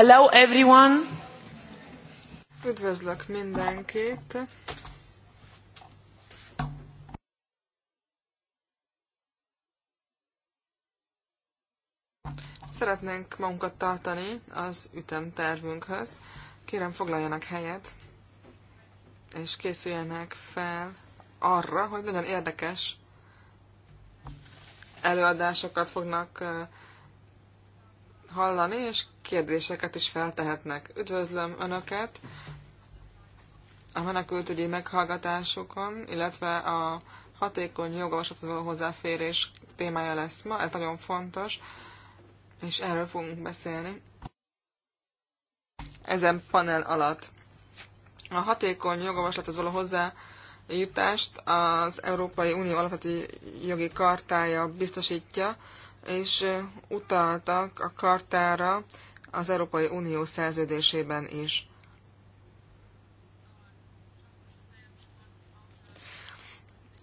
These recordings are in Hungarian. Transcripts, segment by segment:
Hello everyone! Üdvözlök mindenkit! Szeretnénk magunkat tartani az ütemtervünkhöz. Kérem, foglaljanak helyet, és készüljenek fel arra, hogy nagyon érdekes előadásokat fognak uh, hallani, és kérdéseket is feltehetnek. Üdvözlöm Önöket a menekültügyi meghallgatásokon, illetve a hatékony jogavaslatot hozzáférés témája lesz ma, ez nagyon fontos, és erről fogunk beszélni. Ezen panel alatt. A hatékony jogavaslathoz való hozzájutást az Európai Unió alapvető jogi kartája biztosítja, és utaltak a kartára az Európai Unió szerződésében is.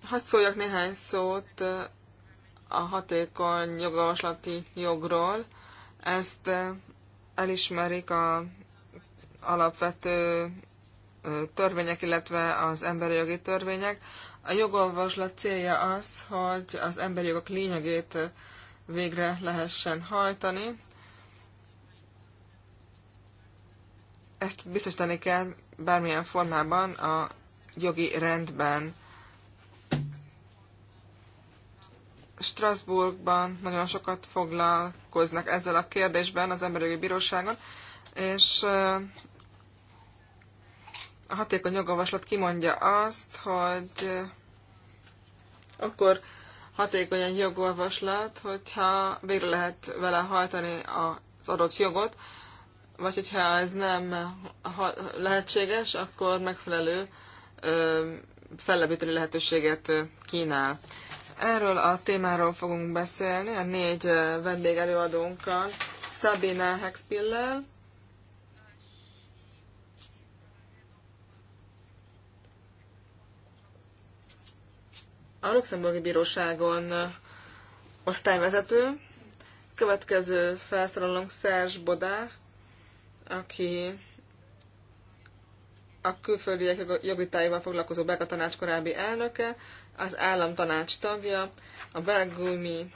Hadd szóljak néhány szót a hatékony jogavaslati jogról. Ezt elismerik a alapvető törvények, illetve az emberi jogi törvények. A jogolvaslat célja az, hogy az emberi jogok lényegét végre lehessen hajtani. Ezt biztosítani kell bármilyen formában a jogi rendben. Strasbourgban nagyon sokat foglalkoznak ezzel a kérdésben az emberi bíróságon, és eh, a hatékony jogavaslat kimondja azt, hogy eh, akkor hatékony egy jogorvoslat, hogyha végre lehet vele hajtani az adott jogot, vagy hogyha ez nem lehetséges, akkor megfelelő fellebítő lehetőséget kínál. Erről a témáról fogunk beszélni a négy vendégelőadónkkal, Sabina Hexpillel, a Luxemburgi Bíróságon osztályvezető. Következő felszólalónk Szerzs Bodá, aki a külföldiek jogi tájéval foglalkozó belga tanács korábbi elnöke, az államtanács tagja, a belgumi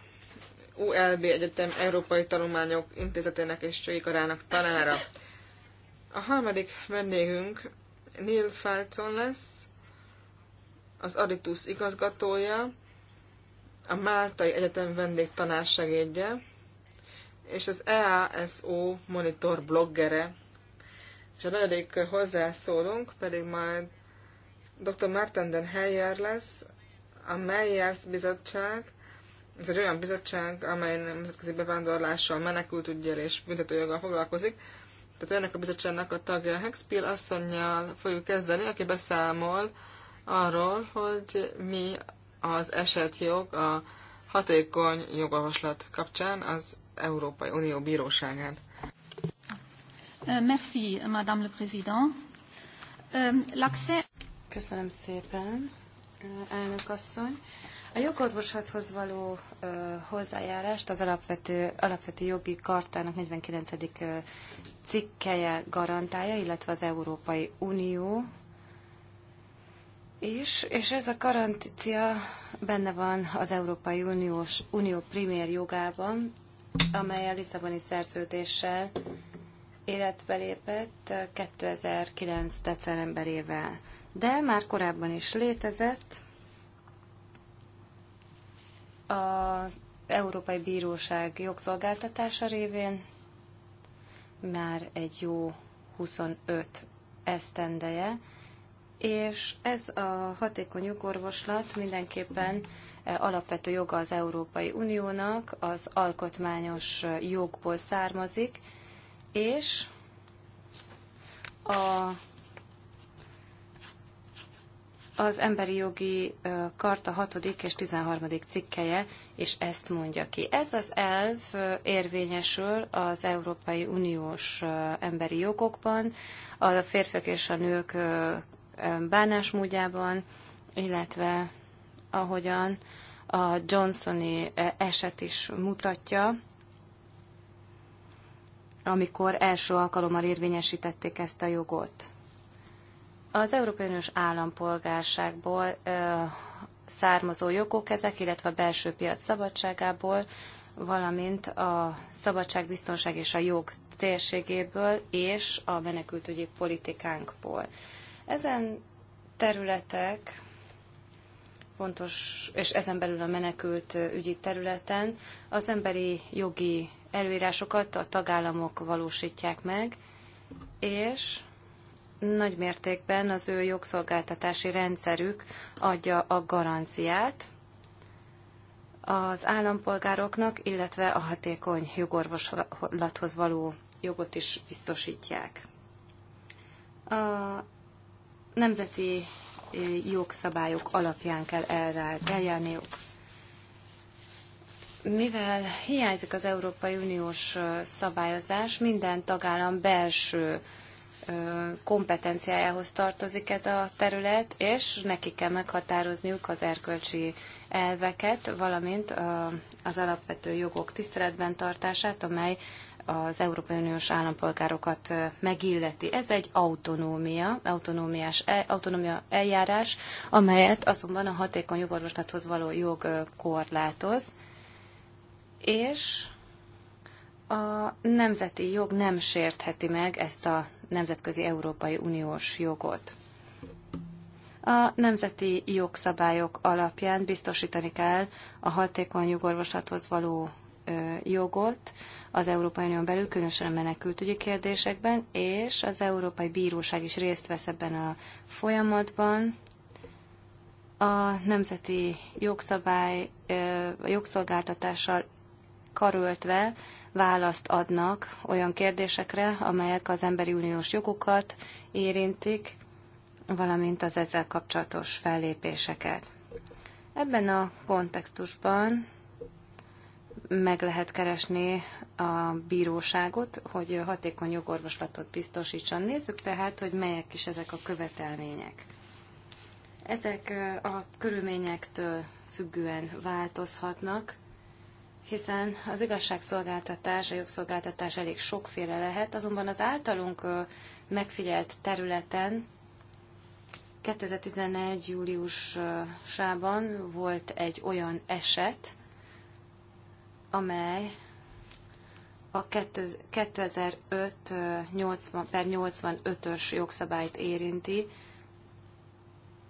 ULB Egyetem Európai Tanulmányok Intézetének és Karának tanára. A harmadik vendégünk Neil Falcon lesz, az Aditus igazgatója, a Máltai Egyetem vendégtanársegédje, és az EASO monitor bloggere. És a negyedik hozzászólunk pedig majd dr. Martenden Heyer lesz, a Meyers Bizottság, ez egy olyan bizottság, amely nemzetközi bevándorlással, menekültügyel és büntetőjoggal foglalkozik. Tehát ennek a bizottságnak a tagja Hexpil asszonynal fogjuk kezdeni, aki beszámol arról, hogy mi az esetjog a hatékony jogavaslat kapcsán az Európai Unió bíróságán. Euh, merci, Madame le Président. Euh, Köszönöm szépen, euh, elnök asszony. A jogorvoslathoz való hozzájárást az alapvető, alapvető jogi kartának 49. cikkeje garantálja, illetve az Európai Unió is, és ez a garancia benne van az Európai Uniós Unió primér jogában, amely a Lisszaboni szerződéssel életbe lépett 2009. Eh, decemberével. De már korábban is létezett az Európai Bíróság jogszolgáltatása révén már egy jó 25 esztendeje, és ez a hatékony jogorvoslat mindenképpen eh, alapvető joga az Európai Uniónak, az alkotmányos eh, jogból származik, és a, az emberi jogi eh, karta 6. és 13. cikkeje, és ezt mondja ki. Ez az elv érvényesül az Európai Uniós emberi jogokban, a férfiak és a nők bánásmódjában, illetve ahogyan a Johnsoni eh, eset is mutatja, amikor első alkalommal érvényesítették ezt a jogot. Az Európai Uniós állampolgárságból eh, származó jogok ezek, illetve a belső piac szabadságából, valamint a szabadság, biztonság és a jog térségéből és a menekültügyi politikánkból. Ezen területek fontos, és ezen belül a menekült ügyi területen az emberi jogi előírásokat a tagállamok valósítják meg, és nagy mértékben az ő jogszolgáltatási rendszerük adja a garanciát az állampolgároknak, illetve a hatékony jogorvoslathoz való jogot is biztosítják. A nemzeti eh, jogszabályok alapján kell eljárniuk. Mivel hiányzik az Európai Uniós eh, szabályozás, minden tagállam belső eh, kompetenciájához tartozik ez a terület, és neki kell meghatározniuk az erkölcsi elveket, valamint az alapvető jogok tiszteletben tartását, amely az Európai Uniós állampolgárokat megilleti. Ez egy autonómia, autonómiás, e, autonómia eljárás, amelyet azonban a hatékony jogorvoslathoz való jog korlátoz, és a nemzeti jog nem sértheti meg ezt a nemzetközi Európai Uniós jogot. A nemzeti jogszabályok alapján biztosítani kell a hatékony jogorvoslathoz való jogot, az Európai Unión belül, különösen a menekültügyi kérdésekben, és az Európai Bíróság is részt vesz ebben a folyamatban. A nemzeti jogszabály jogszolgáltatással karöltve választ adnak olyan kérdésekre, amelyek az emberi uniós jogokat érintik, valamint az ezzel kapcsolatos fellépéseket. Ebben a kontextusban meg lehet keresni a bíróságot, hogy hatékony jogorvoslatot biztosítson. Nézzük tehát, hogy melyek is ezek a követelmények. Ezek a körülményektől függően változhatnak, hiszen az igazságszolgáltatás, a jogszolgáltatás elég sokféle lehet, azonban az általunk megfigyelt területen 2011. júliusában volt egy olyan eset, amely a 2005 per 85-ös jogszabályt érinti,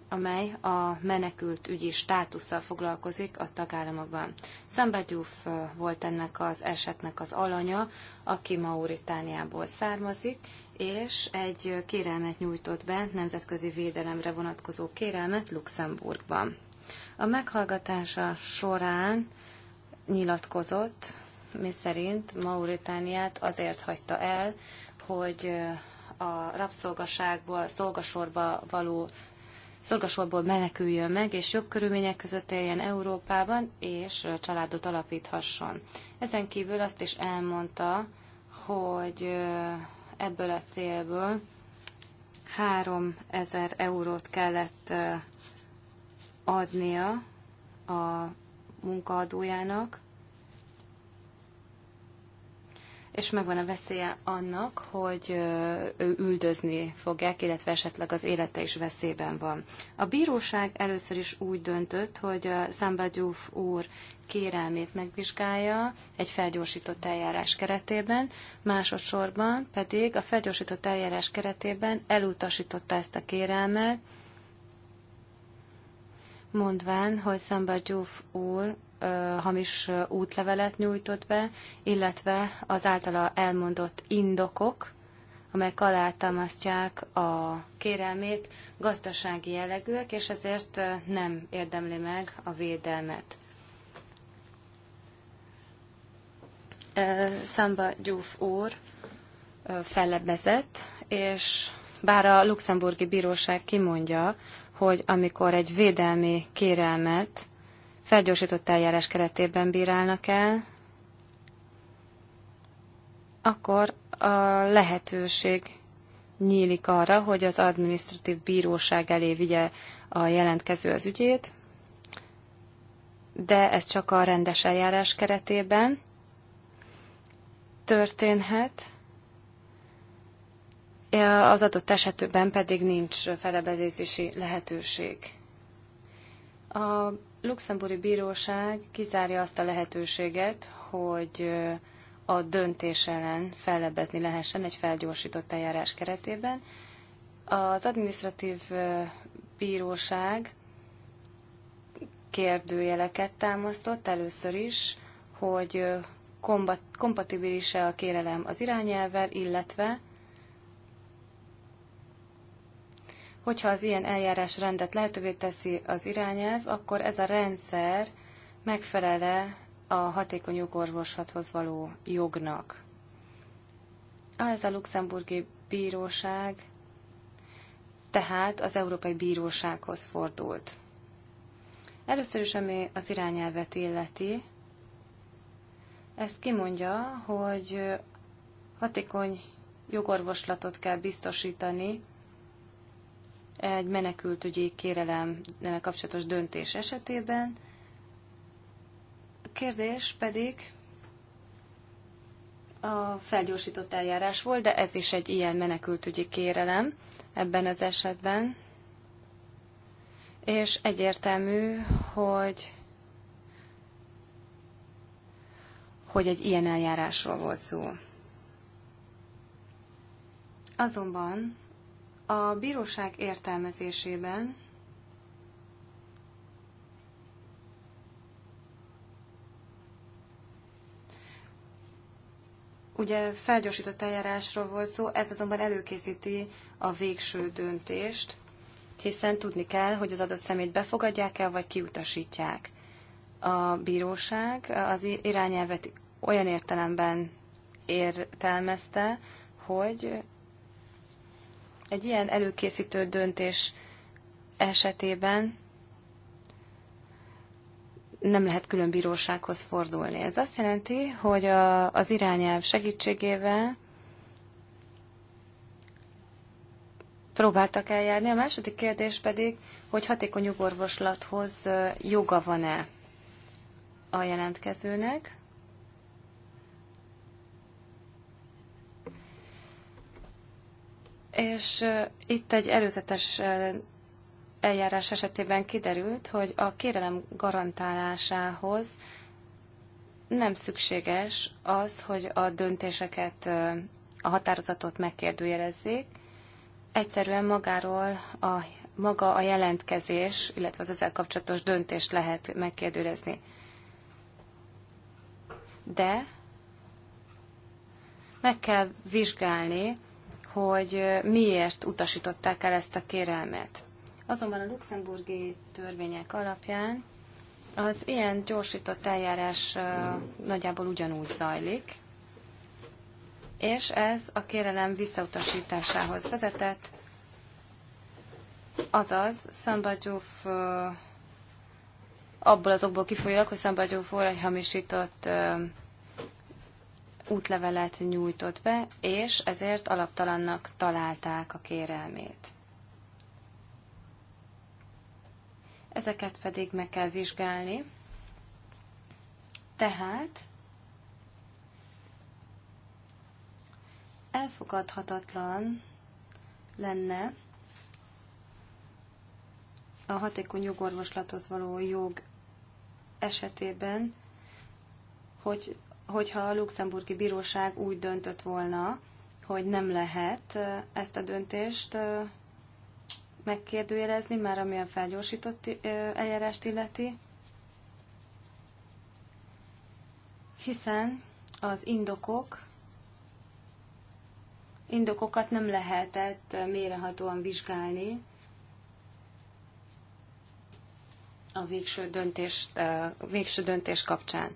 amely a menekült ügyi státusszal foglalkozik a tagállamokban. Szembedjúf volt ennek az esetnek az alanya, aki Mauritániából származik, és egy kérelmet nyújtott be, nemzetközi védelemre vonatkozó kérelmet Luxemburgban. A meghallgatása során nyilatkozott, mi szerint Mauritániát azért hagyta el, hogy a rabszolgaságból, szolgasorba való szolgasorból meneküljön meg, és jobb körülmények között éljen Európában, és családot alapíthasson. Ezen kívül azt is elmondta, hogy ebből a célból 3000 eurót kellett adnia a munkaadójának, és megvan a veszélye annak, hogy ő üldözni fogják, illetve esetleg az élete is veszélyben van. A bíróság először is úgy döntött, hogy Samba Gyuf úr kérelmét megvizsgálja egy felgyorsított eljárás keretében, másodszorban pedig a felgyorsított eljárás keretében elutasította ezt a kérelmet, mondván, hogy Samba Gyuf úr hamis útlevelet nyújtott be, illetve az általa elmondott indokok, amelyek alátámasztják a kérelmét, gazdasági jellegűek, és ezért nem érdemli meg a védelmet. Szamba Gyúf úr fellebbezett, és bár a luxemburgi bíróság kimondja, hogy amikor egy védelmi kérelmet felgyorsított eljárás keretében bírálnak el, akkor a lehetőség nyílik arra, hogy az adminisztratív bíróság elé vigye a jelentkező az ügyét, de ez csak a rendes eljárás keretében történhet. Az adott esetben pedig nincs felebezési lehetőség. A luxemburgi bíróság kizárja azt a lehetőséget, hogy a döntés ellen fellebbezni lehessen egy felgyorsított eljárás keretében. Az administratív bíróság kérdőjeleket támasztott először is, hogy kompatibilis-e a kérelem az irányelvvel, illetve Hogyha az ilyen eljárás rendet lehetővé teszi az irányelv, akkor ez a rendszer megfelele a hatékony jogorvoslathoz való jognak. Ez a luxemburgi bíróság tehát az Európai Bírósághoz fordult. Először is, ami az irányelvet illeti, ezt kimondja, hogy hatékony jogorvoslatot kell biztosítani egy menekültügyi kérelem kapcsolatos döntés esetében. A kérdés pedig a felgyorsított eljárás volt, de ez is egy ilyen menekültügyi kérelem ebben az esetben. És egyértelmű, hogy hogy egy ilyen eljárásról volt szó. Azonban a bíróság értelmezésében Ugye felgyorsított eljárásról volt szó, ez azonban előkészíti a végső döntést, hiszen tudni kell, hogy az adott szemét befogadják el, vagy kiutasítják. A bíróság az irányelvet olyan értelemben értelmezte, hogy egy ilyen előkészítő döntés esetében nem lehet külön bírósághoz fordulni. Ez azt jelenti, hogy a, az irányelv segítségével próbáltak eljárni. A második kérdés pedig, hogy hatékony jogorvoslathoz joga van-e a jelentkezőnek. És itt egy előzetes eljárás esetében kiderült, hogy a kérelem garantálásához nem szükséges az, hogy a döntéseket, a határozatot megkérdőjelezzék. Egyszerűen magáról a, maga a jelentkezés, illetve az ezzel kapcsolatos döntést lehet megkérdőjelezni. De meg kell vizsgálni, hogy miért utasították el ezt a kérelmet. Azonban a luxemburgi törvények alapján az ilyen gyorsított eljárás nagyjából ugyanúgy zajlik, és ez a kérelem visszautasításához vezetett, azaz Szambagyúf abból azokból kifolyólag, hogy Szambagyúf úr egy hamisított útlevelet nyújtott be, és ezért alaptalannak találták a kérelmét. Ezeket pedig meg kell vizsgálni. Tehát elfogadhatatlan lenne a hatékony jogorvoslathoz való jog esetében, hogy hogyha a luxemburgi bíróság úgy döntött volna, hogy nem lehet ezt a döntést megkérdőjelezni, már ami a felgyorsított eljárást illeti, hiszen az indokok indokokat nem lehetett mérehatóan vizsgálni a végső döntés, végső döntés kapcsán.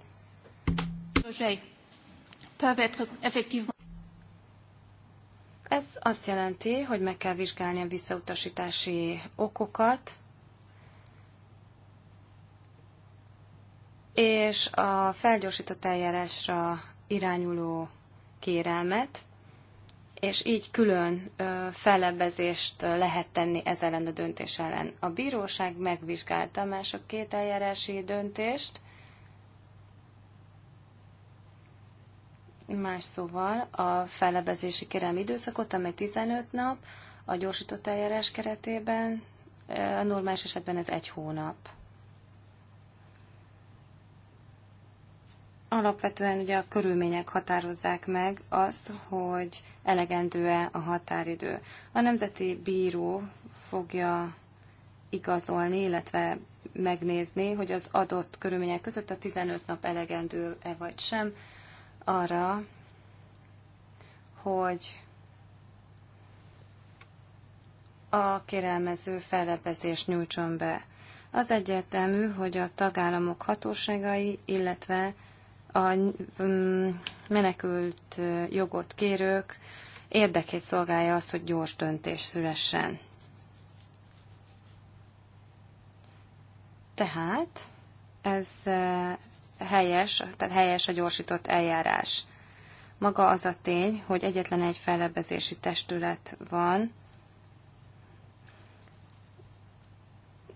Ez azt jelenti, hogy meg kell vizsgálni a visszautasítási okokat, és a felgyorsított eljárásra irányuló kérelmet, és így külön fellebbezést lehet tenni ez ellen a döntés ellen. A bíróság megvizsgálta mások két eljárási döntést, Más szóval a fellebezési kérelmi időszakot, amely 15 nap, a gyorsított eljárás keretében, e, a normális esetben ez egy hónap. Alapvetően ugye a körülmények határozzák meg azt, hogy elegendő-e a határidő. A Nemzeti Bíró fogja igazolni, illetve megnézni, hogy az adott körülmények között a 15 nap elegendő-e vagy sem arra, hogy a kérelmező fellebezést nyújtson be. Az egyértelmű, hogy a tagállamok hatóságai, illetve a mm, menekült jogot kérők érdekét szolgálja az, hogy gyors döntés szülessen. Tehát ez helyes, tehát helyes a gyorsított eljárás. Maga az a tény, hogy egyetlen egy fellebbezési testület van,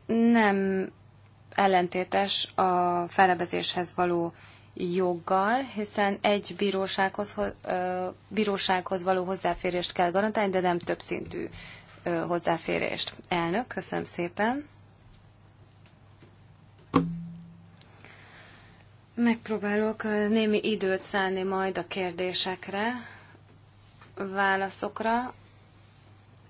nem ellentétes a fellebezéshez való joggal, hiszen egy bírósághoz, bírósághoz való hozzáférést kell garantálni, de nem többszintű hozzáférést. Elnök, köszönöm szépen. Megpróbálok némi időt szállni majd a kérdésekre, válaszokra,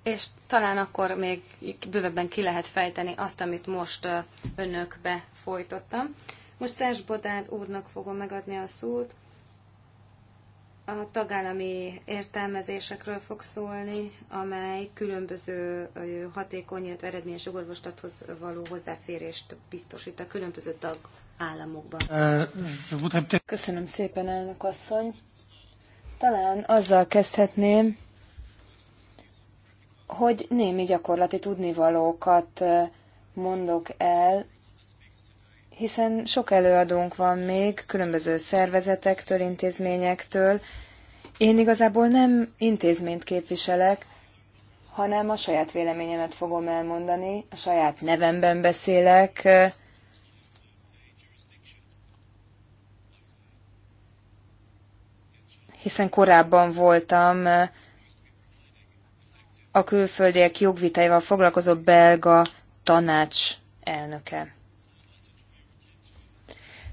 és talán akkor még bővebben ki lehet fejteni azt, amit most önökbe folytottam. Most Szerzs Bodád úrnak fogom megadni a szót, a tagállami értelmezésekről fog szólni, amely különböző hatékony, illetve eredményes jogorvostathoz való hozzáférést biztosít a különböző tagállamokban. Uh, Köszönöm szépen, elnök asszony. Talán azzal kezdhetném, hogy némi gyakorlati tudnivalókat mondok el hiszen sok előadónk van még, különböző szervezetektől, intézményektől. Én igazából nem intézményt képviselek, hanem a saját véleményemet fogom elmondani, a saját nevemben beszélek. Hiszen korábban voltam a külföldiek jogvitáival foglalkozó belga tanács elnöke.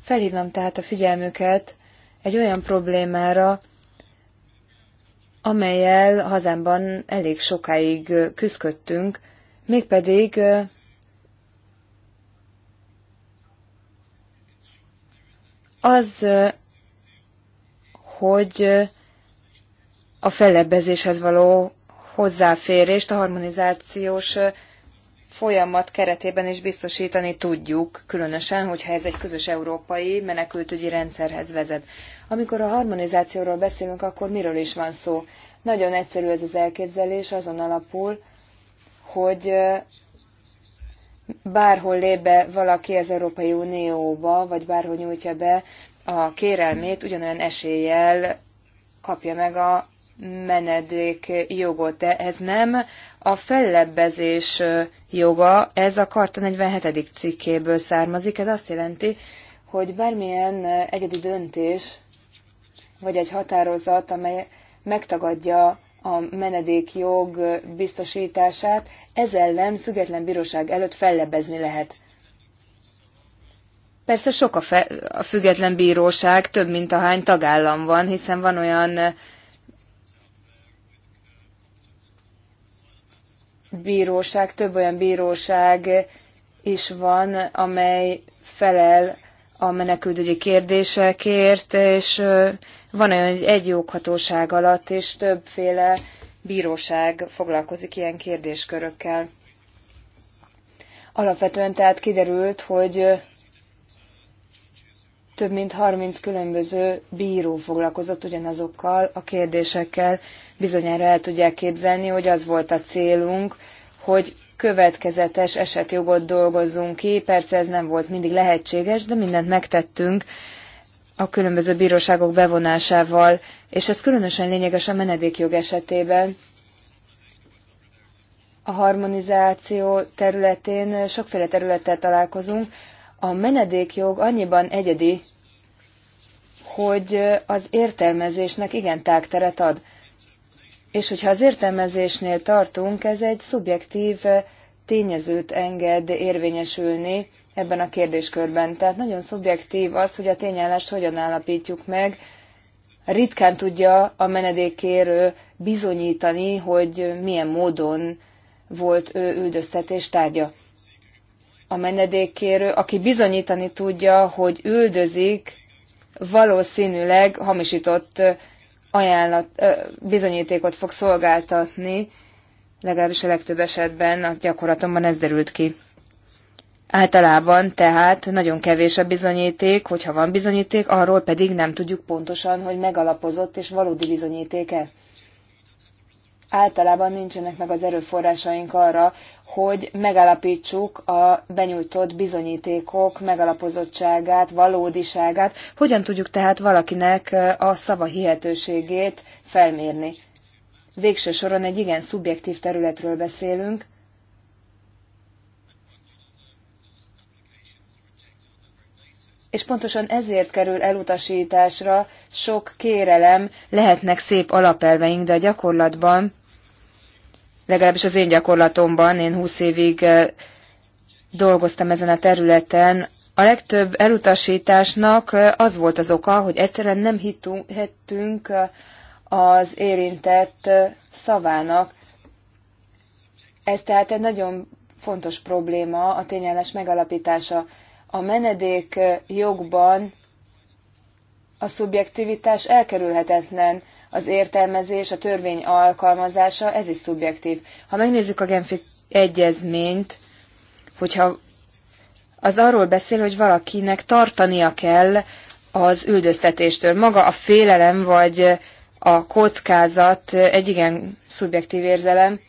Felhívnám tehát a figyelmüket egy olyan problémára, amelyel hazámban elég sokáig küzdködtünk, mégpedig az, hogy a fellebbezéshez való hozzáférést a harmonizációs folyamat keretében is biztosítani tudjuk, különösen, hogyha ez egy közös európai menekültügyi rendszerhez vezet. Amikor a harmonizációról beszélünk, akkor miről is van szó? Nagyon egyszerű ez az elképzelés, azon alapul, hogy bárhol lép be valaki az Európai Unióba, vagy bárhol nyújtja be a kérelmét, ugyanolyan eséllyel kapja meg a menedék jogot, de ez nem a fellebbezés joga, ez a Karta 47. cikkéből származik. Ez azt jelenti, hogy bármilyen egyedi döntés, vagy egy határozat, amely megtagadja a menedékjog biztosítását, ez ellen független bíróság előtt fellebbezni lehet. Persze sok a, fe- a független bíróság, több mint a hány tagállam van, hiszen van olyan bíróság, több olyan bíróság is van, amely felel a menekültügyi kérdésekért, és van olyan, hogy egy joghatóság alatt és többféle bíróság foglalkozik ilyen kérdéskörökkel. Alapvetően tehát kiderült, hogy több mint 30 különböző bíró foglalkozott ugyanazokkal a kérdésekkel. Bizonyára el tudják képzelni, hogy az volt a célunk, hogy következetes esetjogot dolgozzunk ki. Persze ez nem volt mindig lehetséges, de mindent megtettünk a különböző bíróságok bevonásával, és ez különösen lényeges a menedékjog esetében. A harmonizáció területén sokféle területtel találkozunk, a menedékjog annyiban egyedi, hogy az értelmezésnek igen tágteret ad. És hogyha az értelmezésnél tartunk, ez egy szubjektív tényezőt enged érvényesülni ebben a kérdéskörben. Tehát nagyon szubjektív az, hogy a tényállást hogyan állapítjuk meg. Ritkán tudja a menedékkérő bizonyítani, hogy milyen módon volt ő üldöztetés tárgya a menedékkérő, aki bizonyítani tudja, hogy üldözik, valószínűleg hamisított ajánlat, bizonyítékot fog szolgáltatni, legalábbis a legtöbb esetben a gyakorlatomban ez derült ki. Általában tehát nagyon kevés a bizonyíték, hogyha van bizonyíték, arról pedig nem tudjuk pontosan, hogy megalapozott és valódi bizonyítéke általában nincsenek meg az erőforrásaink arra, hogy megállapítsuk a benyújtott bizonyítékok megalapozottságát, valódiságát, hogyan tudjuk tehát valakinek eh, a szava hihetőségét felmérni. Végső soron egy igen szubjektív területről beszélünk, és pontosan ezért kerül elutasításra sok kérelem, lehetnek szép alapelveink, de a gyakorlatban, legalábbis az én gyakorlatomban, én 20 évig eh, dolgoztam ezen a területen, a legtöbb elutasításnak eh, az volt az oka, hogy egyszerűen nem hittünk eh, az érintett szavának. Ez tehát egy nagyon fontos probléma, a tényállás megalapítása a menedék jogban a szubjektivitás elkerülhetetlen. Az értelmezés, a törvény alkalmazása, ez is szubjektív. Ha megnézzük a Genfi egyezményt, hogyha az arról beszél, hogy valakinek tartania kell az üldöztetéstől. Maga a félelem vagy a kockázat egy igen szubjektív érzelem.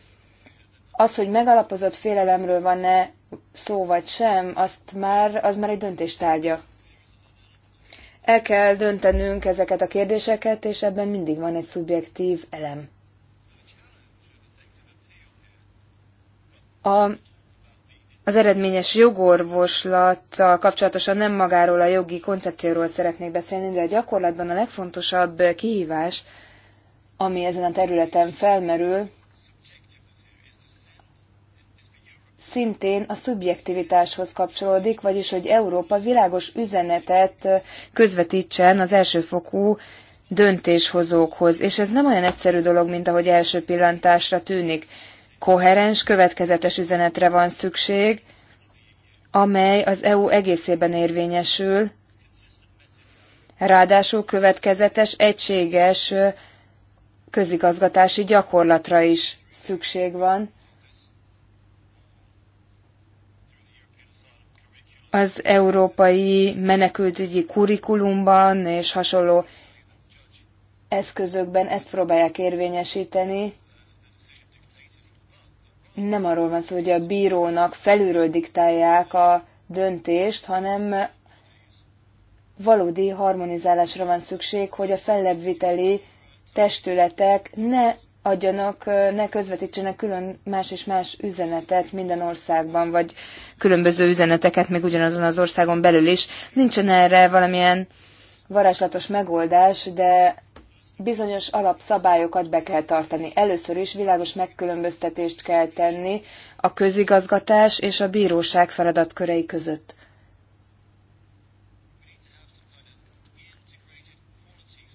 Az, hogy megalapozott félelemről van-e szó vagy sem, azt már, az már egy döntéstárgya. El kell döntenünk ezeket a kérdéseket, és ebben mindig van egy szubjektív elem. A, az eredményes jogorvoslattal kapcsolatosan nem magáról a jogi koncepcióról szeretnék beszélni, de a gyakorlatban a legfontosabb kihívás, ami ezen a területen felmerül, szintén a szubjektivitáshoz kapcsolódik, vagyis hogy Európa világos üzenetet közvetítsen az elsőfokú döntéshozókhoz. És ez nem olyan egyszerű dolog, mint ahogy első pillantásra tűnik. Koherens, következetes üzenetre van szükség, amely az EU egészében érvényesül, ráadásul következetes, egységes közigazgatási gyakorlatra is szükség van, az európai menekültügyi kurikulumban és hasonló eszközökben ezt próbálják érvényesíteni. Nem arról van szó, hogy a bírónak felülről diktálják a döntést, hanem valódi harmonizálásra van szükség, hogy a fellebbviteli testületek ne adjanak, ne közvetítsenek külön más és más üzenetet minden országban, vagy különböző üzeneteket még ugyanazon az országon belül is. Nincsen erre valamilyen varázslatos megoldás, de bizonyos alapszabályokat be kell tartani. Először is világos megkülönböztetést kell tenni a közigazgatás és a bíróság feladatkörei között.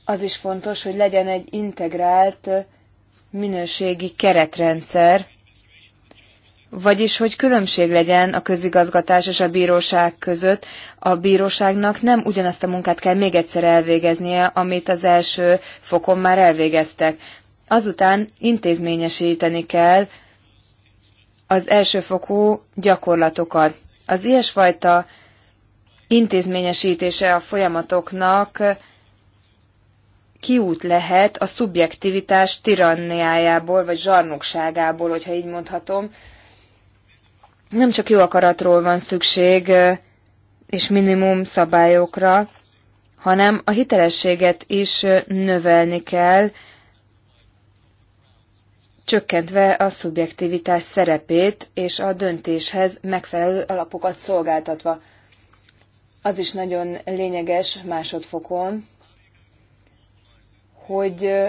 Az is fontos, hogy legyen egy integrált minőségi keretrendszer, vagyis hogy különbség legyen a közigazgatás és a bíróság között. A bíróságnak nem ugyanazt a munkát kell még egyszer elvégeznie, amit az első fokon már elvégeztek. Azután intézményesíteni kell az elsőfokú gyakorlatokat. Az ilyesfajta intézményesítése a folyamatoknak kiút lehet a szubjektivitás tiranniájából, vagy zsarnokságából, hogyha így mondhatom. Nem csak jó akaratról van szükség, és minimum szabályokra, hanem a hitelességet is növelni kell, csökkentve a szubjektivitás szerepét és a döntéshez megfelelő alapokat szolgáltatva. Az is nagyon lényeges másodfokon, hogy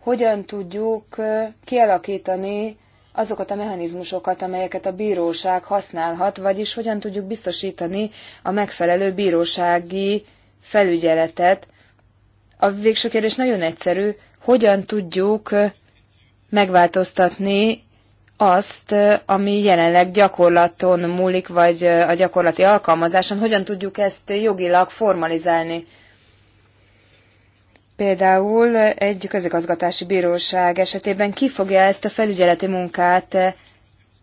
hogyan tudjuk kialakítani azokat a mechanizmusokat, amelyeket a bíróság használhat, vagyis hogyan tudjuk biztosítani a megfelelő bírósági felügyeletet. A végső kérdés nagyon egyszerű, hogyan tudjuk megváltoztatni azt, ami jelenleg gyakorlaton múlik, vagy a gyakorlati alkalmazáson, hogyan tudjuk ezt jogilag formalizálni. Például egy közigazgatási bíróság esetében ki fogja ezt a felügyeleti munkát eh,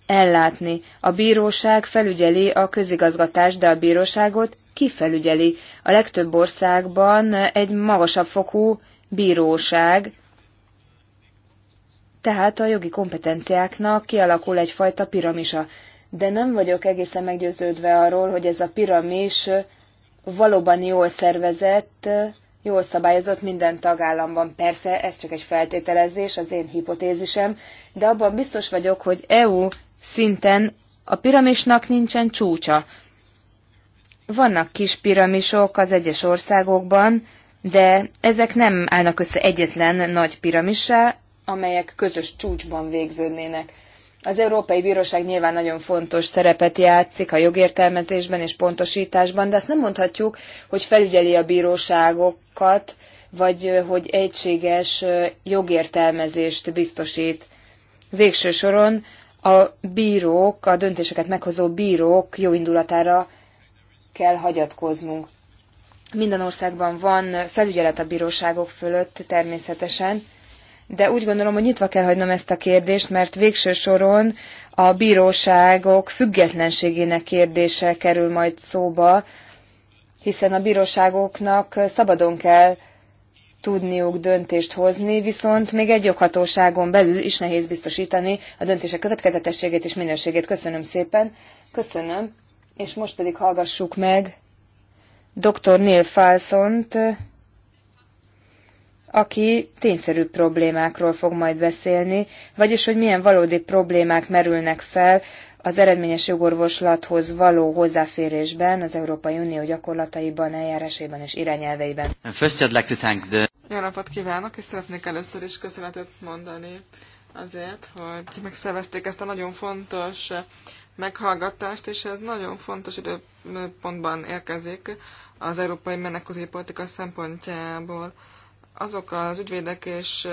ellátni. A bíróság felügyeli a közigazgatás, de a bíróságot kifelügyeli. A legtöbb országban egy magasabb fokú bíróság, tehát a jogi kompetenciáknak kialakul egyfajta piramisa. De nem vagyok egészen meggyőződve arról, hogy ez a piramis valóban jól szervezett, eh, jól szabályozott minden tagállamban. Persze, ez csak egy feltételezés, az én hipotézisem, de abban biztos vagyok, hogy EU szinten a piramisnak nincsen csúcsa. Vannak kis piramisok az egyes országokban, de ezek nem állnak össze egyetlen nagy piramissá, amelyek közös csúcsban végződnének. Az Európai Bíróság nyilván nagyon fontos szerepet játszik a jogértelmezésben és pontosításban, de azt nem mondhatjuk, hogy felügyeli a bíróságokat, vagy hogy egységes jogértelmezést biztosít. Végső soron a bírók, a döntéseket meghozó bírók jó indulatára kell hagyatkoznunk. Minden országban van felügyelet a bíróságok fölött természetesen, de úgy gondolom, hogy nyitva kell hagynom ezt a kérdést, mert végső soron a bíróságok függetlenségének kérdése kerül majd szóba, hiszen a bíróságoknak szabadon kell tudniuk döntést hozni, viszont még egy joghatóságon belül is nehéz biztosítani a döntések következetességét és minőségét. Köszönöm szépen. Köszönöm. És most pedig hallgassuk meg dr. Neil Falsont, aki tényszerű problémákról fog majd beszélni, vagyis hogy milyen valódi problémák merülnek fel az eredményes jogorvoslathoz való hozzáférésben, az Európai Unió gyakorlataiban, eljárásaiban és irányelveiben. First I'd like to thank the... Jó napot kívánok, és szeretnék először is köszönetet mondani azért, hogy megszervezték ezt a nagyon fontos meghallgatást, és ez nagyon fontos időpontban érkezik az európai menekültügyi politika szempontjából azok az ügyvédek és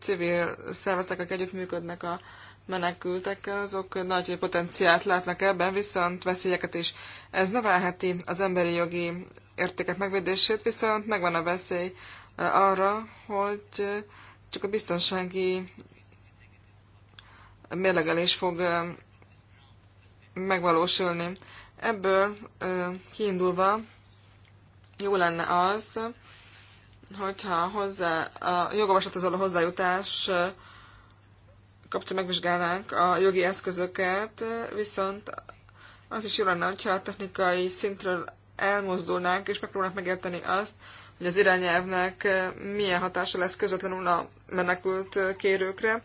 civil szervezetek, akik együttműködnek a menekültekkel, azok nagy potenciált látnak ebben, viszont veszélyeket is. Ez növelheti az emberi jogi értékek megvédését, viszont megvan a veszély arra, hogy csak a biztonsági mérlegelés fog megvalósulni. Ebből kiindulva jó lenne az, hogyha hozzá, a jogavaslathoz való hozzájutás kapcsán megvizsgálnánk a jogi eszközöket, viszont az is jó lenne, hogyha a technikai szintről elmozdulnánk, és megpróbálnánk megérteni azt, hogy az irányelvnek milyen hatása lesz közvetlenül a menekült kérőkre,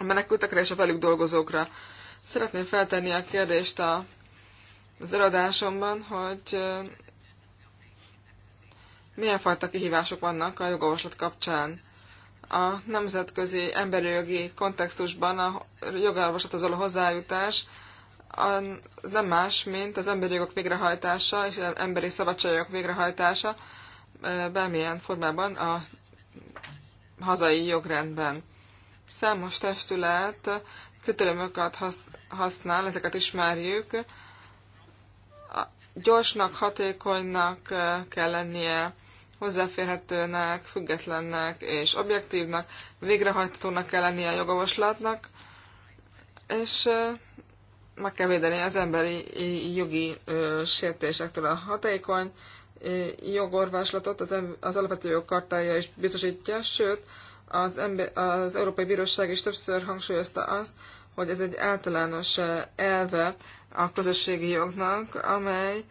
a menekültekre és a velük dolgozókra. Szeretném feltenni a kérdést a, az eladásomban, hogy milyen fajta kihívások vannak a jogorvoslat kapcsán. A nemzetközi emberi jogi kontextusban a jogorvoslathoz való hozzájutás a, nem más, mint az emberi jogok végrehajtása és az emberi szabadságok végrehajtása e, bármilyen formában a hazai jogrendben. Számos testület kritériumokat használ, ezeket ismerjük. Gyorsnak, hatékonynak e, kell lennie, hozzáférhetőnek, függetlennek és objektívnak, végrehajtatónak kell lennie a jogavaslatnak, és meg kell védeni az emberi jogi sértésektől a hatékony jogorváslatot, az, az alapvető jogkartája is biztosítja, sőt, az, ember, az Európai Bíróság is többször hangsúlyozta azt, hogy ez egy általános elve a közösségi jognak, amely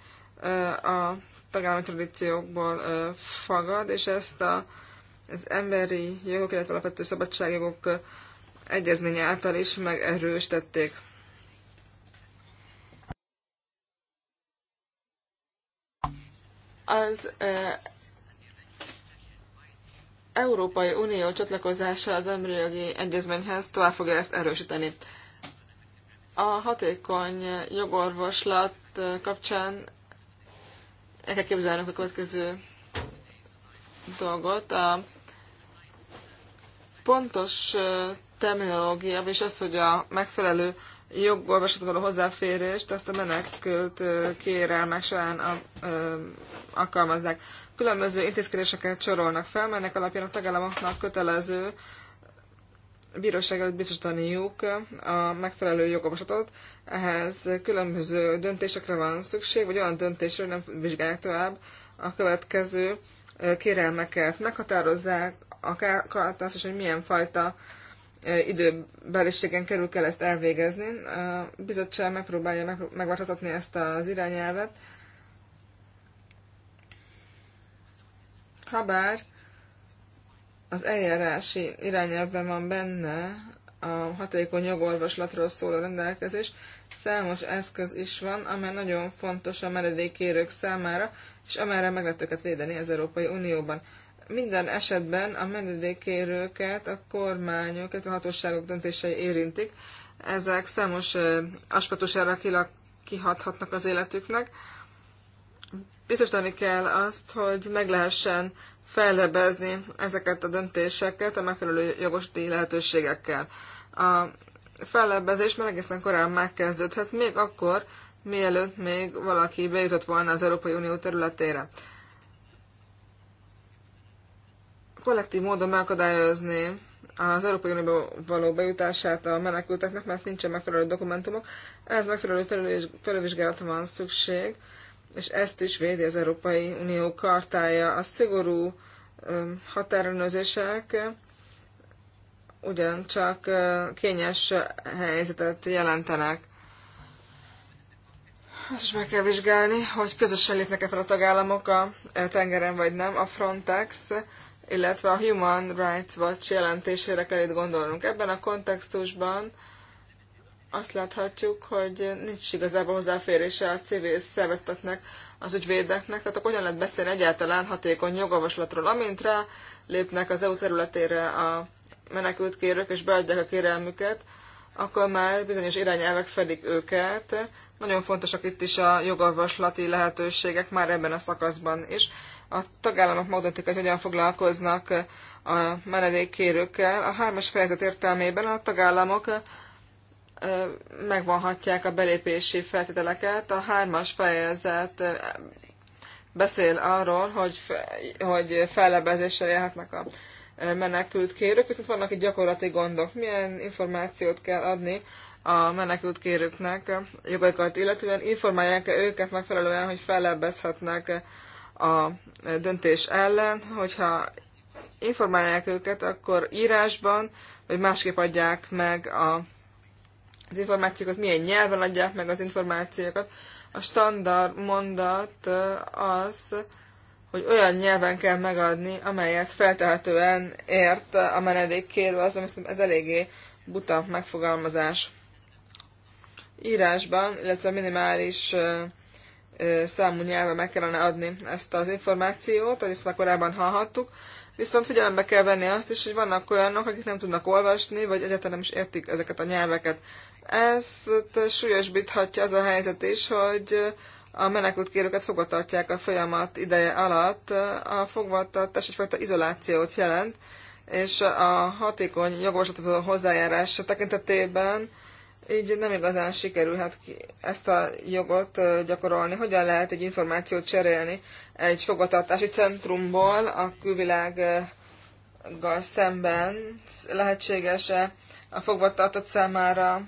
a tagállami tradíciókból fagad, és ezt a, az emberi jogok, illetve alapvető szabadságjogok egyezménye által is megerősítették. Az Európai Unió csatlakozása az emberi jogi egyezményhez tovább fogja ezt erősíteni. A hatékony jogorvoslat kapcsán el kell képzelnünk a következő dolgot. A pontos terminológia, és az, hogy a megfelelő jogolvasatot való hozzáférést, azt a menekült kérelmek során alkalmazzák. Különböző intézkedéseket sorolnak fel, mennek alapján a tagállamoknak kötelező bíróság előtt biztosítaniuk a megfelelő jogavaslatot, ehhez különböző döntésekre van szükség, vagy olyan döntésre nem vizsgálják tovább a következő kérelmeket. Meghatározzák a kártás, hogy milyen fajta időbeliségen kerül kell ezt elvégezni. A bizottság megpróbálja megváltoztatni ezt az irányelvet. Habár az eljárási irányelvben van benne a hatékony jogorvoslatról szóló rendelkezés, számos eszköz is van, amely nagyon fontos a meredékkérők számára, és amelyre meg lehet őket védeni az Európai Unióban. Minden esetben a menedékérőket a kormányok, illetve a hatóságok döntései érintik. Ezek számos aspektusára kihathatnak az életüknek, biztosítani kell azt, hogy meg lehessen fellebezni ezeket a döntéseket a megfelelő jogos díj lehetőségekkel. A fellebezés már egészen korán megkezdődhet, még akkor, mielőtt még valaki bejutott volna az Európai Unió területére. Kollektív módon megakadályozni az Európai Unióba való bejutását a menekülteknek, mert nincsen megfelelő dokumentumok. Ez megfelelő felülvizsgálatra van szükség, és ezt is védi az Európai Unió kartája. A szigorú határőrzések ugyancsak kényes helyzetet jelentenek. Azt is meg kell vizsgálni, hogy közösen lépnek-e fel a tagállamok a tengeren vagy nem. A Frontex, illetve a Human Rights Watch jelentésére kell itt gondolnunk. Ebben a kontextusban azt láthatjuk, hogy nincs igazából hozzáférése a civil szervezeteknek, az ügyvédeknek, tehát akkor hogyan lehet beszélni egyáltalán hatékony jogavaslatról, amint rá lépnek az EU területére a menekültkérők és beadják a kérelmüket, akkor már bizonyos irányelvek fedik őket. Nagyon fontosak itt is a jogavaslati lehetőségek már ebben a szakaszban is. A tagállamok magdöntik, hogy hogyan foglalkoznak a menedékkérőkkel. A hármas fejezet értelmében a tagállamok megvonhatják a belépési feltételeket. A hármas fejezet beszél arról, hogy, hogy fellebezéssel élhetnek a menekült kérők, viszont vannak itt gyakorlati gondok. Milyen információt kell adni a menekült kérőknek jogaikat, illetően informálják -e őket megfelelően, hogy fellebezhetnek a döntés ellen, hogyha informálják őket, akkor írásban, vagy másképp adják meg a az információkat, milyen nyelven adják meg az információkat. A standard mondat az, hogy olyan nyelven kell megadni, amelyet feltehetően ért a kérve, az, hiszem ez eléggé buta megfogalmazás. Írásban, illetve minimális számú nyelven meg kellene adni ezt az információt, ahogy ezt már korábban hallhattuk. Viszont figyelembe kell venni azt is, hogy vannak olyanok, akik nem tudnak olvasni, vagy egyáltalán nem is értik ezeket a nyelveket. Ezt súlyosbíthatja az a helyzet is, hogy a menekültkérőket fogvatartják a folyamat ideje alatt. A fogvatartás egyfajta izolációt jelent, és a hatékony jogoslatozó hozzájárás tekintetében így nem igazán sikerülhet ki ezt a jogot gyakorolni. Hogyan lehet egy információt cserélni egy fogatartási centrumból a külvilággal szemben? Lehetséges-e a fogvatartott számára,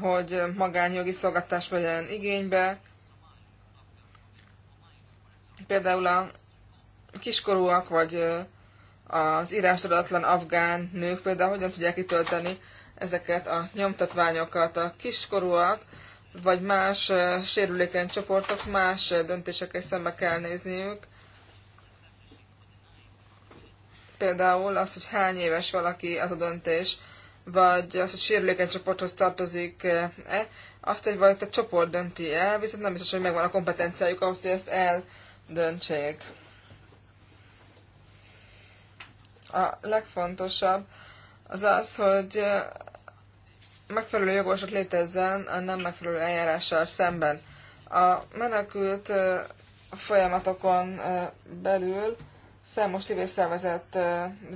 hogy magánjogi szolgáltás vegyen igénybe? Például a kiskorúak, vagy az írásodatlan afgán nők például hogyan tudják kitölteni ezeket a nyomtatványokat. A kiskorúak vagy más sérülékeny csoportok más döntésekkel szembe kell nézniük. Például az, hogy hány éves valaki az a döntés, vagy az, hogy sérülékeny csoporthoz tartozik-e, azt egy vagy a csoport dönti el, viszont nem biztos, hogy megvan a kompetenciájuk ahhoz, hogy ezt eldöntsék. A legfontosabb az az, hogy megfelelő jogosok létezzen a nem megfelelő eljárással szemben. A menekült folyamatokon belül számos civil szervezet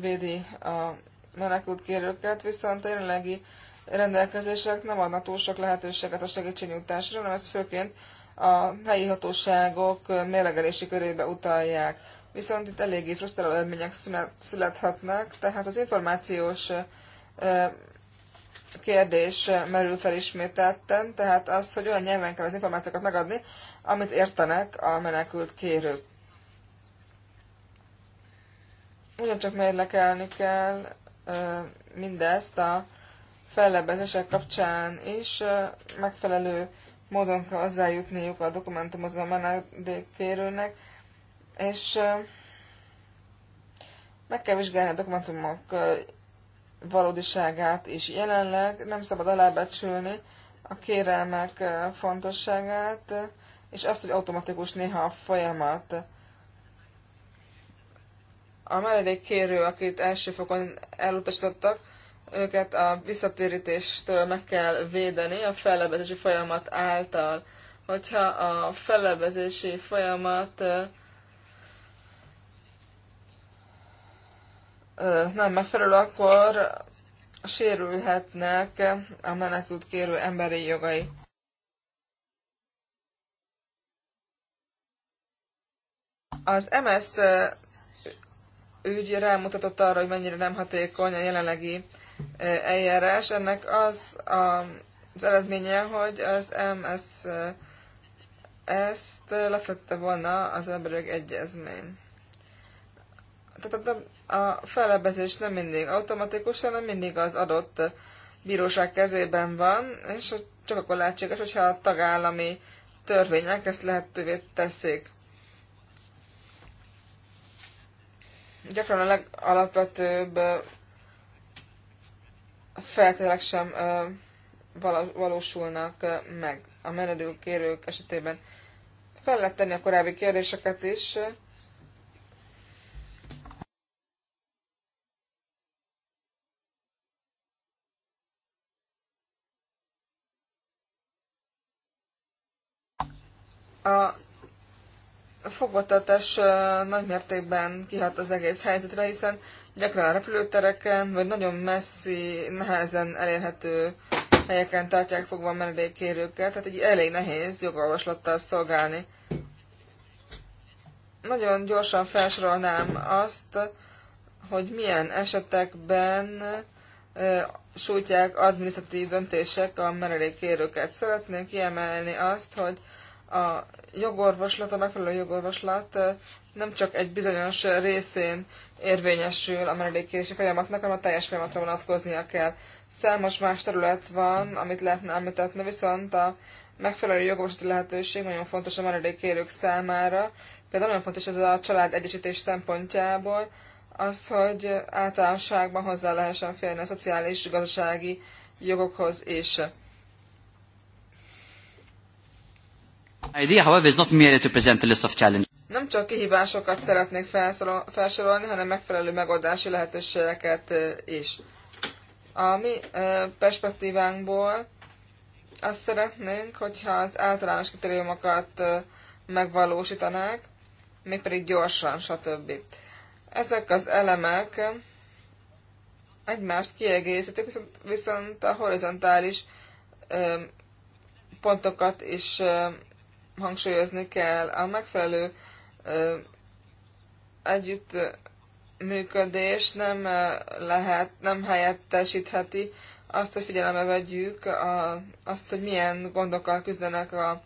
védi a menekült kérőket, viszont a jelenlegi rendelkezések nem adnak túl sok lehetőséget a segítségnyújtásra, hanem ez főként a helyi hatóságok mérlegelési körébe utalják. Viszont itt eléggé frusztráló eredmények születhetnek, tehát az információs kérdés merül fel ismételten, tehát az, hogy olyan nyelven kell az információkat megadni, amit értenek a menekült kérők. Ugyancsak mérlekelni kell mindezt a fellebbezések kapcsán is megfelelő módon kell hozzájutniuk a dokumentumhoz a menedékkérőnek, és meg kell vizsgálni a dokumentumok valódiságát is. Jelenleg nem szabad alábecsülni a kérelmek fontosságát, és azt, hogy automatikus néha a folyamat. A meredék kérő, akit első fokon elutasítottak, őket a visszatérítéstől meg kell védeni a fellebezési folyamat által. Hogyha a fellebezési folyamat nem megfelelő, akkor sérülhetnek a menekült kérő emberi jogai. Az MS ügy rámutatott arra, hogy mennyire nem hatékony a jelenlegi eljárás. Ennek az a, az eredménye, hogy az MS ezt lefette volna az emberi egyezmény tehát a, a fellebezés nem mindig automatikus, hanem mindig az adott bíróság kezében van, és csak akkor lehetséges, hogyha a tagállami törvények ezt lehetővé teszik. Gyakran a legalapvetőbb feltételek sem valósulnak meg a menedőkérők esetében. Fel lehet tenni a korábbi kérdéseket is, A fogvatartás nagy mértékben kihat az egész helyzetre, hiszen gyakran a repülőtereken, vagy nagyon messzi, nehezen elérhető helyeken tartják fogva a menedékkérőket, tehát egy elég nehéz jogolvaslattal szolgálni. Nagyon gyorsan felsorolnám azt, hogy milyen esetekben e, sújtják adminisztratív döntések a menedékkérőket. Szeretném kiemelni azt, hogy a jogorvoslat, a megfelelő jogorvoslat nem csak egy bizonyos részén érvényesül a menedékkérési folyamatnak, hanem a teljes folyamatra vonatkoznia kell. Számos más terület van, amit lehetne említetni, viszont a megfelelő jogorvoslati lehetőség nagyon fontos a menedékkérők számára. Például nagyon fontos ez a család egyesítés szempontjából, az, hogy általánosságban hozzá lehessen férni a szociális, gazdasági jogokhoz is. Idea, however, is not merely to present a list of challenges. Nem csak kihívásokat szeretnék felsorolni, hanem megfelelő megoldási lehetőségeket is. A mi perspektívánkból azt szeretnénk, hogyha az általános kritériumokat megvalósítanák, mégpedig gyorsan, stb. Ezek az elemek egymást kiegészítik, viszont, viszont a horizontális pontokat is hangsúlyozni kell. A megfelelő együtt működés nem lehet, nem helyettesítheti azt, hogy figyelembe vegyük a, azt, hogy milyen gondokkal küzdenek a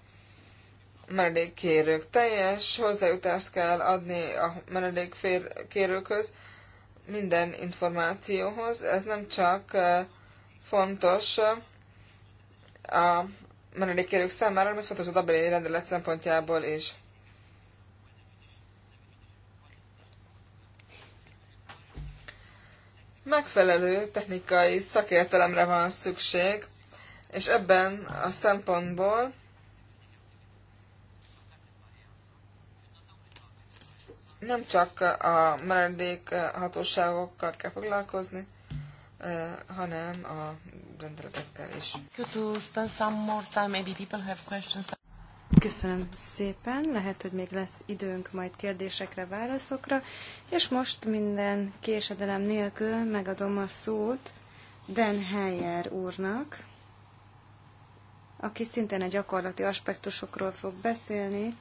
menedékkérők. Teljes hozzájutást kell adni a menedékkérőkhöz minden információhoz. Ez nem csak fontos a menedékkérők számára, ez fontos a Dublini rendelet szempontjából is. Megfelelő technikai szakértelemre van szükség, és ebben a szempontból nem csak a menedék hatóságokkal kell foglalkozni, eh, hanem a rendeletekkel is. Köszönöm szépen, lehet, hogy még lesz időnk majd kérdésekre, válaszokra, és most minden késedelem nélkül megadom a szót Dan Heyer úrnak, aki szintén a gyakorlati aspektusokról fog beszélni,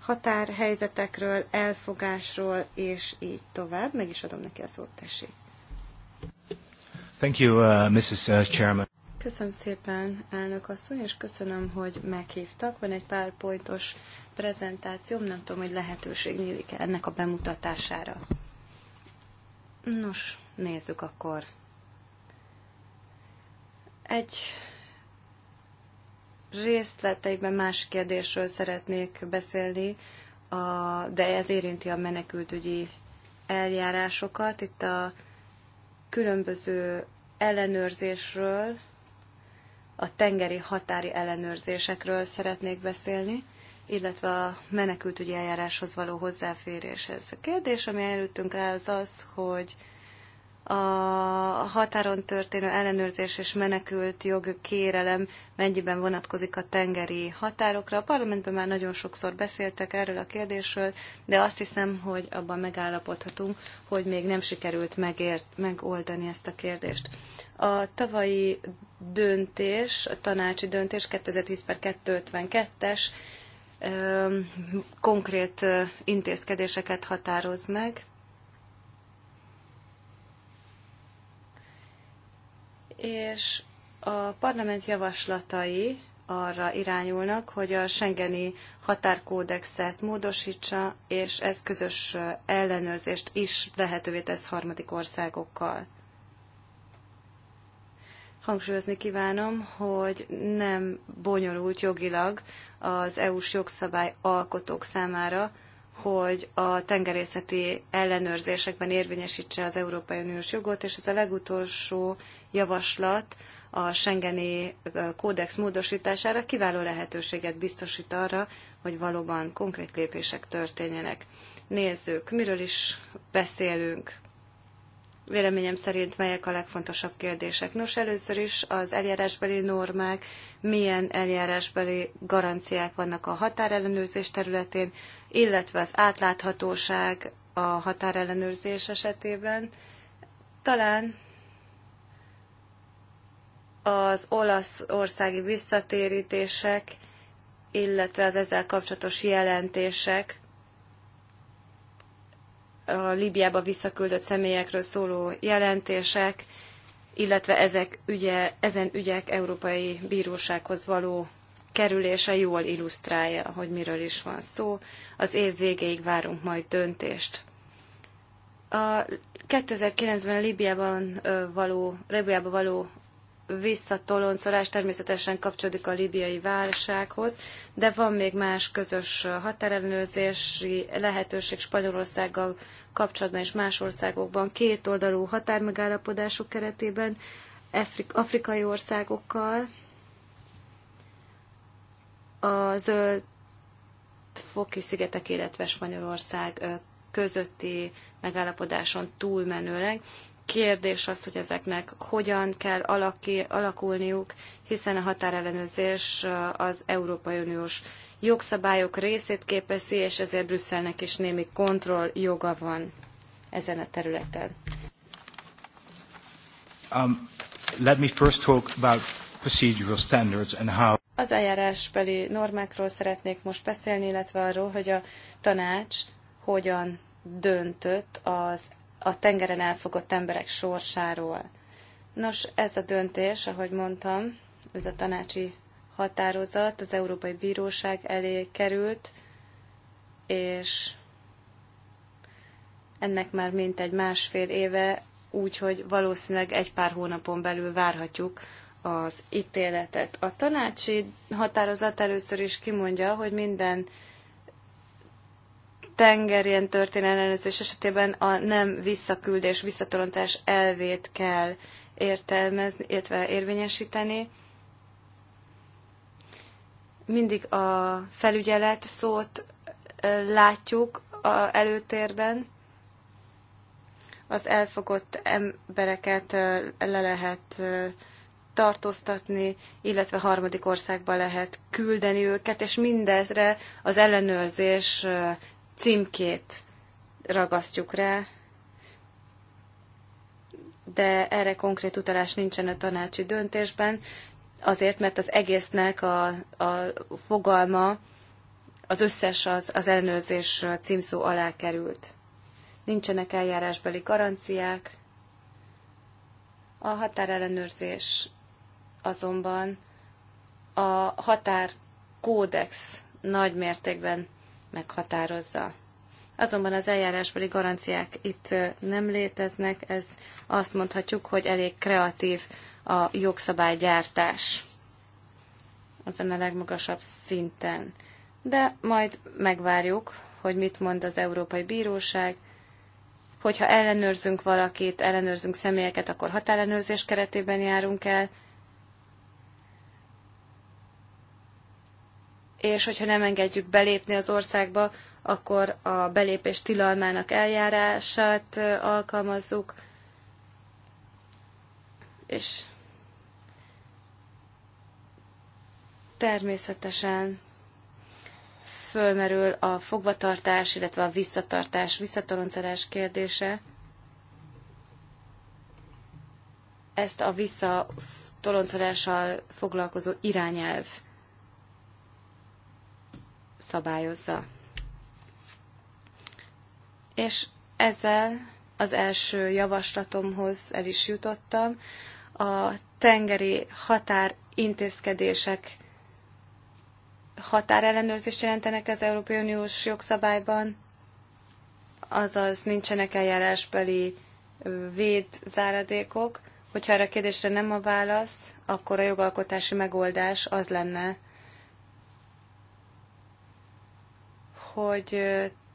határhelyzetekről, elfogásról, és így tovább. Meg is adom neki a szót, tessék. Thank you, uh, Mrs. Uh, Chairman. Köszönöm szépen, elnök asszony, és köszönöm, hogy meghívtak. Van egy pár pontos prezentációm, nem tudom, hogy lehetőség nyílik -e ennek a bemutatására. Nos, nézzük akkor. Egy részleteiben más kérdésről szeretnék beszélni, a, de ez érinti a menekültügyi eljárásokat. Itt a különböző ellenőrzésről, a tengeri határi ellenőrzésekről szeretnék beszélni, illetve a menekültügyi eljáráshoz való hozzáféréshez. A kérdés, ami előttünk áll, az az, hogy a határon történő ellenőrzés és menekült jog kérelem mennyiben vonatkozik a tengeri határokra. A parlamentben már nagyon sokszor beszéltek erről a kérdésről, de azt hiszem, hogy abban megállapodhatunk, hogy még nem sikerült megért, megoldani ezt a kérdést. A tavalyi döntés, a tanácsi döntés 2010 per 252-es konkrét intézkedéseket határoz meg, és a parlament javaslatai arra irányulnak, hogy a Schengeni határkódexet módosítsa, és ez közös ellenőrzést is lehetővé tesz harmadik országokkal. Hangsúlyozni kívánom, hogy nem bonyolult jogilag az EU-s jogszabály alkotók számára hogy a tengerészeti ellenőrzésekben érvényesítse az Európai Uniós jogot, és ez a legutolsó javaslat a Schengeni kódex módosítására kiváló lehetőséget biztosít arra, hogy valóban konkrét lépések történjenek. Nézzük, miről is beszélünk, véleményem szerint melyek a legfontosabb kérdések. Nos, először is az eljárásbeli normák, milyen eljárásbeli garanciák vannak a határellenőrzés területén, illetve az átláthatóság a határellenőrzés esetében. Talán az olasz országi visszatérítések, illetve az ezzel kapcsolatos jelentések a Libiába visszaküldött személyekről szóló jelentések, illetve ezek ügye, ezen ügyek Európai Bírósághoz való kerülése jól illusztrálja, hogy miről is van szó. Az év végéig várunk majd döntést. A 2009-ben a Libiában való, Libiába való visszatoloncolás természetesen kapcsolódik a libiai válsághoz, de van még más közös határellenőrzési lehetőség Spanyolországgal kapcsolatban és más országokban, kétoldalú határmegállapodások keretében, afrikai országokkal, a zöld foki szigetek, illetve Spanyolország közötti megállapodáson túlmenőleg. Kérdés az, hogy ezeknek hogyan kell alaki, alakulniuk, hiszen a határellenőrzés az Európai Uniós jogszabályok részét képezi, és ezért Brüsszelnek is némi kontroll joga van ezen a területen. Um, let me first talk about procedural standards and how az eljárásbeli normákról szeretnék most beszélni, illetve arról, hogy a tanács hogyan döntött az, a tengeren elfogott emberek sorsáról. Nos, ez a döntés, ahogy mondtam, ez a tanácsi határozat az Európai Bíróság elé került, és ennek már mintegy másfél éve, úgyhogy valószínűleg egy pár hónapon belül várhatjuk az ítéletet. A tanácsi határozat először is kimondja, hogy minden tengerien történelmezés esetében a nem visszaküldés, visszatolontás elvét kell értelmezni, illetve érvényesíteni. Mindig a felügyelet szót látjuk a előtérben. Az elfogott embereket le lehet tartóztatni, illetve harmadik országba lehet küldeni őket, és mindezre az ellenőrzés címkét ragasztjuk rá, de erre konkrét utalás nincsen a tanácsi döntésben, azért, mert az egésznek a, a fogalma, az összes az, az ellenőrzés címszó alá került. Nincsenek eljárásbeli garanciák, a határellenőrzés azonban a határkódex nagy mértékben meghatározza. Azonban az eljárásbeli garanciák itt nem léteznek, ez azt mondhatjuk, hogy elég kreatív a jogszabálygyártás ezen a legmagasabb szinten. De majd megvárjuk, hogy mit mond az Európai Bíróság, hogyha ellenőrzünk valakit, ellenőrzünk személyeket, akkor határellenőrzés keretében járunk el, és hogyha nem engedjük belépni az országba, akkor a belépés tilalmának eljárását alkalmazzuk, és természetesen fölmerül a fogvatartás, illetve a visszatartás, visszatoloncolás kérdése. Ezt a visszatoloncolással foglalkozó irányelv szabályozza. És ezzel az első javaslatomhoz el is jutottam. A tengeri határ intézkedések határellenőrzést jelentenek az Európai Uniós jogszabályban, azaz nincsenek eljárásbeli védzáradékok. Hogyha erre a kérdésre nem a válasz, akkor a jogalkotási megoldás az lenne, hogy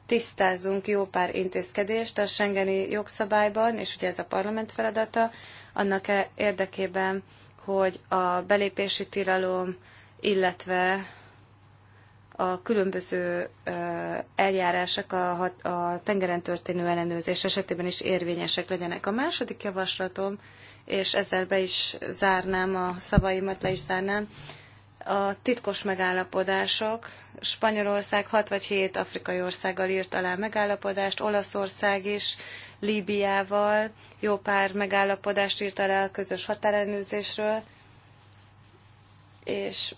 tisztázzunk jó pár intézkedést a Schengeni jogszabályban, és ugye ez a parlament feladata, annak e- érdekében, hogy a belépési tilalom, illetve a különböző eljárások a, tengeren történő ellenőrzés esetében is érvényesek legyenek. A második javaslatom, és ezzel be is zárnám a szavaimat, le is zárnám, a titkos megállapodások Spanyolország 6 vagy 7 afrikai országgal írt alá megállapodást, Olaszország is Líbiával jó pár megállapodást írt alá a közös határellenőrzésről, és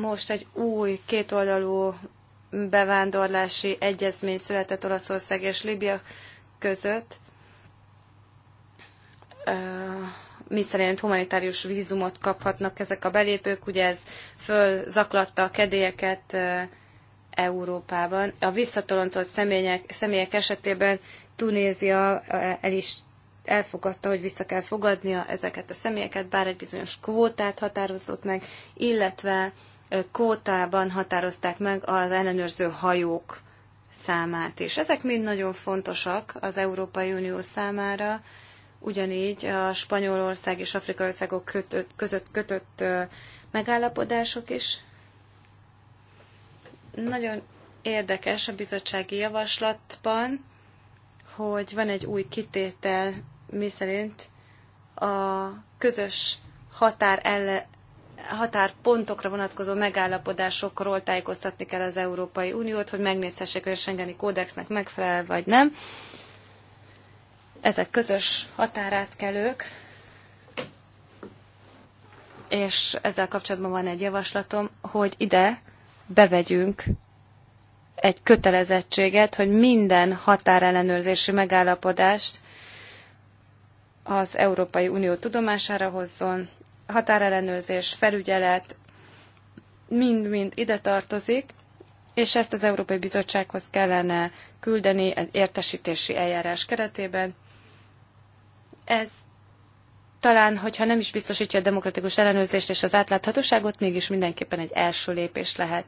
most egy új kétoldalú bevándorlási egyezmény született Olaszország és Líbia között miszerint humanitárius vízumot kaphatnak ezek a belépők, ugye ez fölzaklatta a kedélyeket Európában. A visszatoloncolt személyek, személyek esetében Tunézia el is elfogadta, hogy vissza kell fogadnia ezeket a személyeket, bár egy bizonyos kvótát határozott meg, illetve kótában határozták meg az ellenőrző hajók számát is. Ezek mind nagyon fontosak az Európai Unió számára, ugyanígy a Spanyolország és Afrika országok kötött, között kötött megállapodások is. Nagyon érdekes a bizottsági javaslatban, hogy van egy új kitétel, miszerint a közös határ ellen határpontokra vonatkozó megállapodásokról tájékoztatni kell az Európai Uniót, hogy megnézhessék, hogy a Schengeni kódexnek megfelel vagy nem ezek közös határátkelők, és ezzel kapcsolatban van egy javaslatom, hogy ide bevegyünk egy kötelezettséget, hogy minden határellenőrzési megállapodást az Európai Unió tudomására hozzon, határellenőrzés, felügyelet, mind-mind ide tartozik, és ezt az Európai Bizottsághoz kellene küldeni egy értesítési eljárás keretében, ez talán, hogyha nem is biztosítja a demokratikus ellenőrzést és az átláthatóságot, mégis mindenképpen egy első lépés lehet.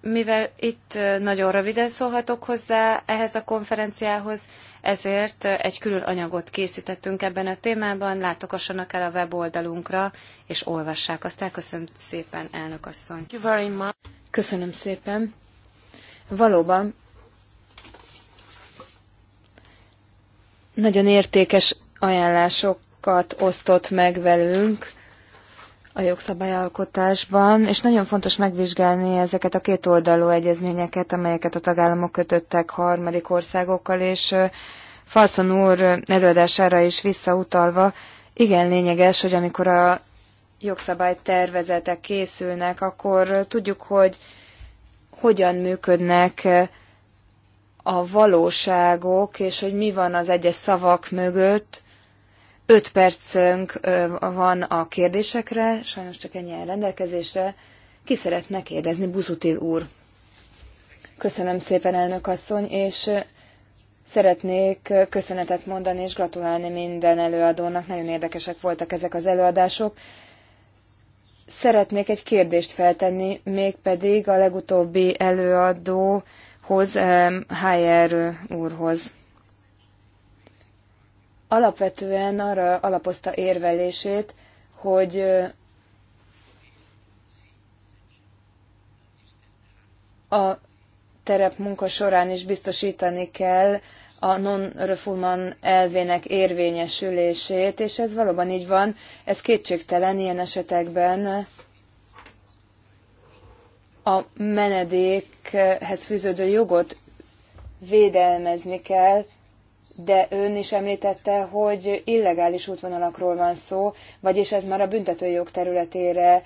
Mivel itt nagyon röviden szólhatok hozzá ehhez a konferenciához, ezért egy külön anyagot készítettünk ebben a témában, látogassanak el a weboldalunkra, és olvassák azt. Köszönöm szépen, elnök asszony. Köszönöm szépen. Valóban Nagyon értékes ajánlásokat osztott meg velünk a jogszabályalkotásban, és nagyon fontos megvizsgálni ezeket a kétoldalú egyezményeket, amelyeket a tagállamok kötöttek harmadik országokkal, és Falszon úr előadására is visszautalva, igen lényeges, hogy amikor a jogszabálytervezetek készülnek, akkor tudjuk, hogy hogyan működnek a valóságok, és hogy mi van az egyes szavak mögött. Öt percünk van a kérdésekre, sajnos csak ennyi rendelkezésre. Ki szeretne kérdezni, Buzutil úr? Köszönöm szépen, elnök asszony, és Szeretnék köszönetet mondani és gratulálni minden előadónak, nagyon érdekesek voltak ezek az előadások. Szeretnék egy kérdést feltenni, mégpedig a legutóbbi előadó hoz, Hayer úrhoz. Alapvetően arra alapozta érvelését, hogy a terep munka során is biztosítani kell a non refulman elvének érvényesülését, és ez valóban így van, ez kétségtelen ilyen esetekben a menedékhez fűződő jogot védelmezni kell, de ön is említette, hogy illegális útvonalakról van szó, vagyis ez már a büntetőjog területére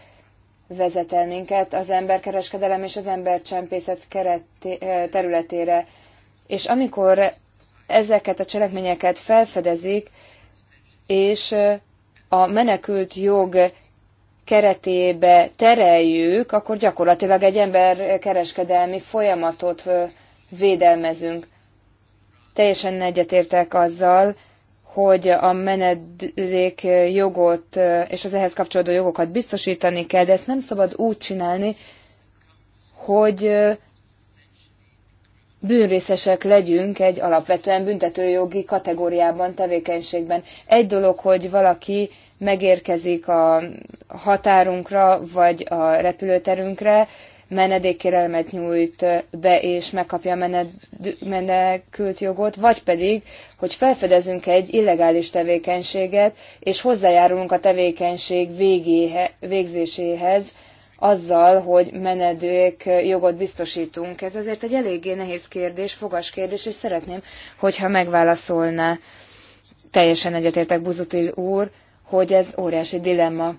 vezet el minket az emberkereskedelem és az embercsempészet területére. És amikor ezeket a cselekményeket felfedezik, és a menekült jog keretébe tereljük, akkor gyakorlatilag egy ember kereskedelmi folyamatot védelmezünk. Teljesen egyetértek azzal, hogy a menedék jogot és az ehhez kapcsolódó jogokat biztosítani kell, de ezt nem szabad úgy csinálni, hogy bűnrészesek legyünk egy alapvetően büntetőjogi kategóriában, tevékenységben. Egy dolog, hogy valaki megérkezik a határunkra, vagy a repülőterünkre, menedékkérelmet nyújt be, és megkapja mened, menekült jogot, vagy pedig, hogy felfedezünk egy illegális tevékenységet, és hozzájárulunk a tevékenység végéhe, végzéséhez, azzal, hogy menedék jogot biztosítunk. Ez azért egy eléggé nehéz kérdés, fogas kérdés, és szeretném, hogyha megválaszolná. Teljesen egyetértek Buzutil úr, hogy ez óriási dilemma.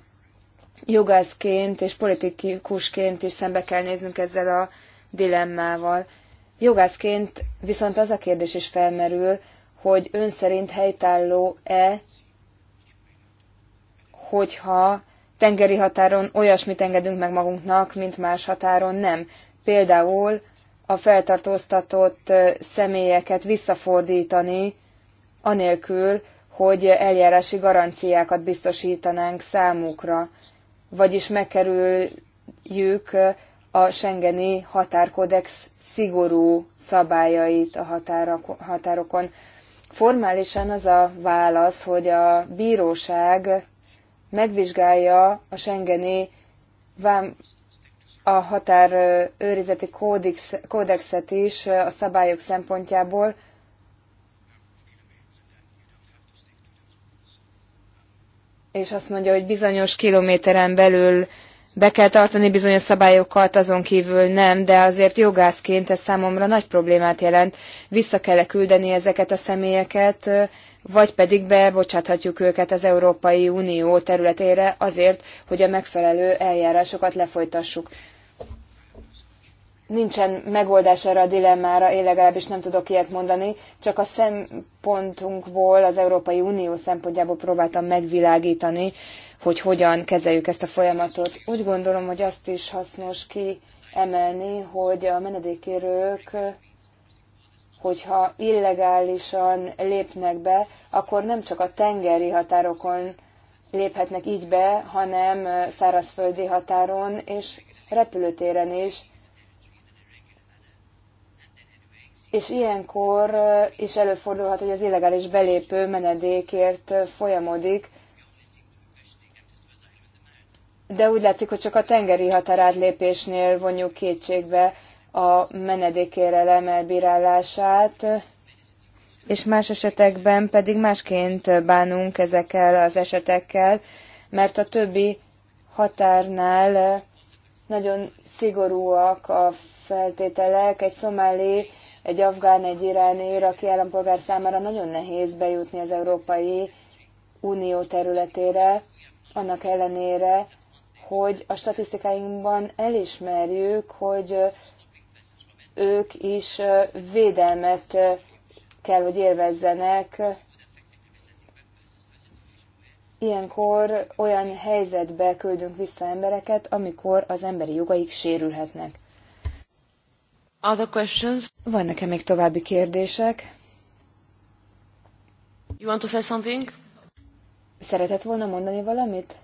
Jogászként és politikusként is szembe kell néznünk ezzel a dilemmával. Jogászként viszont az a kérdés is felmerül, hogy ön szerint helytálló-e, hogyha tengeri határon olyasmit engedünk meg magunknak, mint más határon nem. Például a feltartóztatott személyeket visszafordítani, anélkül, hogy eljárási garanciákat biztosítanánk számukra, vagyis megkerüljük a Schengeni határkodex szigorú szabályait a határokon. Formálisan az a válasz, hogy a bíróság megvizsgálja a Schengeni vám a határőrizeti kódex, kódexet is a szabályok szempontjából, és azt mondja, hogy bizonyos kilométeren belül be kell tartani bizonyos szabályokat, azon kívül nem, de azért jogászként ez számomra nagy problémát jelent. Vissza kell -e küldeni ezeket a személyeket, vagy pedig bebocsáthatjuk őket az Európai Unió területére azért, hogy a megfelelő eljárásokat lefolytassuk. Nincsen megoldás erre a dilemmára, én legalábbis nem tudok ilyet mondani, csak a szempontunkból, az Európai Unió szempontjából próbáltam megvilágítani, hogy hogyan kezeljük ezt a folyamatot. Úgy gondolom, hogy azt is hasznos kiemelni, hogy a menedékérők hogyha illegálisan lépnek be, akkor nem csak a tengeri határokon léphetnek így be, hanem szárazföldi határon és repülőtéren is. És ilyenkor is előfordulhat, hogy az illegális belépő menedékért folyamodik, de úgy látszik, hogy csak a tengeri határátlépésnél vonjuk kétségbe a menedékérelem elbírálását, és más esetekben pedig másként bánunk ezekkel az esetekkel, mert a többi határnál nagyon szigorúak a feltételek. Egy szomáli, egy afgán, egy iráni, iraki állampolgár számára nagyon nehéz bejutni az Európai Unió területére, annak ellenére, hogy a statisztikáinkban elismerjük, hogy ők is védelmet kell, hogy élvezzenek Ilyenkor olyan helyzetbe küldünk vissza embereket, amikor az emberi jogaik sérülhetnek. Other questions? Van nekem még további kérdések? You want to say something? Szeretett volna mondani valamit?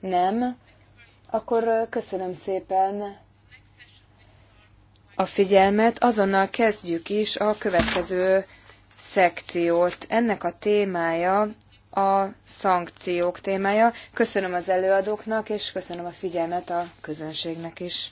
Nem? Akkor köszönöm szépen a figyelmet, azonnal kezdjük is a következő szekciót. Ennek a témája a szankciók témája. Köszönöm az előadóknak, és köszönöm a figyelmet a közönségnek is.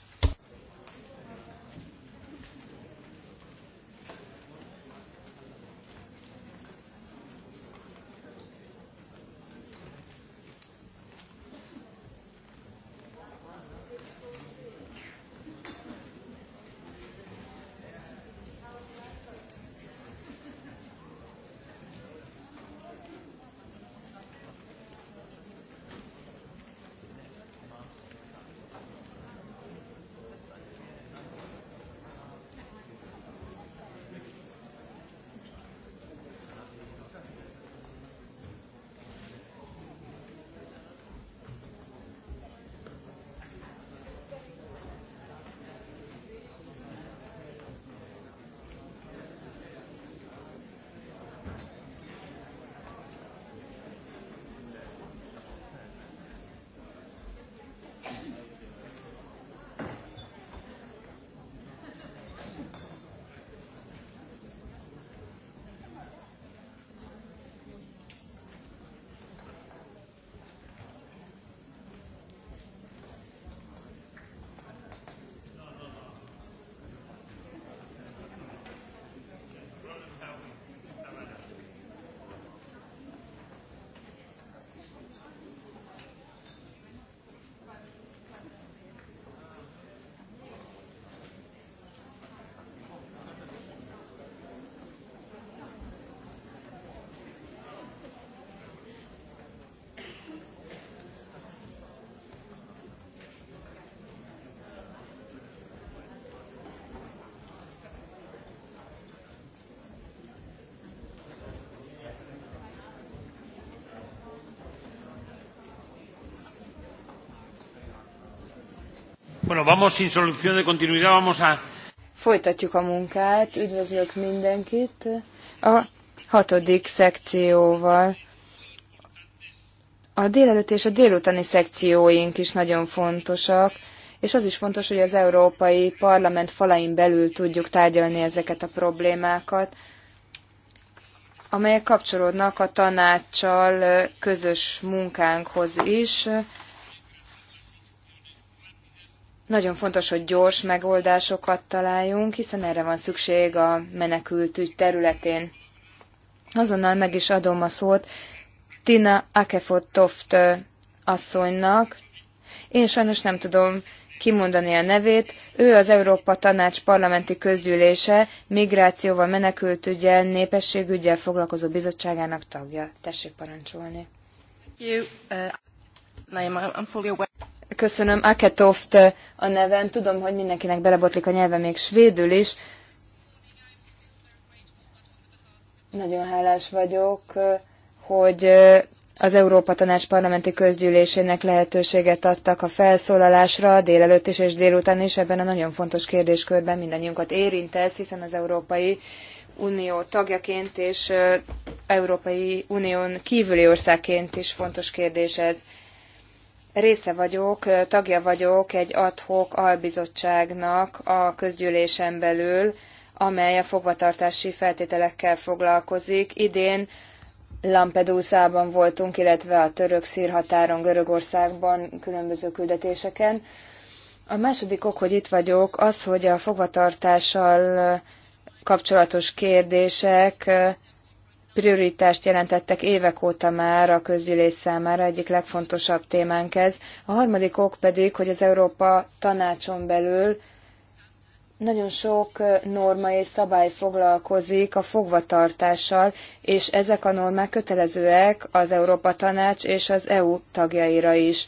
Bueno, vamos sin solución de continuidad, vamos a... Folytatjuk a munkát, üdvözlök mindenkit a hatodik szekcióval. A délelőtt és a délutáni szekcióink is nagyon fontosak, és az is fontos, hogy az Európai Parlament falain belül tudjuk tárgyalni ezeket a problémákat, amelyek kapcsolódnak a tanácssal közös munkánkhoz is. Nagyon fontos, hogy gyors megoldásokat találjunk, hiszen erre van szükség a menekültügy területén. Azonnal meg is adom a szót Tina Akefotoft asszonynak. Én sajnos nem tudom kimondani a nevét. Ő az Európa Tanács parlamenti közgyűlése migrációval, menekültügyel, népességügyel foglalkozó bizottságának tagja. Tessék parancsolni. You, uh... Köszönöm. Aketoft a nevem. Tudom, hogy mindenkinek belebotlik a nyelve még svédül is. Nagyon hálás vagyok, hogy az Európa Tanács Parlamenti Közgyűlésének lehetőséget adtak a felszólalásra délelőtt is és délután is ebben a nagyon fontos kérdéskörben mindannyiunkat érint ez, hiszen az Európai Unió tagjaként és Európai Unión kívüli országként is fontos kérdés ez része vagyok, tagja vagyok egy adhok albizottságnak a közgyűlésen belül, amely a fogvatartási feltételekkel foglalkozik. Idén Lampedusa-ban voltunk, illetve a török-szír határon Görögországban különböző küldetéseken. A második ok, hogy itt vagyok, az, hogy a fogvatartással kapcsolatos kérdések prioritást jelentettek évek óta már a közgyűlés számára, egyik legfontosabb témánk ez. A harmadik ok pedig, hogy az Európa tanácson belül nagyon sok norma és szabály foglalkozik a fogvatartással, és ezek a normák kötelezőek az Európa Tanács és az EU tagjaira is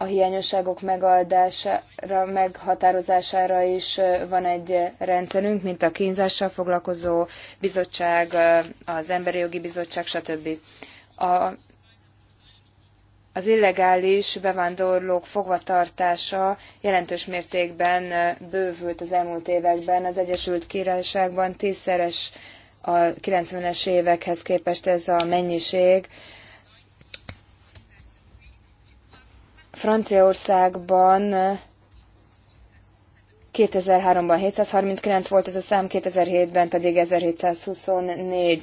a hiányosságok megoldására, meghatározására is van egy rendszerünk, mint a kínzással foglalkozó bizottság, az Emberi Jogi Bizottság, stb. A, az illegális bevándorlók fogvatartása jelentős mértékben bővült az elmúlt években. Az Egyesült Királyságban tízszeres a 90-es évekhez képest ez a mennyiség, Franciaországban 2003-ban 739 volt ez a szám, 2007-ben pedig 1724.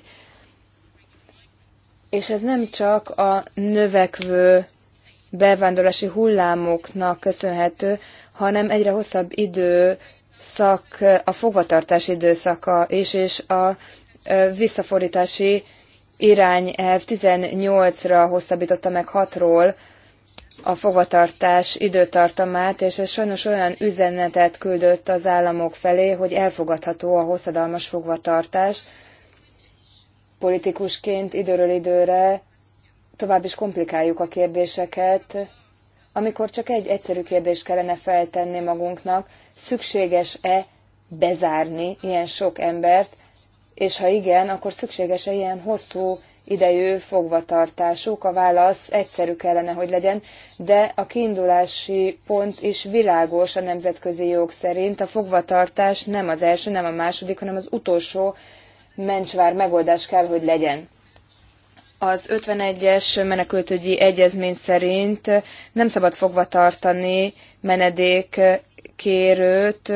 És ez nem csak a növekvő bevándorlási hullámoknak köszönhető, hanem egyre hosszabb időszak, a fogvatartás időszaka is, és a visszafordítási irányelv 18-ra hosszabbította meg 6-ról a fogvatartás időtartamát, és ez sajnos olyan üzenetet küldött az államok felé, hogy elfogadható a hosszadalmas fogvatartás. Politikusként időről időre tovább is komplikáljuk a kérdéseket, amikor csak egy egyszerű kérdést kellene feltenni magunknak, szükséges-e bezárni ilyen sok embert, és ha igen, akkor szükséges-e ilyen hosszú idejű fogvatartásuk. A válasz egyszerű kellene, hogy legyen, de a kiindulási pont is világos a nemzetközi jog szerint. A fogvatartás nem az első, nem a második, hanem az utolsó mencsvár megoldás kell, hogy legyen. Az 51-es menekültügyi egyezmény szerint nem szabad fogvatartani tartani kérőt,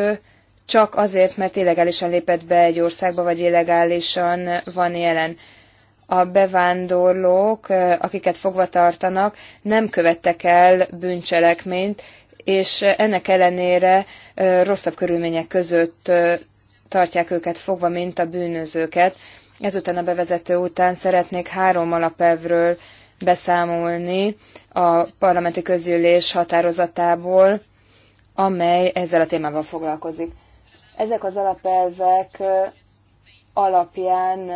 csak azért, mert illegálisan lépett be egy országba, vagy illegálisan van jelen a bevándorlók, akiket fogva tartanak, nem követtek el bűncselekményt, és ennek ellenére rosszabb körülmények között tartják őket fogva, mint a bűnözőket. Ezután a bevezető után szeretnék három alapelvről beszámolni a parlamenti közülés határozatából, amely ezzel a témával foglalkozik. Ezek az alapelvek alapján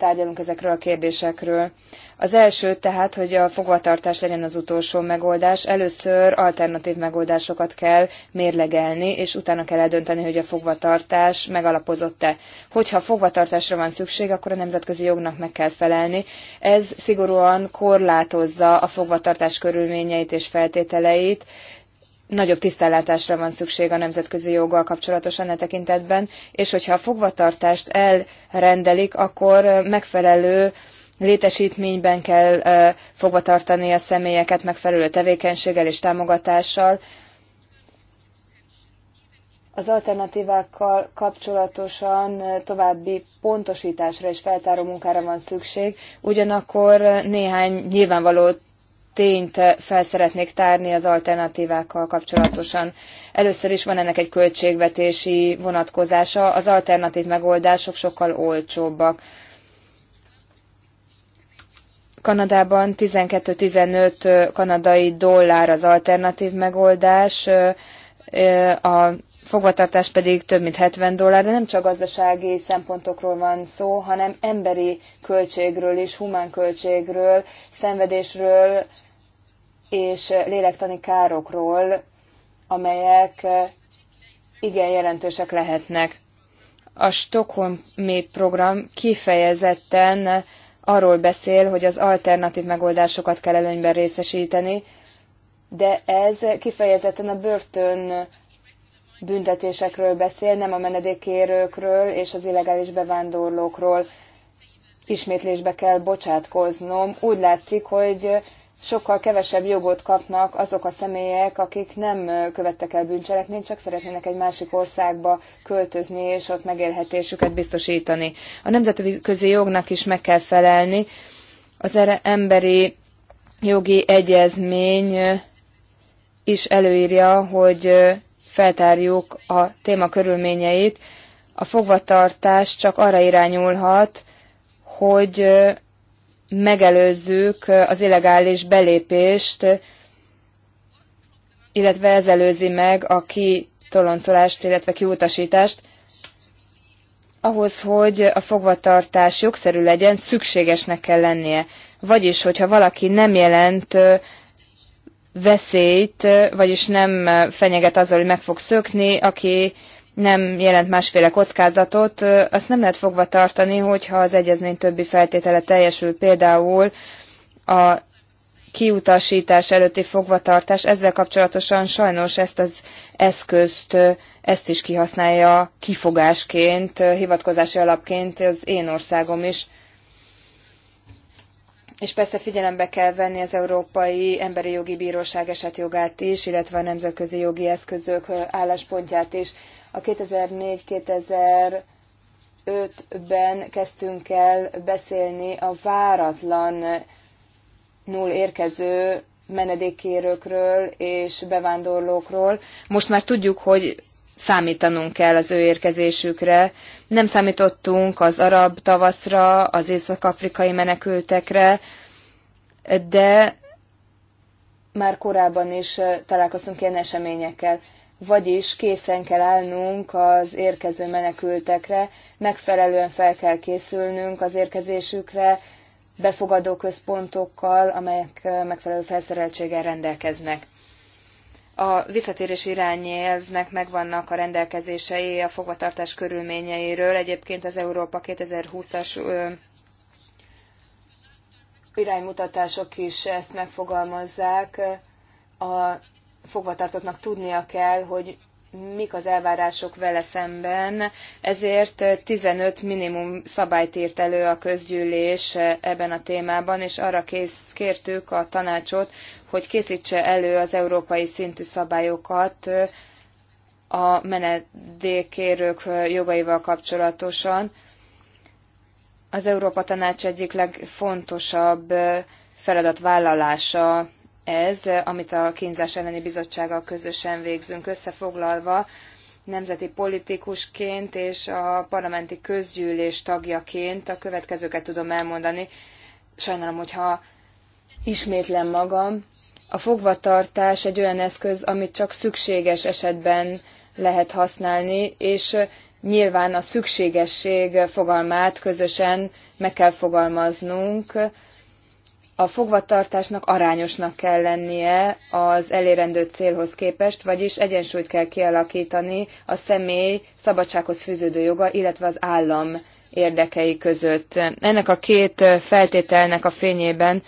tárgyalunk ezekről a kérdésekről. Az első tehát, hogy a fogvatartás legyen az utolsó megoldás. Először alternatív megoldásokat kell mérlegelni, és utána kell eldönteni, hogy a fogvatartás megalapozott-e. Hogyha fogvatartásra van szükség, akkor a nemzetközi jognak meg kell felelni. Ez szigorúan korlátozza a fogvatartás körülményeit és feltételeit, nagyobb tisztellátásra van szükség a nemzetközi joggal kapcsolatosan e tekintetben, és hogyha a fogvatartást elrendelik, akkor megfelelő létesítményben kell fogvatartani a személyeket megfelelő tevékenységgel és támogatással. Az alternatívákkal kapcsolatosan további pontosításra és feltáró munkára van szükség, ugyanakkor néhány nyilvánvaló tényt fel szeretnék tárni az alternatívákkal kapcsolatosan. Először is van ennek egy költségvetési vonatkozása, az alternatív megoldások sokkal olcsóbbak. Kanadában 12-15 kanadai dollár az alternatív megoldás, a fogvatartás pedig több mint 70 dollár, de nem csak gazdasági szempontokról van szó, hanem emberi költségről is, humán költségről, szenvedésről, és lélektani károkról, amelyek igen jelentősek lehetnek. A Stockholmi program kifejezetten arról beszél, hogy az alternatív megoldásokat kell előnyben részesíteni, de ez kifejezetten a börtön büntetésekről beszél, nem a menedékérőkről és az illegális bevándorlókról. Ismétlésbe kell bocsátkoznom. Úgy látszik, hogy sokkal kevesebb jogot kapnak azok a személyek, akik nem követtek el bűncselekményt, csak szeretnének egy másik országba költözni és ott megélhetésüket biztosítani. A nemzetközi jognak is meg kell felelni. Az emberi jogi egyezmény is előírja, hogy feltárjuk a téma körülményeit. A fogvatartás csak arra irányulhat, hogy megelőzzük az illegális belépést, illetve ez előzi meg a kitoloncolást, illetve kiutasítást. Ahhoz, hogy a fogvatartás jogszerű legyen, szükségesnek kell lennie. Vagyis, hogyha valaki nem jelent veszélyt, vagyis nem fenyeget azzal, hogy meg fog szökni, aki nem jelent másféle kockázatot, azt nem lehet fogva tartani, hogyha az egyezmény többi feltétele teljesül, például a kiutasítás előtti fogvatartás, ezzel kapcsolatosan sajnos ezt az eszközt, ezt is kihasználja kifogásként, hivatkozási alapként az én országom is. És persze figyelembe kell venni az Európai Emberi Jogi Bíróság esetjogát is, illetve a nemzetközi jogi eszközök álláspontját is. A 2004-2005-ben kezdtünk el beszélni a váratlan null érkező menedékkérőkről és bevándorlókról. Most már tudjuk, hogy számítanunk kell az ő érkezésükre. Nem számítottunk az arab tavaszra, az észak-afrikai menekültekre, de már korábban is találkoztunk ilyen eseményekkel vagyis készen kell állnunk az érkező menekültekre, megfelelően fel kell készülnünk az érkezésükre, befogadó központokkal, amelyek megfelelő felszereltséggel rendelkeznek. A visszatérés irányelvnek megvannak a rendelkezései a fogvatartás körülményeiről. Egyébként az Európa 2020-as iránymutatások is ezt megfogalmazzák. A fogvatartottnak tudnia kell, hogy mik az elvárások vele szemben, ezért 15 minimum szabályt írt elő a közgyűlés ebben a témában, és arra kész, kértük a tanácsot, hogy készítse elő az európai szintű szabályokat a menedékkérők jogaival kapcsolatosan. Az Európa Tanács egyik legfontosabb feladatvállalása ez, amit a kínzás elleni bizottsággal közösen végzünk összefoglalva, nemzeti politikusként és a parlamenti közgyűlés tagjaként a következőket tudom elmondani. Sajnálom, hogyha ismétlem magam. A fogvatartás egy olyan eszköz, amit csak szükséges esetben lehet használni, és nyilván a szükségesség fogalmát közösen meg kell fogalmaznunk, a fogvatartásnak arányosnak kell lennie az elérendő célhoz képest, vagyis egyensúlyt kell kialakítani a személy szabadsághoz fűződő joga, illetve az állam érdekei között. Ennek a két feltételnek a fényében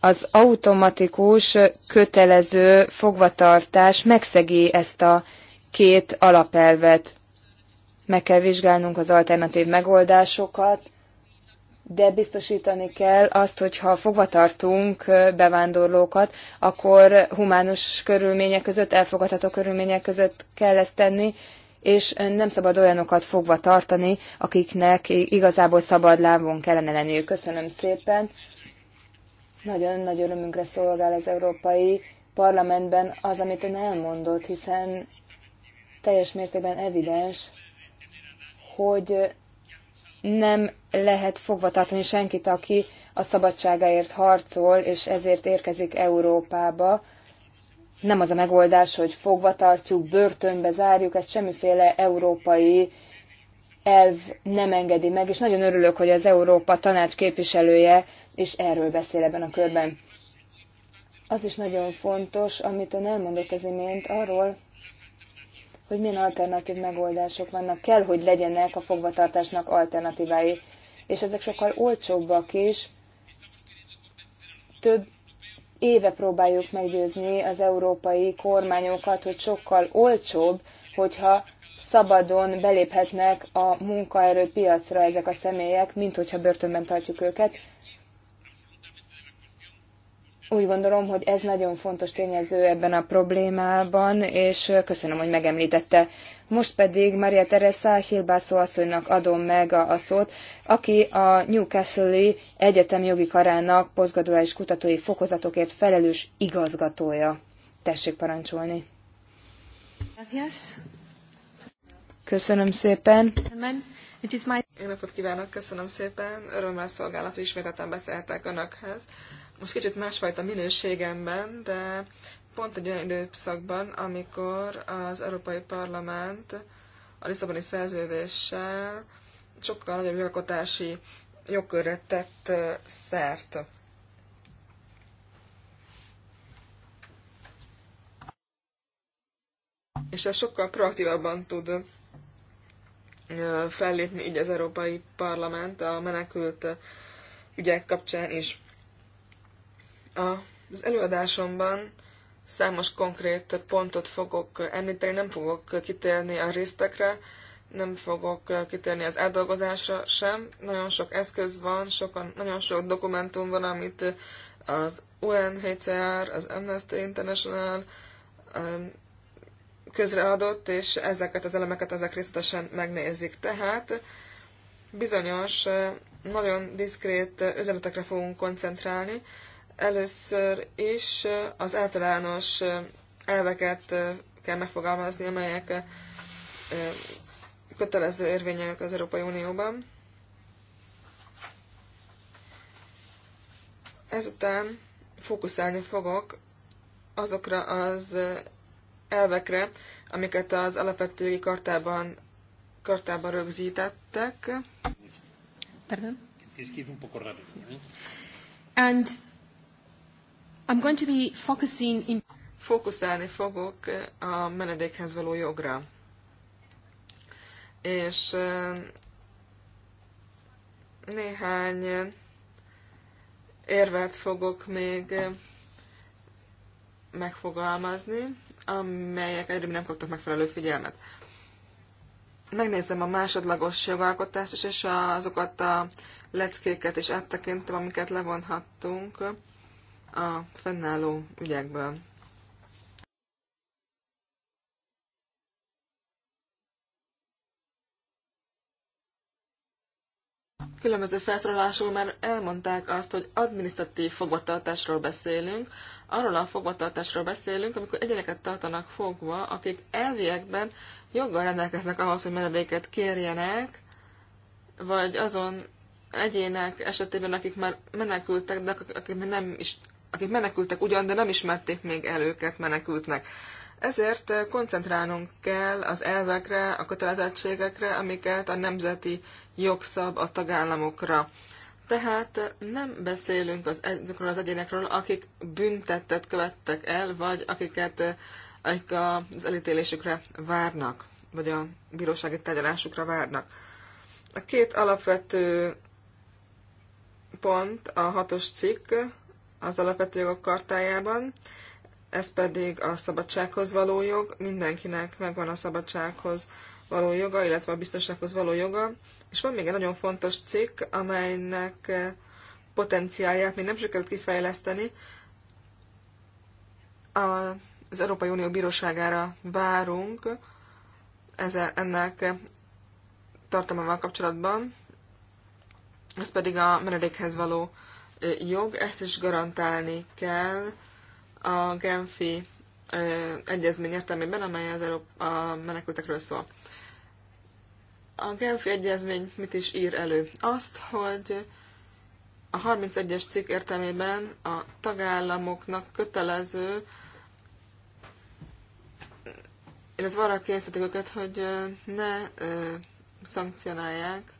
az automatikus, kötelező fogvatartás megszegi ezt a két alapelvet. Meg kell vizsgálnunk az alternatív megoldásokat, de biztosítani kell azt, hogy ha fogvatartunk bevándorlókat, akkor humánus körülmények között, elfogadható körülmények között kell ezt tenni, és nem szabad olyanokat fogva tartani, akiknek igazából szabad lábon kellene lenniük. Köszönöm szépen. Nagyon nagy örömünkre szolgál az Európai Parlamentben az, amit ön elmondott, hiszen teljes mértékben evidens, hogy nem lehet fogva tartani senkit, aki a szabadságáért harcol, és ezért érkezik Európába. Nem az a megoldás, hogy fogva tartjuk, börtönbe zárjuk, ezt semmiféle európai elv nem engedi meg, és nagyon örülök, hogy az Európa tanács képviselője is erről beszél ebben a körben. Az is nagyon fontos, amit ön elmondott az imént arról, hogy milyen alternatív megoldások vannak. Kell, hogy legyenek a fogvatartásnak alternatívái. És ezek sokkal olcsóbbak is. Több éve próbáljuk meggyőzni az európai kormányokat, hogy sokkal olcsóbb, hogyha szabadon beléphetnek a munkaerőpiacra ezek a személyek, mint hogyha börtönben tartjuk őket úgy gondolom, hogy ez nagyon fontos tényező ebben a problémában, és köszönöm, hogy megemlítette. Most pedig Maria Teresa Hilbászó asszonynak adom meg a, a szót, aki a Newcastle-i Egyetem jogi karának posztgraduális kutatói fokozatokért felelős igazgatója. Tessék parancsolni. Köszönöm szépen. Jó napot kívánok, köszönöm szépen. Örömmel szolgál az, ismétetem beszéltek Önökhez most kicsit másfajta minőségemben, de pont egy olyan időszakban, amikor az Európai Parlament a Lisszaboni szerződéssel sokkal nagyobb jogalkotási jogkörre tett szert. És ez sokkal proaktívabban tud fellépni így az Európai Parlament a menekült ügyek kapcsán is. Az előadásomban számos konkrét pontot fogok említeni, nem fogok kitérni a résztekre, nem fogok kitérni az átdolgozásra sem. Nagyon sok eszköz van, sokan, nagyon sok dokumentum van, amit az UNHCR, az Amnesty International um, közreadott, és ezeket az elemeket ezek részletesen megnézik. Tehát bizonyos, uh, nagyon diszkrét uh, üzenetekre fogunk koncentrálni, Először is az általános elveket kell megfogalmazni, amelyek kötelező érvények az Európai Unióban. Ezután fókuszálni fogok azokra az elvekre, amiket az alapvetői kartában, kartában rögzítettek. Pardon? ¿eh? And I'm going to be focusing in... Fókuszálni fogok a menedékhez való jogra. És néhány érvet fogok még megfogalmazni, amelyek egyre nem kaptak megfelelő figyelmet. Megnézem a másodlagos jogalkotást is, és azokat a leckéket is áttekintem, amiket levonhattunk a fennálló ügyekből. Különböző felszólalásról már elmondták azt, hogy adminisztratív fogvatartásról beszélünk. Arról a fogvatartásról beszélünk, amikor egyeneket tartanak fogva, akik elviekben joggal rendelkeznek ahhoz, hogy menedéket kérjenek, vagy azon egyének esetében, akik már menekültek, de akik nem is akik menekültek ugyan, de nem ismerték még el őket menekültnek. Ezért eh, koncentrálnunk kell az elvekre, a kötelezettségekre, amiket a nemzeti jogszab a tagállamokra. Tehát eh, nem beszélünk az, ezekről az egyénekről, akik büntettet követtek el, vagy akiket eh, akik az elítélésükre várnak, vagy a bírósági tárgyalásukra várnak. A két alapvető pont a hatos cikk, az alapvető jogok kartájában, ez pedig a szabadsághoz való jog, mindenkinek megvan a szabadsághoz való joga, illetve a biztonsághoz való joga, és van még egy nagyon fontos cikk, amelynek eh, potenciálját még nem sikerült kifejleszteni, az Európai Unió Bíróságára várunk ezzel, ennek eh, tartalmával kapcsolatban, ez pedig a menedékhez való jog, ezt is garantálni kell a Genfi egyezmény értelmében, amely az Európa, a menekültekről szól. A Genfi egyezmény mit is ír elő? Azt, hogy a 31-es cikk értelmében a tagállamoknak kötelező, illetve arra készítik őket, hogy ne szankcionálják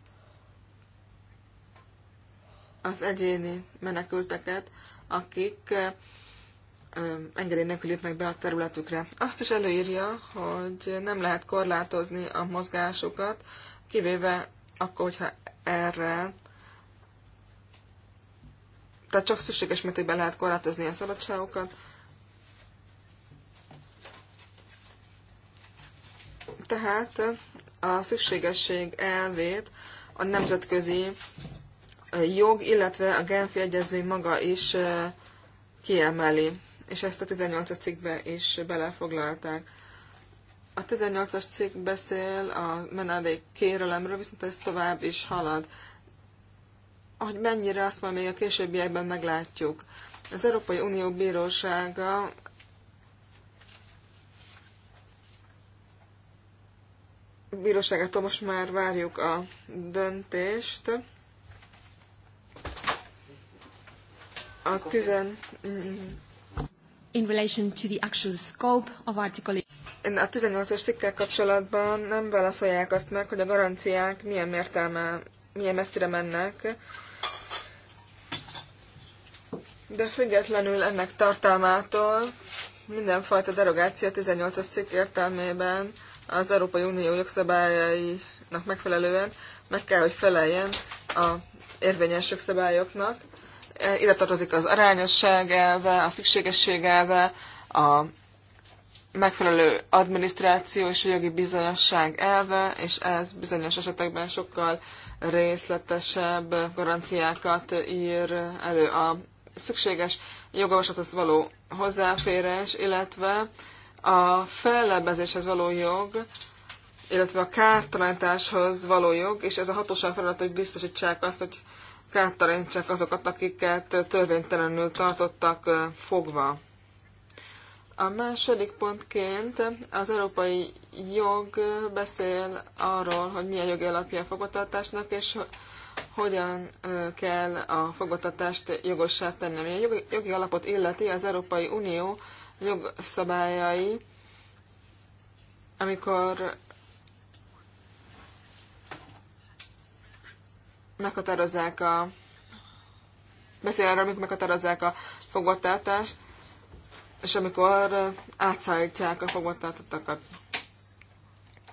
az egyéni menekülteket, akik engedély nélkül lépnek be a területükre. Azt is előírja, hogy nem lehet korlátozni a mozgásukat, kivéve akkor, hogyha erre tehát csak szükséges mértékben lehet korlátozni a szabadságokat. Tehát a szükségesség elvét a nemzetközi jog, illetve a Genfi Egyezmény maga is kiemeli, és ezt a 18-as cikkbe is belefoglalták. A 18-as cikk beszél a menedék kérelemről, viszont ez tovább is halad. Hogy mennyire, azt majd még a későbbiekben meglátjuk. Az Európai Unió Bírósága bíróságától most már várjuk a döntést. A tizen... In relation to the actual scope of article... A 18-as cikkel kapcsolatban nem válaszolják azt meg, hogy a garanciák milyen mértelme, milyen messzire mennek, de függetlenül ennek tartalmától mindenfajta derogáció 18-as cikk értelmében az Európai Unió jogszabályainak megfelelően meg kell, hogy feleljen a érvényes jogszabályoknak. Eh, ide tartozik az arányosság elve, a szükségesség elve, a megfelelő adminisztráció és a jogi bizonyosság elve, és ez bizonyos esetekben sokkal részletesebb garanciákat ír elő a szükséges jogavaslathoz való hozzáférés, illetve a fellebezéshez való jog, illetve a kártalanításhoz való jog, és ez a hatóság feladat, hogy biztosítsák azt, hogy kártalanítsák azokat, akiket törvénytelenül tartottak fogva. A második pontként az európai jog beszél arról, hogy milyen jogi alapja a fogvatartásnak, és hogyan kell a fogvatartást jogossá tenni. Ami a jogi alapot illeti, az Európai Unió jogszabályai, amikor meghatározzák a beszél erről, amikor meghatározzák a fogvatartást, és amikor átszállítják a fogvatartottakat.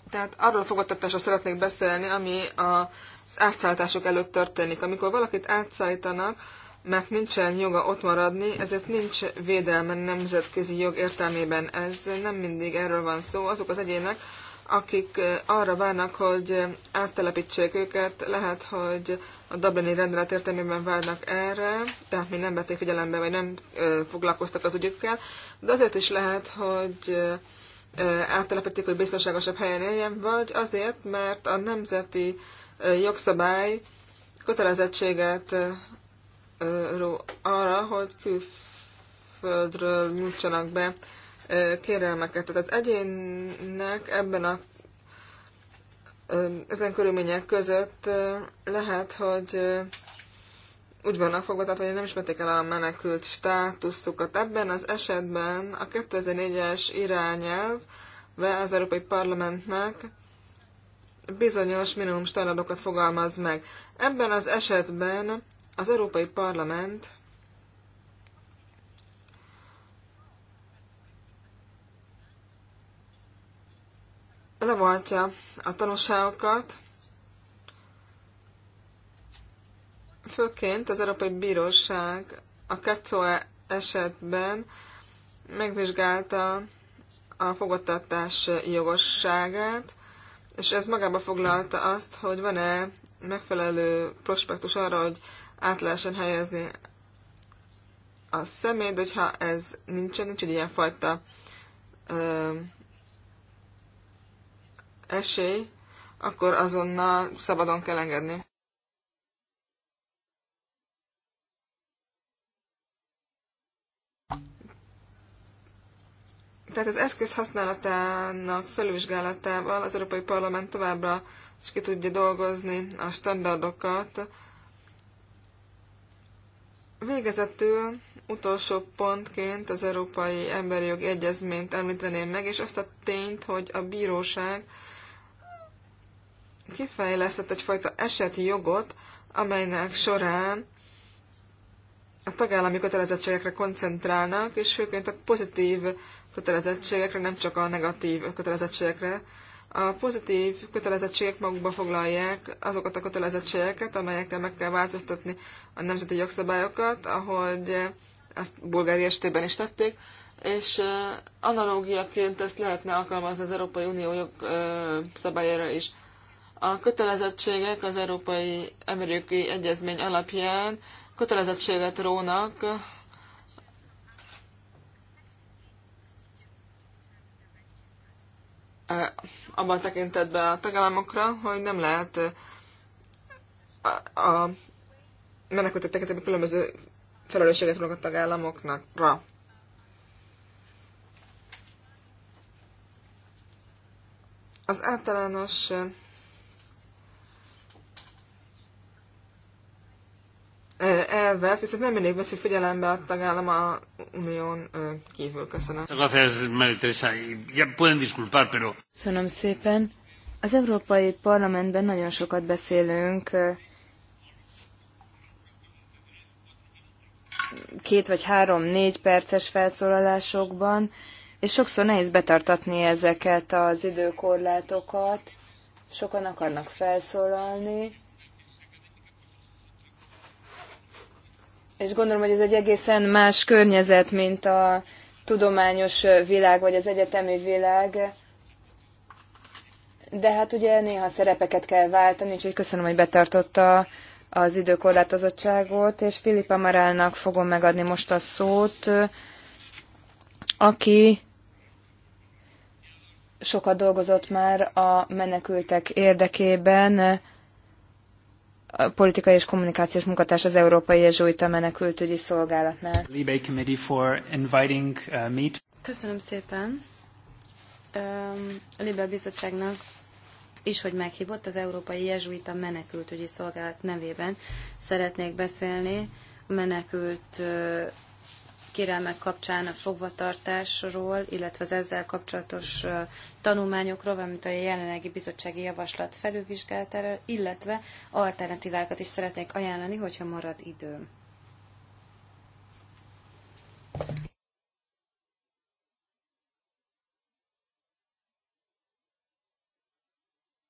Tehát arról a fogvatartásról szeretnék beszélni, ami az átszállítások előtt történik. Amikor valakit átszállítanak, mert nincsen joga ott maradni, ezért nincs védelme nemzetközi jog értelmében. Ez nem mindig erről van szó. Azok az egyének, akik arra várnak, hogy áttelepítsék őket, lehet, hogy a Dublini rendelet értelmében várnak erre, tehát még nem vették figyelembe, vagy nem foglalkoztak az ügyükkel, de azért is lehet, hogy áttelepítik, hogy biztonságosabb helyen éljen, vagy azért, mert a nemzeti jogszabály kötelezettséget arra, hogy külföldről nyújtsanak be kérelmeket. Tehát az egyénnek ebben a ezen körülmények között lehet, hogy úgy vannak fogva, tehát hogy nem ismerték el a menekült státuszukat. Ebben az esetben a 2004-es irányelv ve az Európai Parlamentnek bizonyos minimum standardokat fogalmaz meg. Ebben az esetben az Európai Parlament levonhatja a tanulságokat, főként az Európai Bíróság a Kecoe esetben megvizsgálta a fogadtatás jogosságát, és ez magába foglalta azt, hogy van-e megfelelő prospektus arra, hogy át lehessen helyezni a szemét, hogyha ez nincsen, nincs egy fajta ö, esély, akkor azonnal szabadon kell engedni. Tehát az eszköz használatának felvizsgálatával az Európai Parlament továbbra is ki tudja dolgozni a standardokat. Végezetül utolsó pontként az Európai Emberi Jogi Egyezményt említeném meg, és azt a tényt, hogy a bíróság kifejlesztett egyfajta eseti jogot, amelynek során a tagállami kötelezettségekre koncentrálnak, és főként a pozitív kötelezettségekre, nem csak a negatív kötelezettségekre. A pozitív kötelezettségek magukba foglalják azokat a kötelezettségeket, amelyekkel meg kell változtatni a nemzeti jogszabályokat, ahogy ezt Bulgária esetében is tették, és analógiaként ezt lehetne alkalmazni az Európai Unió jogszabályára is. A kötelezettségek az Európai Amerikai Egyezmény alapján kötelezettséget rónak e, abban tekintetben a tagállamokra, hogy nem lehet a, a menekültek tekintetben különböző felelősséget rónak a tagállamoknak. Ra. Az általános elvet, viszont nem mindig veszik figyelembe a tagállam a unión kívül. Köszönöm. Köszönöm szépen. Az Európai Parlamentben nagyon sokat beszélünk két vagy három, négy perces felszólalásokban, és sokszor nehéz betartatni ezeket az időkorlátokat. Sokan akarnak felszólalni, és gondolom, hogy ez egy egészen más környezet, mint a tudományos világ, vagy az egyetemi világ. De hát ugye néha szerepeket kell váltani, úgyhogy köszönöm, hogy betartotta az időkorlátozottságot, és Filip Amarálnak fogom megadni most a szót, aki sokat dolgozott már a menekültek érdekében, a politikai és kommunikációs munkatárs az Európai Jezsuita Menekültügyi Szolgálatnál. Uh, Köszönöm szépen a Libe Bizottságnak is, hogy meghívott az Európai Jezsuita Menekültügyi Szolgálat nevében. Szeretnék beszélni a menekült kérelmek kapcsán a fogvatartásról, illetve az ezzel kapcsolatos tanulmányokról, valamint a jelenlegi bizottsági javaslat felülvizsgálatára, illetve alternatívákat is szeretnék ajánlani, hogyha marad időm.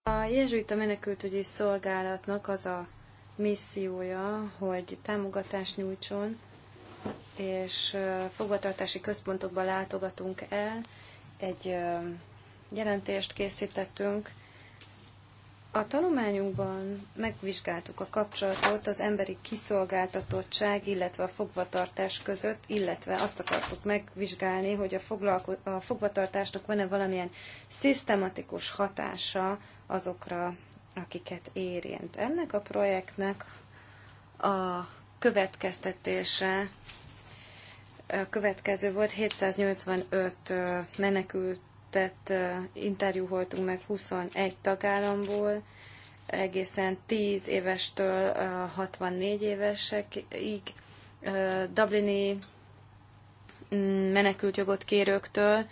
A jezsuita menekültügyi szolgálatnak az a missziója, hogy támogatást nyújtson és fogvatartási központokba látogatunk el. Egy jelentést készítettünk. A tanulmányunkban megvizsgáltuk a kapcsolatot az emberi kiszolgáltatottság, illetve a fogvatartás között, illetve azt akartuk megvizsgálni, hogy a, a fogvatartásnak van-e valamilyen szisztematikus hatása azokra, akiket érint. Ennek a projektnek a következtetése következő volt, 785 menekültet interjúholtunk meg 21 tagállamból, egészen 10 évestől 64 évesekig, Dublini mm, menekültjogot kérőktől,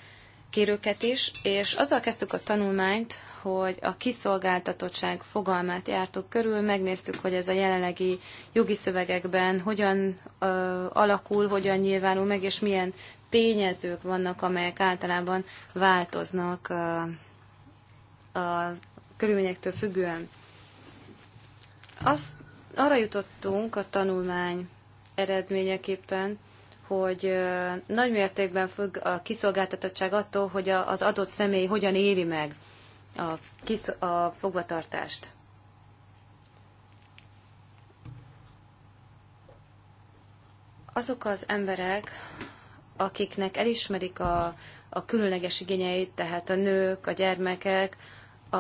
kérőket is, és azzal kezdtük a tanulmányt, hogy a kiszolgáltatottság fogalmát jártuk körül, megnéztük, hogy ez a jelenlegi jogi szövegekben hogyan ö, alakul, hogyan nyilvánul meg, és milyen tényezők vannak, amelyek általában változnak ö, a körülményektől függően. Azt arra jutottunk a tanulmány eredményeképpen, hogy nagy mértékben függ a kiszolgáltatottság attól, hogy az adott személy hogyan éli meg a, kisz, a fogvatartást. Azok az emberek, akiknek elismerik a, a különleges igényeit, tehát a nők, a gyermekek, a,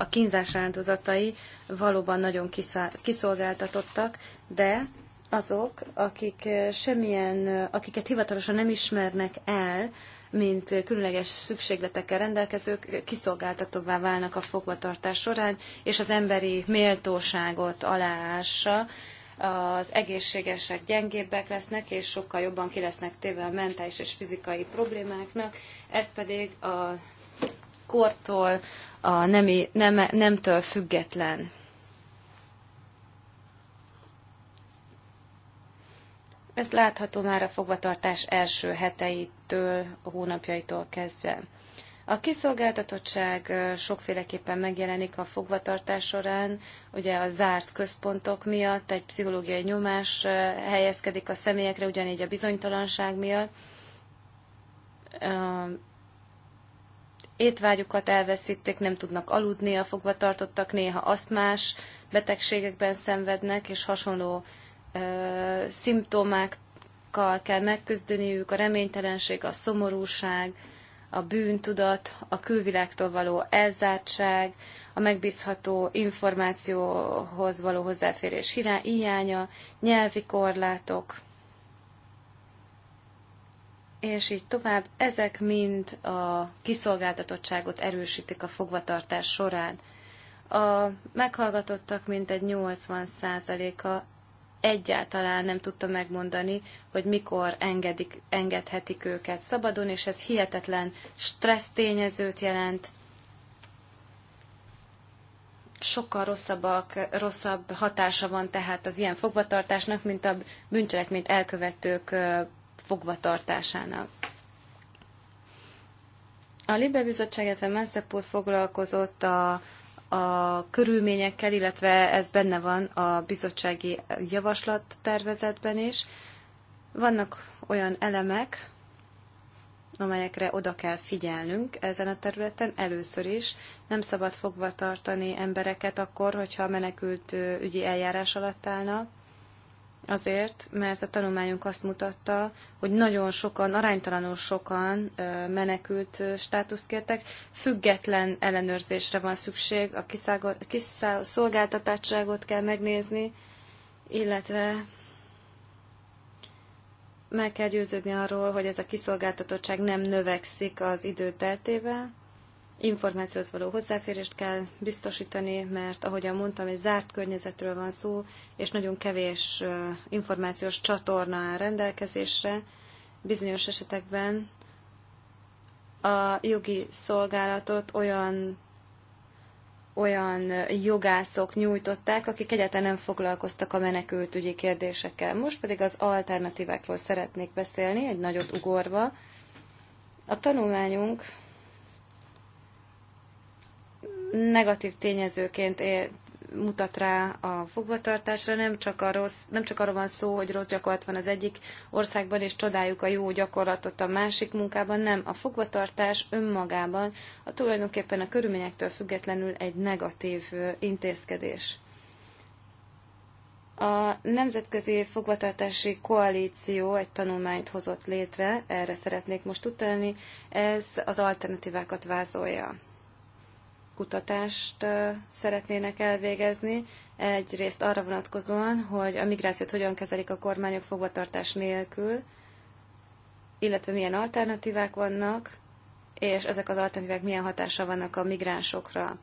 a kínzás áldozatai valóban nagyon kiszá, kiszolgáltatottak, de azok, akik semmilyen, akiket hivatalosan nem ismernek el, mint különleges szükségletekkel rendelkezők kiszolgáltatóvá válnak a fogvatartás során, és az emberi méltóságot aláássa, az egészségesek gyengébbek lesznek, és sokkal jobban ki lesznek téve a mentális és fizikai problémáknak, ez pedig a kortól, a nemi, nem, nemtől független. Ez látható már a fogvatartás első heteitől, hónapjaitól kezdve. A kiszolgáltatottság sokféleképpen megjelenik a fogvatartás során, ugye a zárt központok miatt egy pszichológiai nyomás helyezkedik a személyekre, ugyanígy a bizonytalanság miatt. Étvágyukat elveszítik, nem tudnak aludni a fogvatartottak, néha asztmás betegségekben szenvednek, és hasonló szimptomákkal kell megküzdeniük, a reménytelenség, a szomorúság, a bűntudat, a külvilágtól való elzártság, a megbízható információhoz való hozzáférés hiánya, nyelvi korlátok, és így tovább. Ezek mind a kiszolgáltatottságot erősítik a fogvatartás során. A meghallgatottak mintegy 80%-a egyáltalán nem tudta megmondani, hogy mikor engedik, engedhetik őket szabadon, és ez hihetetlen stressz tényezőt jelent. Sokkal rosszabbak, rosszabb hatása van tehát az ilyen fogvatartásnak, mint a bűncselekményt elkövetők fogvatartásának. A Libe Bizottság, illetve Menszepúr foglalkozott a a körülményekkel, illetve ez benne van a bizottsági javaslat tervezetben is. Vannak olyan elemek, amelyekre oda kell figyelnünk ezen a területen először is. Nem szabad fogva tartani embereket akkor, hogyha menekült ügyi eljárás alatt állnak. Azért, mert a tanulmányunk azt mutatta, hogy nagyon sokan, aránytalanul sokan menekült státuszt kértek. Független ellenőrzésre van szükség, a kiszolgáltatottságot kell megnézni, illetve meg kell győződni arról, hogy ez a kiszolgáltatottság nem növekszik az idő teltével információhoz való hozzáférést kell biztosítani, mert ahogyan mondtam, egy zárt környezetről van szó, és nagyon kevés információs csatorna áll rendelkezésre. Bizonyos esetekben a jogi szolgálatot olyan olyan jogászok nyújtották, akik egyáltalán nem foglalkoztak a menekültügyi kérdésekkel. Most pedig az alternatívákról szeretnék beszélni, egy nagyot ugorva. A tanulmányunk negatív tényezőként él, mutat rá a fogvatartásra, nem csak, a rossz, nem csak arról van szó, hogy rossz gyakorlat van az egyik országban, és csodáljuk a jó gyakorlatot a másik munkában, nem. A fogvatartás önmagában a tulajdonképpen a körülményektől függetlenül egy negatív intézkedés. A Nemzetközi Fogvatartási Koalíció egy tanulmányt hozott létre, erre szeretnék most utalni, ez az alternatívákat vázolja kutatást szeretnének elvégezni, egyrészt arra vonatkozóan, hogy a migrációt hogyan kezelik a kormányok fogvatartás nélkül, illetve milyen alternatívák vannak, és ezek az alternatívák milyen hatása vannak a migránsokra.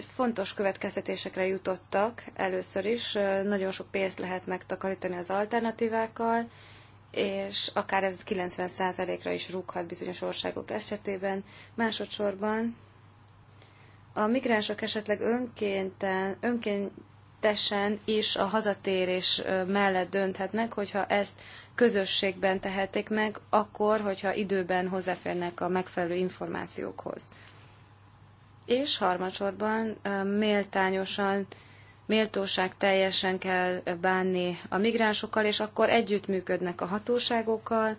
Fontos következtetésekre jutottak először is, nagyon sok pénzt lehet megtakarítani az alternatívákkal, és akár ez 90%-ra is rúghat bizonyos országok esetében. Másodszorban a migránsok esetleg önkénten, önkéntesen is a hazatérés mellett dönthetnek, hogyha ezt közösségben tehetik meg, akkor, hogyha időben hozzáférnek a megfelelő információkhoz. És harmadsorban méltányosan méltóság teljesen kell bánni a migránsokkal, és akkor együttműködnek a hatóságokkal.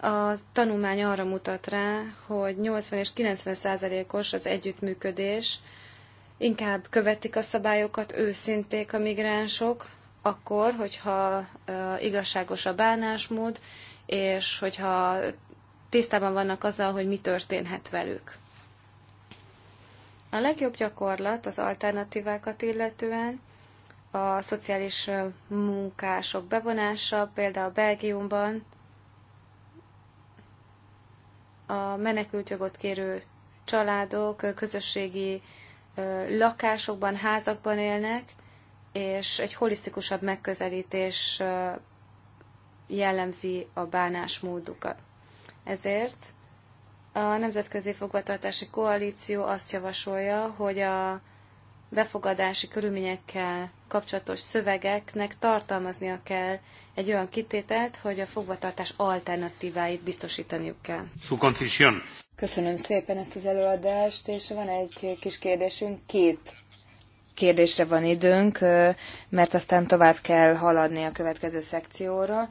A tanulmány arra mutat rá, hogy 80 és 90 százalékos az együttműködés, inkább követik a szabályokat, őszinték a migránsok, akkor, hogyha igazságos a bánásmód, és hogyha tisztában vannak azzal, hogy mi történhet velük. A legjobb gyakorlat az alternatívákat illetően a szociális munkások bevonása, például Belgiumban a menekültjogot kérő családok közösségi lakásokban, házakban élnek, és egy holisztikusabb megközelítés jellemzi a bánásmódukat. Ezért a Nemzetközi Fogvatartási Koalíció azt javasolja, hogy a befogadási körülményekkel kapcsolatos szövegeknek tartalmaznia kell egy olyan kitételt, hogy a fogvatartás alternatíváit biztosítaniuk kell. Köszönöm szépen ezt az előadást, és van egy kis kérdésünk, két kérdésre van időnk, mert aztán tovább kell haladni a következő szekcióra.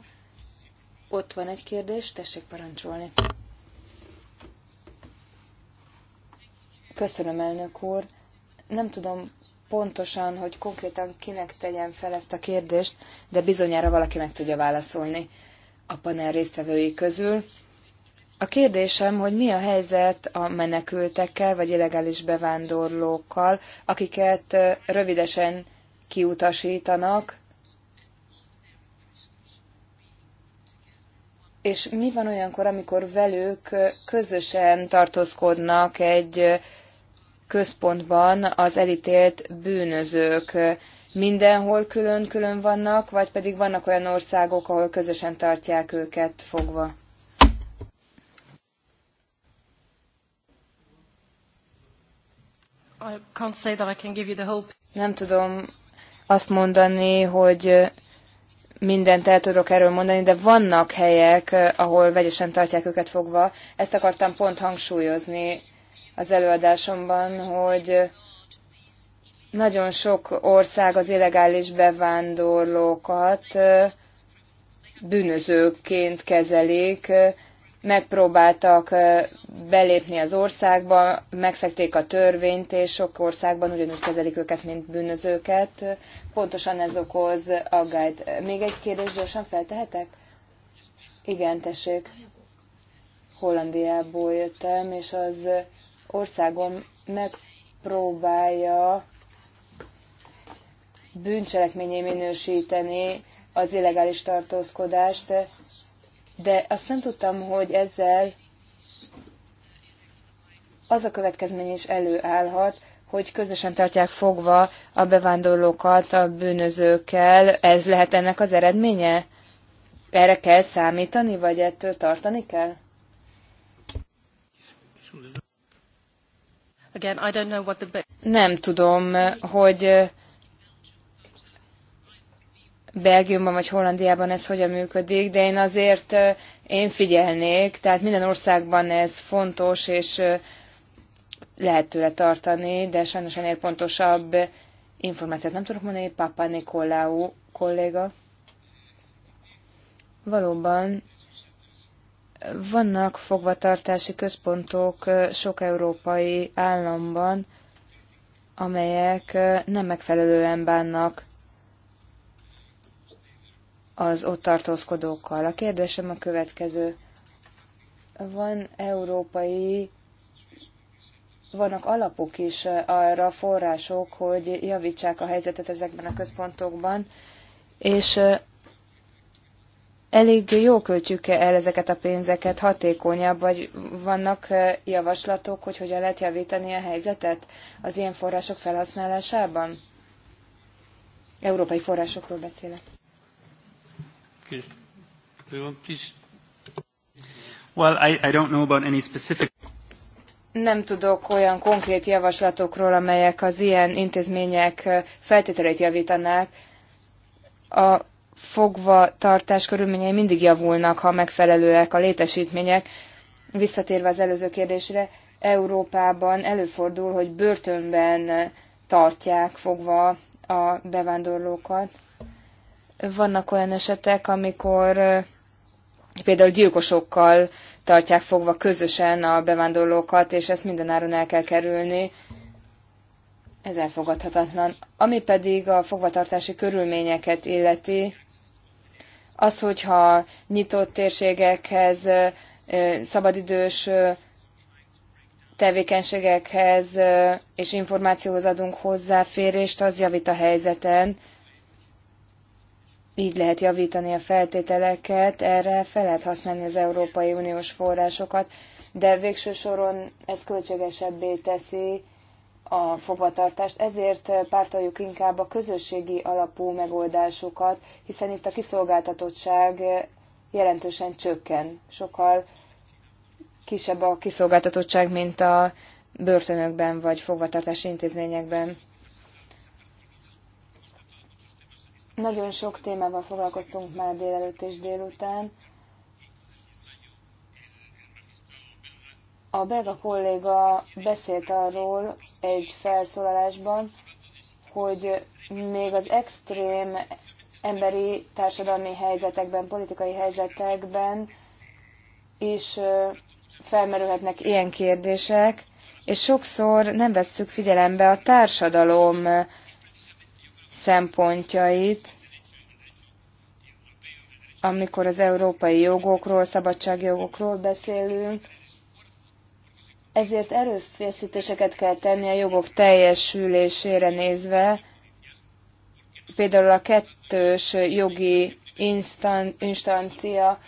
Ott van egy kérdés, tessék parancsolni. Köszönöm, elnök úr. Nem tudom pontosan, hogy konkrétan kinek tegyen fel ezt a kérdést, de bizonyára valaki meg tudja válaszolni a panel résztvevői közül. A kérdésem, hogy mi a helyzet a menekültekkel, vagy illegális bevándorlókkal, akiket rövidesen kiutasítanak, és mi van olyankor, amikor velük közösen tartózkodnak egy központban az elítélt bűnözők mindenhol külön-külön vannak, vagy pedig vannak olyan országok, ahol közösen tartják őket fogva? Nem tudom azt mondani, hogy mindent el tudok erről mondani, de vannak helyek, ahol vegyesen tartják őket fogva. Ezt akartam pont hangsúlyozni az előadásomban, hogy nagyon sok ország az illegális bevándorlókat bűnözőként kezelik, megpróbáltak belépni az országba, megszekték a törvényt, és sok országban ugyanúgy kezelik őket, mint bűnözőket. Pontosan ez okoz aggályt. Még egy kérdés gyorsan feltehetek? Igen, tessék. Hollandiából jöttem, és az országom megpróbálja bűncselekményé minősíteni az illegális tartózkodást, de azt nem tudtam, hogy ezzel az a következmény is előállhat, hogy közösen tartják fogva a bevándorlókat a bűnözőkkel. Ez lehet ennek az eredménye? Erre kell számítani, vagy ettől tartani kell? Nem tudom, hogy Belgiumban vagy Hollandiában ez hogyan működik, de én azért én figyelnék, tehát minden országban ez fontos, és lehet tőle tartani, de sajnos ennél pontosabb információt nem tudok mondani, Papa Nikolaou kolléga. Valóban vannak fogvatartási központok sok európai államban, amelyek nem megfelelően bánnak az ott tartózkodókkal. A kérdésem a következő. Van európai, vannak alapok is arra, források, hogy javítsák a helyzetet ezekben a központokban, és elég jó költjük el ezeket a pénzeket, hatékonyabb, vagy vannak javaslatok, hogy hogyan lehet javítani a helyzetet az ilyen források felhasználásában? Európai forrásokról beszélek. Well, I, I don't know about any specific... Nem tudok olyan konkrét javaslatokról, amelyek az ilyen intézmények feltételeit javítanák. A fogva tartás körülményei mindig javulnak, ha megfelelőek a létesítmények. Visszatérve az előző kérdésre, Európában előfordul, hogy börtönben tartják fogva a bevándorlókat. Vannak olyan esetek, amikor például gyilkosokkal tartják fogva közösen a bevándorlókat, és ezt mindenáron el kell kerülni. Ez elfogadhatatlan. Ami pedig a fogvatartási körülményeket illeti, az, hogyha nyitott térségekhez, szabadidős tevékenységekhez és információhoz adunk hozzáférést, az javít a helyzeten. Így lehet javítani a feltételeket, erre fel lehet használni az Európai Uniós forrásokat, de végső soron ez költségesebbé teszi a fogvatartást, ezért pártoljuk inkább a közösségi alapú megoldásokat, hiszen itt a kiszolgáltatottság jelentősen csökken. Sokkal kisebb a kiszolgáltatottság, mint a börtönökben vagy fogvatartási intézményekben. Nagyon sok témával foglalkoztunk már délelőtt és délután. A belga kolléga beszélt arról, egy felszólalásban, hogy még az extrém emberi társadalmi helyzetekben, politikai helyzetekben is felmerülhetnek ilyen kérdések, és sokszor nem vesszük figyelembe a társadalom szempontjait, amikor az európai jogokról, szabadságjogokról beszélünk, ezért erőfeszítéseket kell tenni a jogok teljesülésére nézve, például a kettős jogi instan- instancia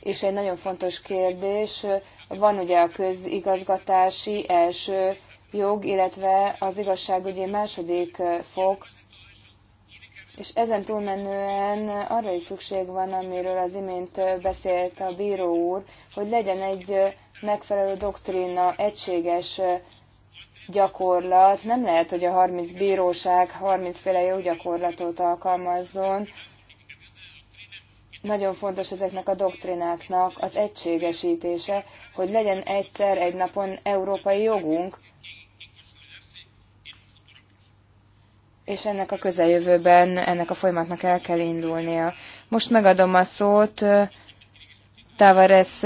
és egy nagyon fontos kérdés. Van ugye a közigazgatási első jog, illetve az igazságügyi második fok, és ezen túlmenően arra is szükség van, amiről az imént beszélt a bíró úr, hogy legyen egy megfelelő doktrína, egységes gyakorlat. Nem lehet, hogy a 30 bíróság 30 féle joggyakorlatot alkalmazzon. Nagyon fontos ezeknek a doktrináknak az egységesítése, hogy legyen egyszer egy napon európai jogunk, és ennek a közeljövőben ennek a folyamatnak el kell indulnia. Most megadom a szót Tavares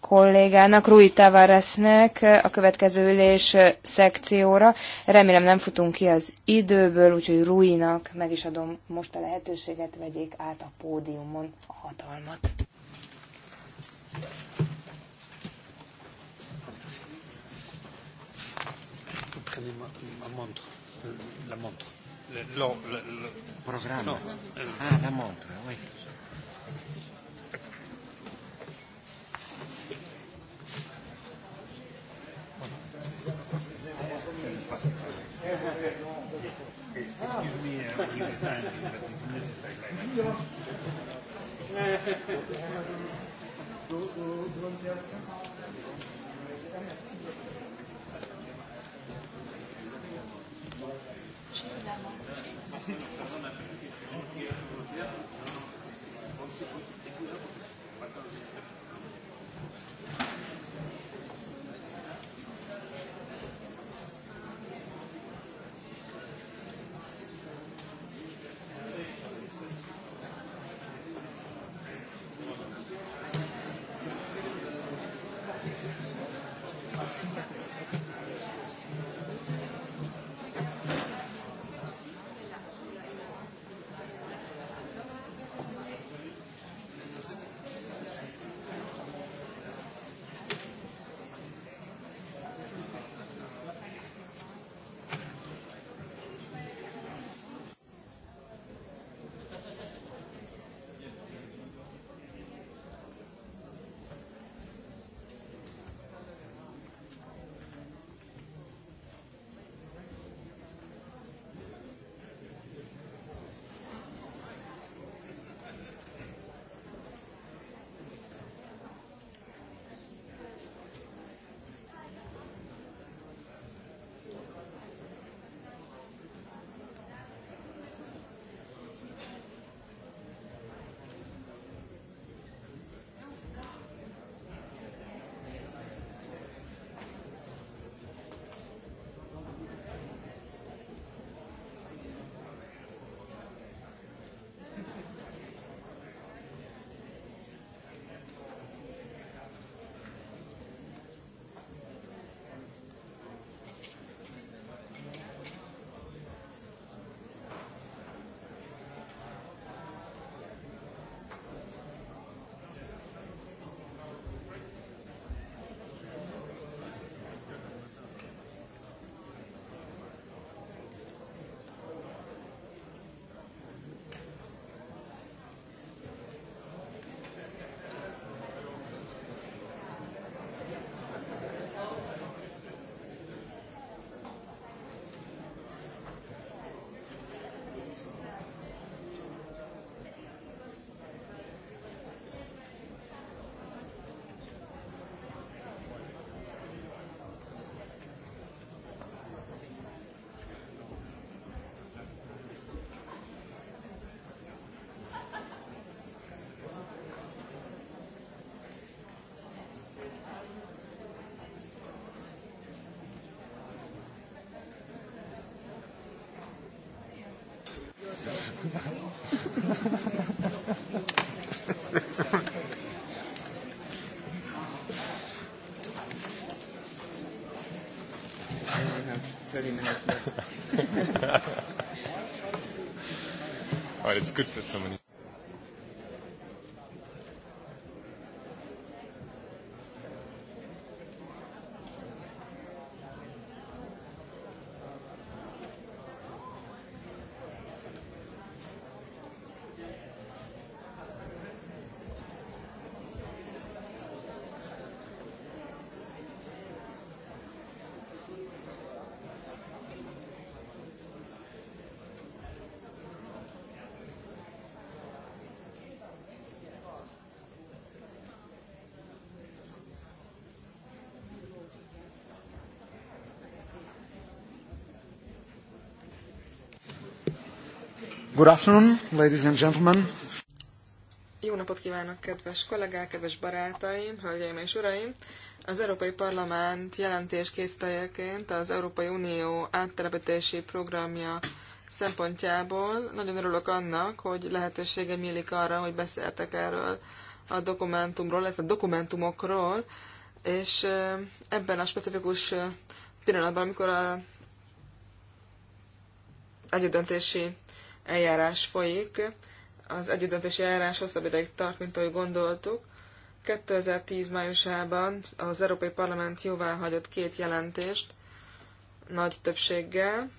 kollégának, Rui Tavaresnek a következő ülés szekcióra. Remélem nem futunk ki az időből, úgyhogy Ruinak meg is adom most a lehetőséget, vegyék át a pódiumon a hatalmat. Euh, la euh, Ah, la montre, oui. Excuse me, I'm really tiny, but this is like my All it's good so somebody. Good afternoon, ladies and gentlemen. Jó napot kívánok, kedves kollégák, kedves barátaim, hölgyeim és uraim! Az Európai Parlament jelentés készítőjeként az Európai Unió áttelepítési programja szempontjából nagyon örülök annak, hogy lehetősége nyílik arra, hogy beszéltek erről a dokumentumról, illetve dokumentumokról, és ebben a specifikus pillanatban, amikor a együttdöntési eljárás folyik. Az együttdöntési eljárás hosszabb ideig tart, mint ahogy gondoltuk. 2010 májusában az Európai Parlament jóvá hagyott két jelentést nagy többséggel.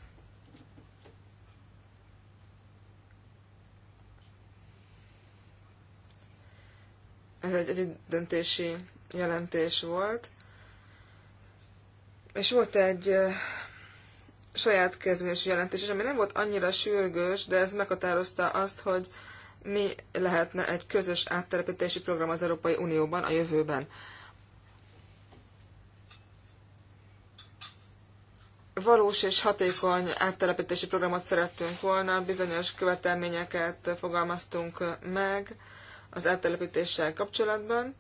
Ez egy döntési jelentés volt. És volt egy saját kezdeményező jelentés, és ami nem volt annyira sürgős, de ez meghatározta azt, hogy mi lehetne egy közös áttelepítési program az Európai Unióban a jövőben. Valós és hatékony áttelepítési programot szerettünk volna, bizonyos követelményeket fogalmaztunk meg az áttelepítéssel kapcsolatban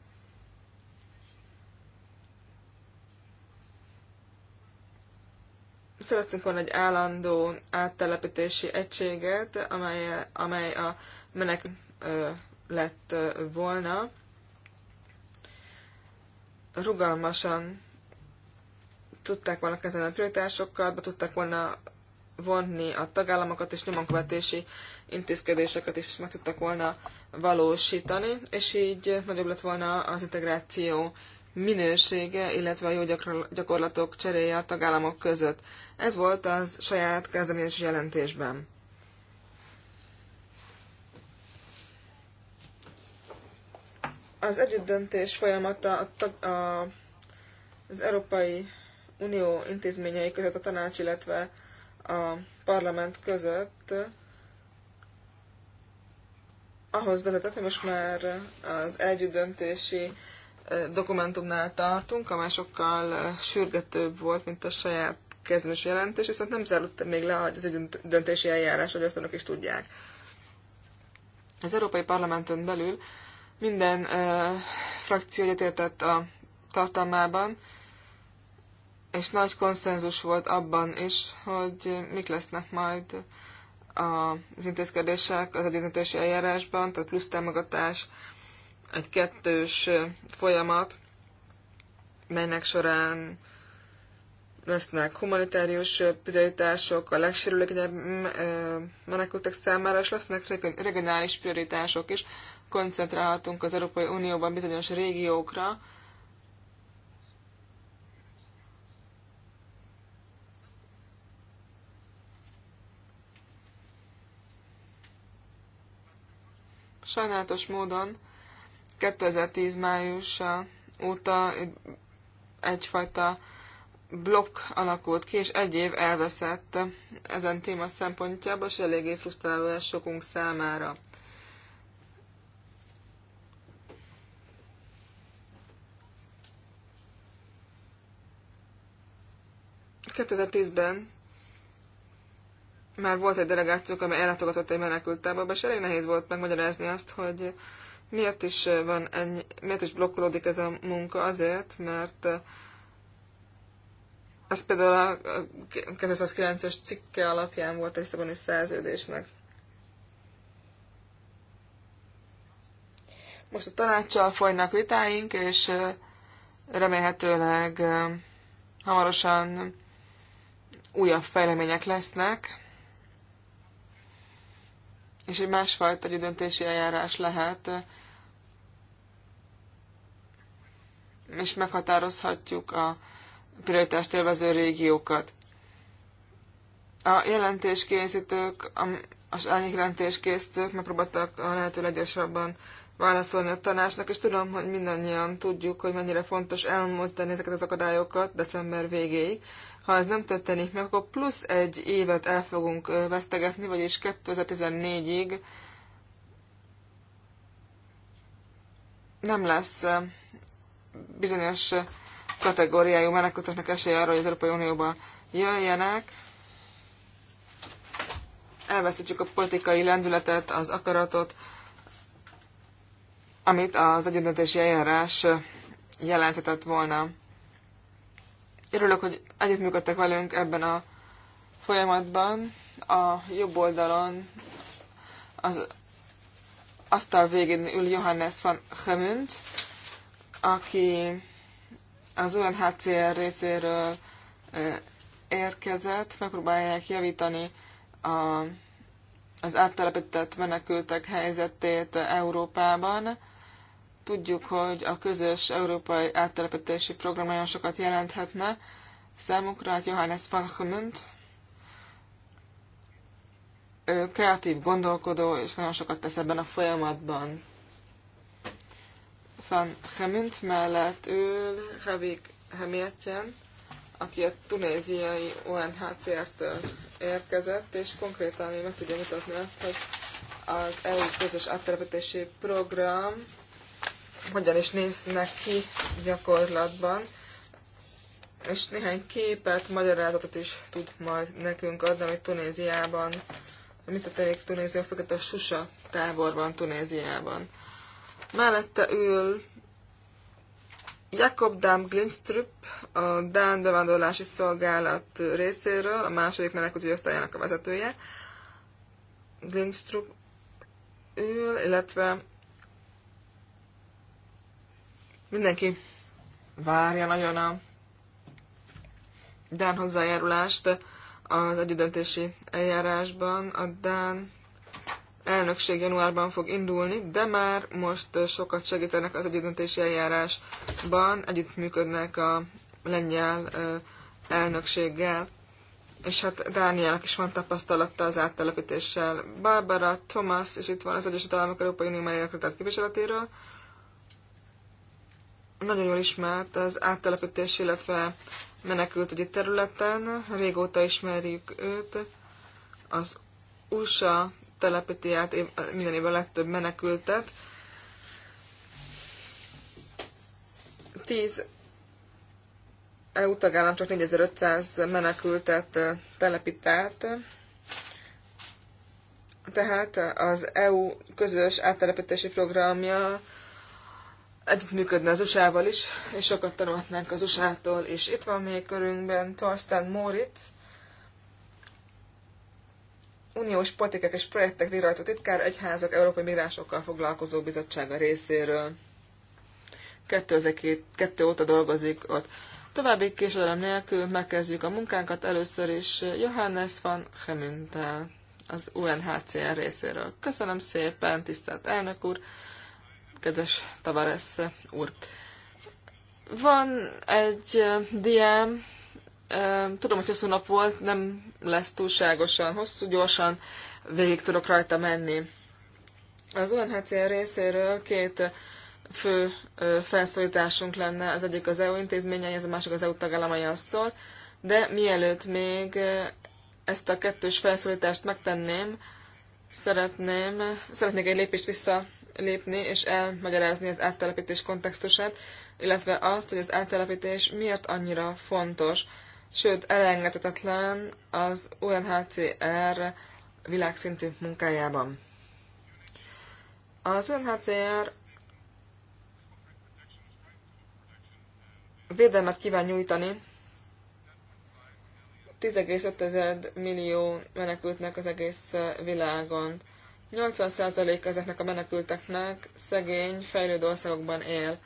Szerettünk volna egy állandó áttelepítési egységet, amely, amely a menek ö, lett ö, volna. Rugalmasan tudták volna kezelni a prioritásokkal, be tudták volna vonni a tagállamokat és nyomonkövetési intézkedéseket is meg tudtak volna valósítani, és így nagyobb lett volna az integráció minősége, illetve a jó gyakorlatok cseréje a tagállamok között. Ez volt az saját kezdeményezés jelentésben. Az együttdöntés folyamata a, a, az Európai Unió intézményei között, a tanács, illetve a parlament között ahhoz vezetett, hogy most már az együttdöntési dokumentumnál tartunk, amely sokkal sürgetőbb volt, mint a saját kezdős jelentés, viszont nem zárult még le az egy döntési eljárás, hogy azt önök is tudják. Az Európai Parlamenten belül minden uh, frakció egyetértett a tartalmában, és nagy konszenzus volt abban is, hogy mik lesznek majd az intézkedések az együttöntési eljárásban, tehát plusz támogatás, egy kettős folyamat, melynek során lesznek humanitárius prioritások a legsérülékenyebb menekültek számára, és lesznek regionális prioritások is. Koncentrálhatunk az Európai Unióban bizonyos régiókra, Sajnálatos módon 2010 május óta egyfajta blokk alakult ki, és egy év elveszett ezen téma szempontjából, és eléggé frusztráló lesz sokunk számára. ben már volt egy delegációk, amely ellátogatott egy menekült táborba, és elég nehéz volt megmagyarázni azt, hogy Miért is, van ennyi, miért is blokkolódik ez a munka? Azért, mert ez például a 2009 es cikke alapján volt a Lisszaboni szerződésnek. Most a tanácssal folynak vitáink, és remélhetőleg hamarosan újabb fejlemények lesznek, és egy másfajta döntési eljárás lehet és meghatározhatjuk a prioritást élvező régiókat. A jelentéskészítők, az elnyik jelentéskészítők megpróbáltak a lehető leggyorsabban válaszolni a tanácsnak, és tudom, hogy mindannyian tudjuk, hogy mennyire fontos elmozdani ezeket az akadályokat december végéig. Ha ez nem történik meg, akkor plusz egy évet el fogunk vesztegetni, vagyis 2014-ig nem lesz bizonyos kategóriájú menekültöknek esélye arra, hogy az Európai Unióba jöjjenek. Elveszítjük a politikai lendületet, az akaratot, amit az együttdöntési eljárás jelentetett volna. Örülök, hogy együttműködtek velünk ebben a folyamatban. A jobb oldalon az asztal végén ül Johannes van Hemünt, aki az UNHCR részéről érkezett, megpróbálják javítani a, az áttelepített menekültek helyzetét Európában. Tudjuk, hogy a közös európai áttelepítési program nagyon sokat jelenthetne számukra, hát Johannes van ő kreatív gondolkodó, és nagyon sokat tesz ebben a folyamatban van Hemünt mellett ül Havik Hemietjen, aki a tunéziai UNHCR-től érkezett, és konkrétan én meg tudja mutatni azt, hogy az EU közös áttelepítési program hogyan is néznek ki gyakorlatban, és néhány képet, magyarázatot is tud majd nekünk adni, hogy Tunéziában, mit a Tunézia, főként a Susa táborban Tunéziában. Mellette ül Jakob Dám Glinstrup, a Dán bevándorlási szolgálat részéről, a második menekültügyi osztályának a vezetője. Glinstrup ül, illetve mindenki várja nagyon a Dán hozzájárulást az együttdöntési eljárásban. A Dán elnökség januárban fog indulni, de már most sokat segítenek az együttdöntési eljárásban, együttműködnek a lengyel elnökséggel, és hát Dánielnek is van tapasztalata az áttelepítéssel. Barbara Thomas, és itt van az Egyesült Államok Európai Unió mellékletet képviseletéről, nagyon jól ismert az áttelepítés, illetve menekültügyi területen, régóta ismerjük őt, az USA telepíti át minden évben legtöbb menekültet. Tíz EU tagállam csak 4500 menekültet telepít át. Tehát az EU közös áttelepítési programja együttműködne az USA-val is, és sokat tanulhatnánk az USA-tól, és itt van még körünkben Torsten Moritz, uniós politikák és projektek végrehajtó titkár egyházak európai migránsokkal foglalkozó bizottsága részéről. Kettő kettő óta dolgozik ott. További késedelem nélkül megkezdjük a munkánkat először is Johannes van Hemüntel az UNHCR részéről. Köszönöm szépen, tisztelt elnök úr, kedves Tavares úr. Van egy diám, tudom, hogy hosszú nap volt, nem lesz túlságosan hosszú, gyorsan végig tudok rajta menni. Az UNHCR részéről két fő felszólításunk lenne, az egyik az EU intézményei, az a másik az EU tagállamai szól, de mielőtt még ezt a kettős felszólítást megtenném, szeretném, szeretnék egy lépést vissza lépni és elmagyarázni az áttelepítés kontextusát, illetve azt, hogy az áttelepítés miért annyira fontos sőt elengedhetetlen az UNHCR világszintű munkájában. Az UNHCR védelmet kíván nyújtani 10,5 millió menekültnek az egész világon. 80% ezeknek a menekülteknek szegény, fejlődő országokban él.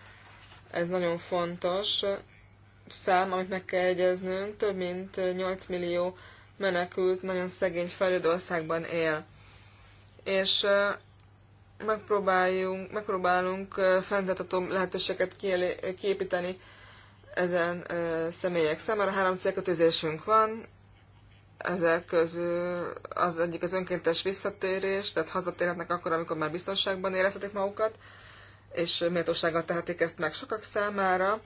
Ez nagyon fontos szám, amit meg kell egyeznünk, több mint 8 millió menekült nagyon szegény fejlődő országban él. És megpróbáljunk, megpróbálunk fenntartató lehetőséget kiépíteni ezen személyek számára. Három célkötőzésünk van, ezek közül az egyik az önkéntes visszatérés, tehát hazatérhetnek akkor, amikor már biztonságban érezhetik magukat, és méltósággal tehetik ezt meg sokak számára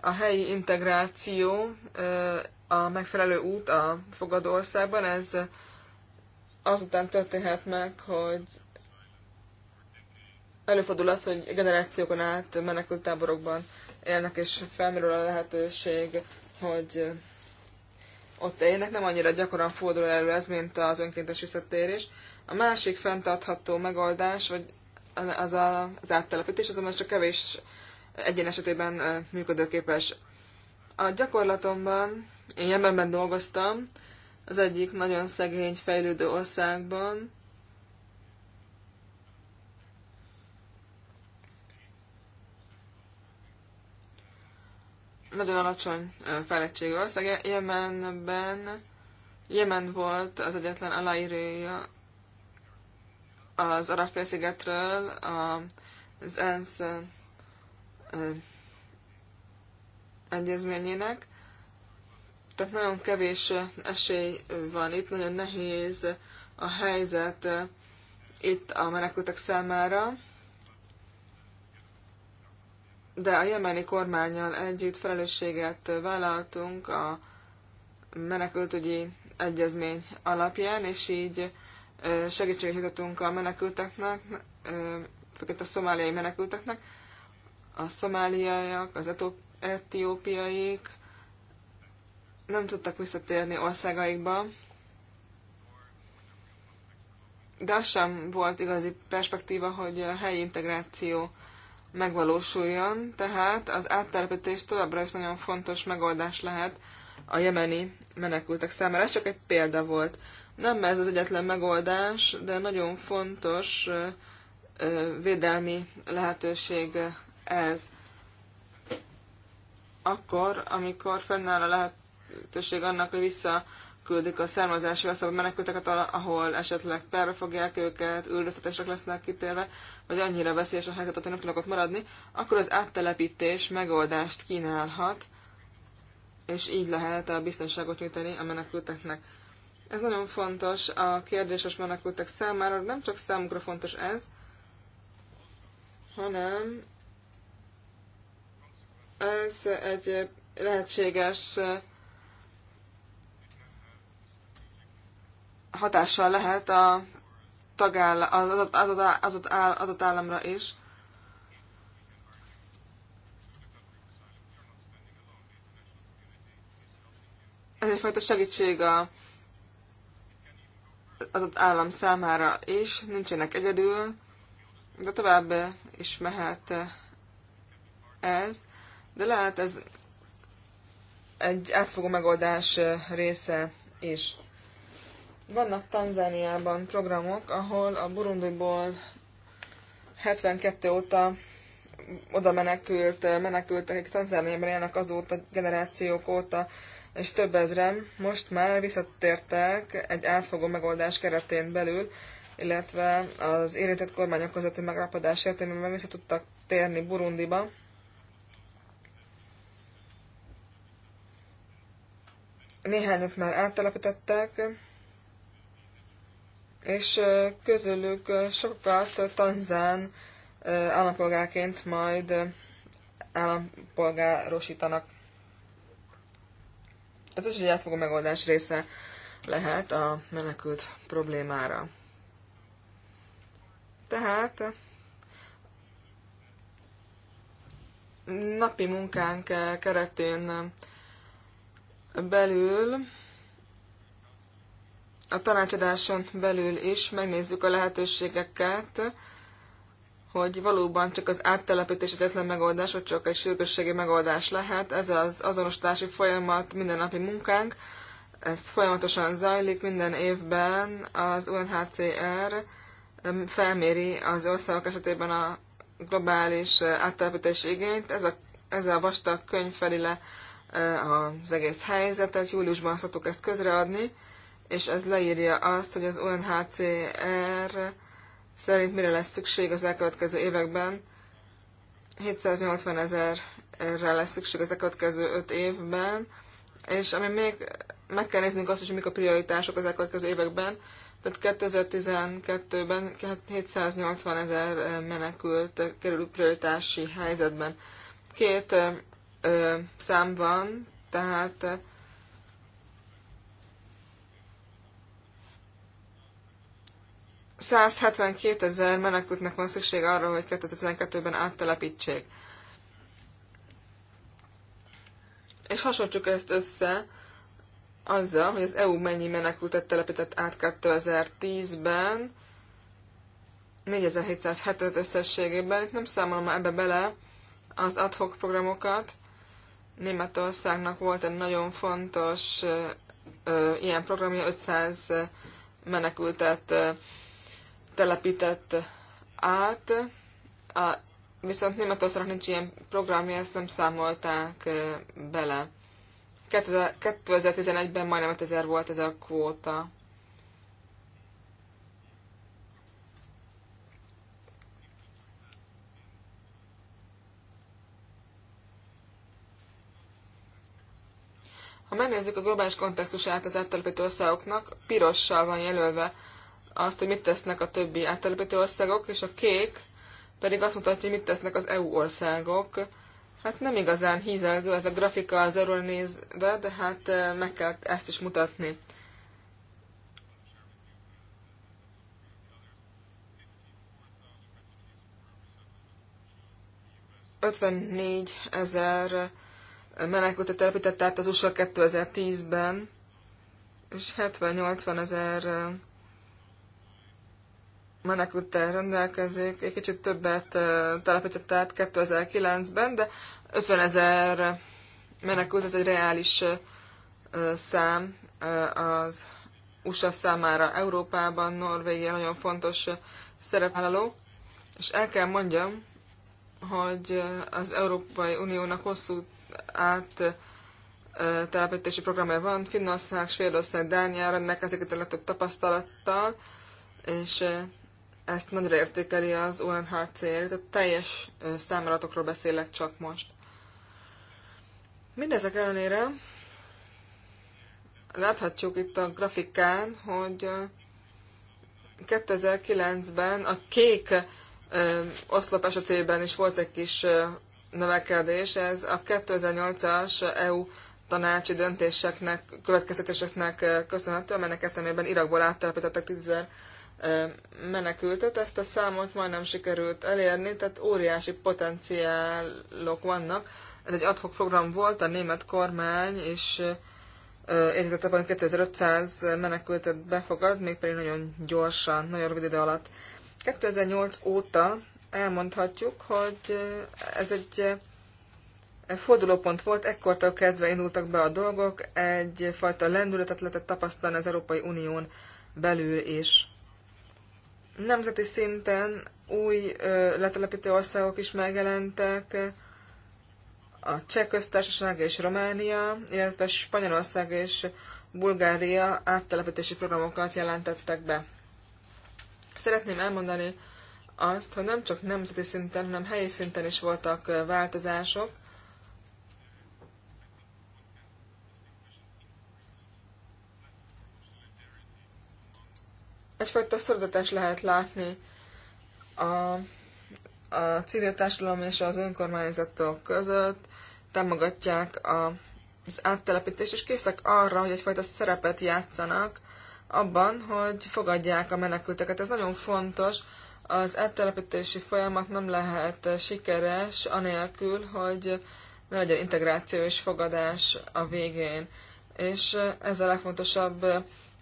a helyi integráció a megfelelő út a fogadó országban, ez azután történhet meg, hogy előfordul az, hogy generációkon át menekültáborokban élnek, és felmerül a lehetőség, hogy ott élnek, nem annyira gyakran fordul elő ez, mint az önkéntes visszatérés. A másik fenntartható megoldás, vagy az a, az áttelepítés, azonban csak kevés egyén esetében működőképes. A gyakorlatomban én Jemenben dolgoztam, az egyik nagyon szegény fejlődő országban, nagyon alacsony fejlettségű ország. Jemenben Jemen volt az egyetlen aláírója az arab félszigetről az ENSZ egyezményének. Tehát nagyon kevés esély van itt, nagyon nehéz a helyzet itt a menekültek számára, de a jemeni kormányjal együtt felelősséget vállaltunk a menekültügyi egyezmény alapján, és így segítséget jutottunk a menekülteknek, főként a szomáliai menekülteknek, a szomáliaiak, az etiópiaik nem tudtak visszatérni országaikba, de az sem volt igazi perspektíva, hogy a helyi integráció megvalósuljon, tehát az áttelepítés továbbra is nagyon fontos megoldás lehet a jemeni menekültek számára. Ez csak egy példa volt. Nem ez az egyetlen megoldás, de nagyon fontos védelmi lehetőség ez. Akkor, amikor fennáll a lehetőség annak, hogy visszaküldik a származási országba menekülteket, ahol esetleg perre fogják őket, üldöztetések lesznek kitérve, vagy annyira veszélyes a helyzet, hogy nem tudnak ott maradni, akkor az áttelepítés megoldást kínálhat, és így lehet a biztonságot nyújtani a menekülteknek. Ez nagyon fontos a kérdéses menekültek számára, nem csak számukra fontos ez, hanem ez egy lehetséges hatással lehet a tagáll, az adott, adott, adott államra is. Ez egyfajta segítség a adott állam számára is, nincsenek egyedül, de tovább is mehet ez. De lehet ez egy átfogó megoldás része is. Vannak Tanzániában programok, ahol a Burundiból 72 óta oda menekült, menekültek, akik Tanzániában élnek azóta, generációk óta, és több ezrem most már visszatértek egy átfogó megoldás keretén belül, illetve az érintett kormányok közötti megrapadás értelmében vissza tudtak térni Burundiba, néhányat már áttelepítettek, és közülük sokat tanzán állampolgárként majd állampolgárosítanak. Ez is egy elfogó megoldás része lehet a menekült problémára. Tehát napi munkánk keretén belül, a tanácsadáson belül is megnézzük a lehetőségeket, hogy valóban csak az áttelepítés egyetlen megoldás, vagy csak egy sürgősségi megoldás lehet. Ez az azonosítási folyamat mindennapi munkánk. Ez folyamatosan zajlik minden évben. Az UNHCR felméri az országok esetében a globális eh, áttelepítési igényt. Ez a, ez a vastag könyv felé le az egész helyzetet, júliusban szoktuk ezt közreadni, és ez leírja azt, hogy az UNHCR szerint mire lesz szükség az elkövetkező években. 780 ezerre lesz szükség az elkövetkező 5 évben, és ami még meg kell néznünk azt, hogy mik a prioritások az elkövetkező években, tehát 2012-ben 780 ezer menekült kerül prioritási helyzetben. Két ö, szám van, tehát ezer menekültnek van szükség arra, hogy 2012-ben áttelepítsék. És hasonlítsuk ezt össze azzal, hogy az EU mennyi menekültet telepített át 2010-ben, 4707 összességében, itt nem számolom ebbe bele az adhok programokat, Németországnak volt egy nagyon fontos ilyen programja, 500 menekültet telepített át, a, viszont Németországnak nincs ilyen programja, ezt nem számolták bele. 2011-ben majdnem 5000 volt ez a kvóta. megnézzük a globális kontextusát az áttelepítő országoknak, pirossal van jelölve azt, hogy mit tesznek a többi áttelepítő országok, és a kék pedig azt mutatja, hogy mit tesznek az EU országok. Hát nem igazán hízelgő ez a grafika az erről nézve, de hát meg kell ezt is mutatni. ezer menekültet telepített át az USA 2010-ben, és 70-80 ezer menekültel rendelkezik, egy kicsit többet telepített át 2009-ben, de 50 ezer menekült, ez egy reális szám az USA számára Európában, Norvégia nagyon fontos szerepvállaló, és el kell mondjam, hogy az Európai Uniónak hosszú át telepítési programja van. Finnország, Svédország, Dániel ezeket a legtöbb tapasztalattal, és ezt nagyra értékeli az UNHCR, tehát teljes számolatokról beszélek csak most. Mindezek ellenére láthatjuk itt a grafikán, hogy 2009-ben a kék oszlop esetében is volt egy kis növekedés, ez a 2008-as EU tanácsi döntéseknek, következtetéseknek eh, köszönhető, amelynek értelmében Irakból áttelepítettek 10 eh, menekültet, ezt a számot majdnem sikerült elérni, tehát óriási potenciálok vannak. Ez egy adhok program volt, a német kormány és értetett 2500 menekültet befogad, mégpedig nagyon gyorsan, nagyon rövid idő alatt. 2008 óta elmondhatjuk, hogy ez egy fordulópont volt, ekkortól kezdve indultak be a dolgok, egyfajta lendületet lehetett tapasztalni az Európai Unión belül is. Nemzeti szinten új letelepítő országok is megjelentek, a Cseh köztársaság és Románia, illetve Spanyolország és Bulgária áttelepítési programokat jelentettek be. Szeretném elmondani azt, hogy nem csak nemzeti szinten, hanem helyi szinten is voltak változások. Egyfajta szorodatást lehet látni a, a civil társadalom és az önkormányzatok között, támogatják a, az áttelepítést, és készek arra, hogy egyfajta szerepet játszanak abban, hogy fogadják a menekülteket. Ez nagyon fontos, az áttelepítési folyamat nem lehet sikeres anélkül, hogy ne legyen integráció és fogadás a végén. És ez a legfontosabb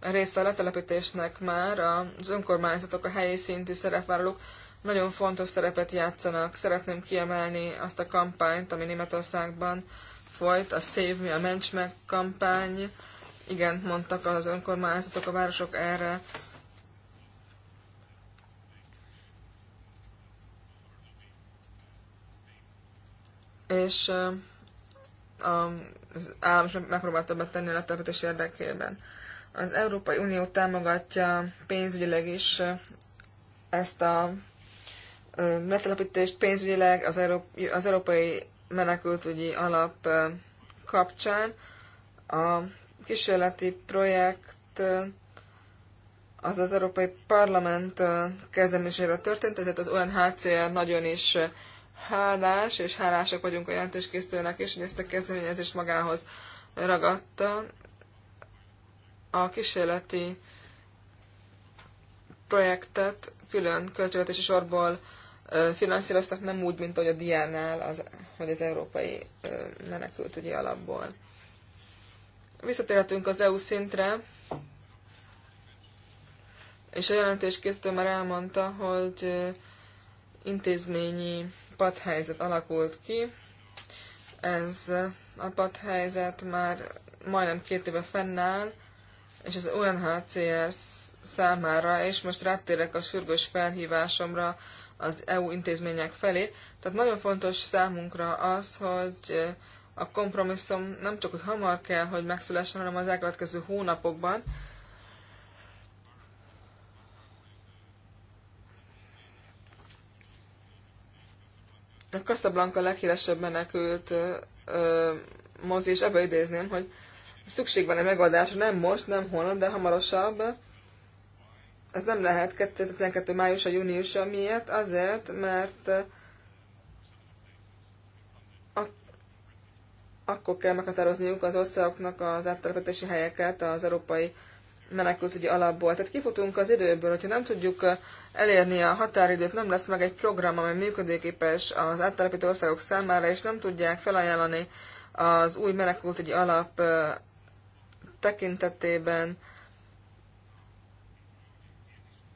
része a letelepítésnek már az önkormányzatok, a helyi szintű szerepvállalók nagyon fontos szerepet játszanak. Szeretném kiemelni azt a kampányt, ami Németországban folyt, a Save Me, a Mencs meg kampány. Igen, mondtak az önkormányzatok, a városok erre és uh, az állam is megpróbál többet tenni a letelepítés érdekében. Az Európai Unió támogatja pénzügyileg is ezt a uh, letelepítést pénzügyileg az, Európai, az Európai Menekültügyi Alap uh, kapcsán. A kísérleti projekt uh, az az Európai Parlament kezdeményezésére történt, ezért az UNHCR nagyon is hálás, és hálásak vagyunk a jelentéskészítőnek is, hogy ezt a kezdeményezést magához ragadta. A kísérleti projektet külön költségvetési sorból finanszíroztak, nem úgy, mint ahogy a Diánál, az, hogy az európai menekültügyi alapból. Visszatérhetünk az EU szintre, és a jelentéskészítő már elmondta, hogy intézményi padhelyzet alakult ki. Ez a padhelyzet már majdnem két éve fennáll, és az UNHCR számára, és most rátérek a sürgős felhívásomra az EU intézmények felé. Tehát nagyon fontos számunkra az, hogy a kompromisszum nem csak, hogy hamar kell, hogy megszülessen, hanem az elkövetkező hónapokban, A Casablanca leghíresebb menekült mozi, és ebbe idézném, hogy szükség van egy megoldásra, nem most, nem holnap, de hamarosabb. Ez nem lehet 2012. májusa, júniusa. Miért? Azért, mert akkor kell meghatározniuk az országoknak az áttelepítési helyeket az európai menekültügyi alapból. Tehát kifutunk az időből, hogyha nem tudjuk elérni a határidőt, nem lesz meg egy program, amely működőképes az áttelepítő országok számára, és nem tudják felajánlani az új menekültügyi alap tekintetében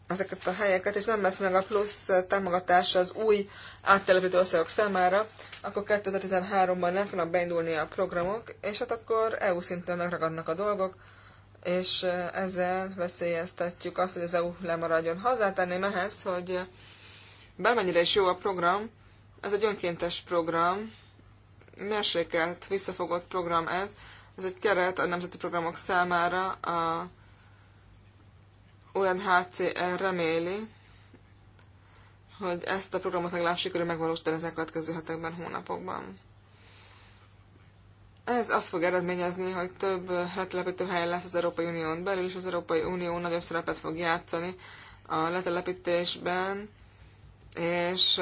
ezeket a helyeket, és nem lesz meg a plusz támogatás az új áttelepítő országok számára, akkor 2013-ban nem fognak beindulni a programok, és hát akkor EU szinten megragadnak a dolgok, és ezzel veszélyeztetjük azt, hogy az EU lemaradjon. Hozzátenném ehhez, hogy bármennyire is jó a program, ez egy önkéntes program, mérsékelt, visszafogott program ez, ez egy keret a nemzeti programok számára, a UNHCR reméli, hogy ezt a programot legalább sikerül megvalósítani az elkövetkező hetekben, hónapokban. Ez azt fog eredményezni, hogy több letelepítő hely lesz az Európai Unión belül, és az Európai Unió nagyobb szerepet fog játszani a letelepítésben, és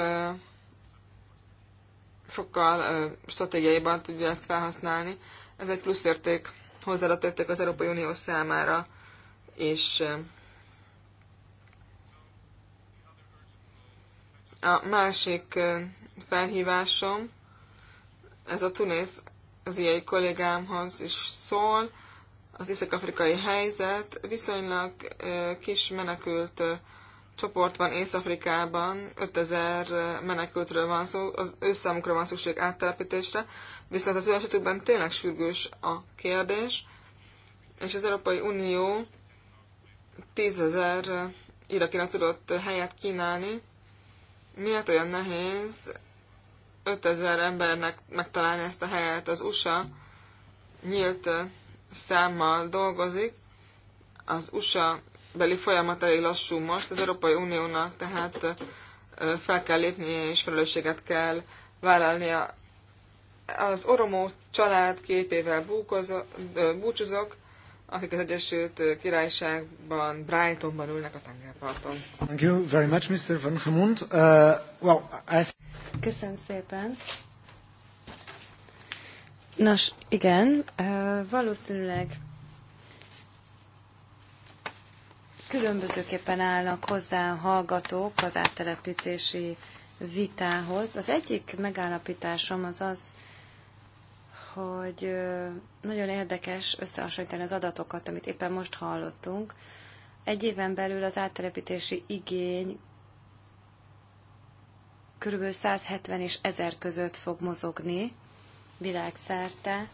sokkal stratégiaiban tudja ezt felhasználni. Ez egy pluszérték hozzáadott érték az Európai Unió számára, és a másik felhívásom, ez a Tunész az ilyen kollégámhoz is szól. Az észak-afrikai helyzet viszonylag kis menekült csoport van Észak-Afrikában, 5000 menekültről van szó, az ő számukra van szükség áttelepítésre, viszont az ő esetükben tényleg sürgős a kérdés, és az Európai Unió 10.000 irakinak tudott helyet kínálni. Miért olyan nehéz 5000 embernek megtalálni ezt a helyet. Az USA nyílt számmal dolgozik. Az USA beli folyamat elég lassú most, az Európai Uniónak tehát fel kell lépnie és felelősséget kell vállalnia. Az Oromó család képével búkozok, búcsúzok, akik az Egyesült Királyságban, Brightonban ülnek a tengerparton. Thank you very much, Mr. Van Hamund. Uh, well, I... Köszönöm szépen. Nos, igen, valószínűleg különbözőképpen állnak hozzá a hallgatók az áttelepítési vitához. Az egyik megállapításom az az, hogy nagyon érdekes összehasonlítani az adatokat, amit éppen most hallottunk. Egy éven belül az áttelepítési igény kb. 170 és 1000 között fog mozogni világszerte.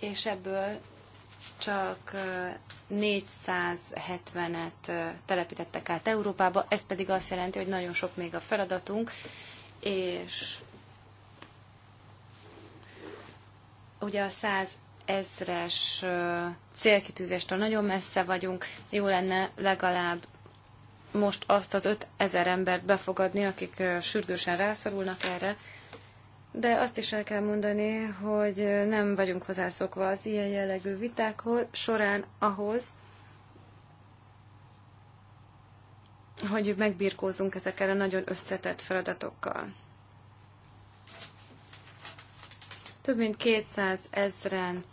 És ebből csak 470-et telepítettek át Európába, ez pedig azt jelenti, hogy nagyon sok még a feladatunk, és ugye a 100 ezres célkitűzéstől nagyon messze vagyunk, jó lenne legalább most azt az 5000 embert befogadni, akik sürgősen rászorulnak erre, de azt is el kell mondani, hogy nem vagyunk hozzászokva az ilyen jellegű viták során ahhoz, hogy megbirkózunk ezekkel a nagyon összetett feladatokkal. Több mint 200 ezeren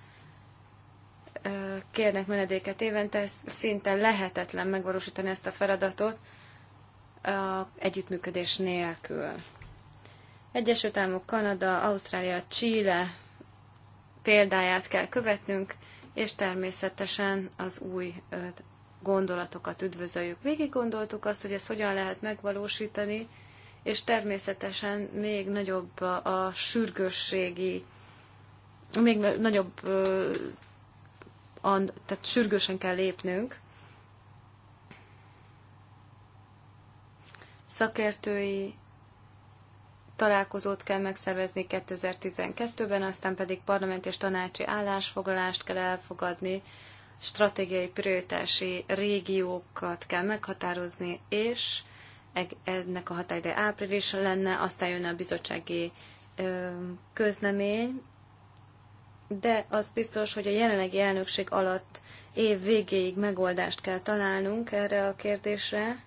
kérnek menedéket évente, szinte lehetetlen megvalósítani ezt a feladatot együttműködés nélkül. Egyesült Államok, Kanada, Ausztrália, Chile példáját kell követnünk, és természetesen az új gondolatokat üdvözöljük. Végig gondoltuk azt, hogy ezt hogyan lehet megvalósítani, és természetesen még nagyobb a, a sürgősségi, még nagyobb, a, tehát sürgősen kell lépnünk. Szakértői találkozót kell megszervezni 2012-ben, aztán pedig parlament és tanácsi állásfoglalást kell elfogadni, stratégiai prioritási régiókat kell meghatározni, és ennek a határide április lenne, aztán jönne a bizottsági közlemény, de az biztos, hogy a jelenlegi elnökség alatt év végéig megoldást kell találnunk erre a kérdésre,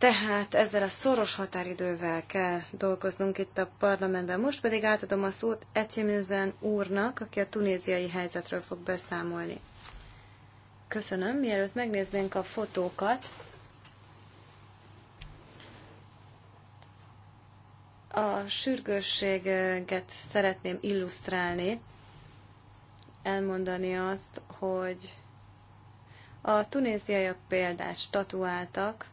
tehát ezzel a szoros határidővel kell dolgoznunk itt a parlamentben. Most pedig átadom a szót Etjemizen úrnak, aki a tunéziai helyzetről fog beszámolni. Köszönöm. Mielőtt megnéznénk a fotókat, a sürgősséget szeretném illusztrálni, elmondani azt, hogy a tunéziaiak példát statuáltak,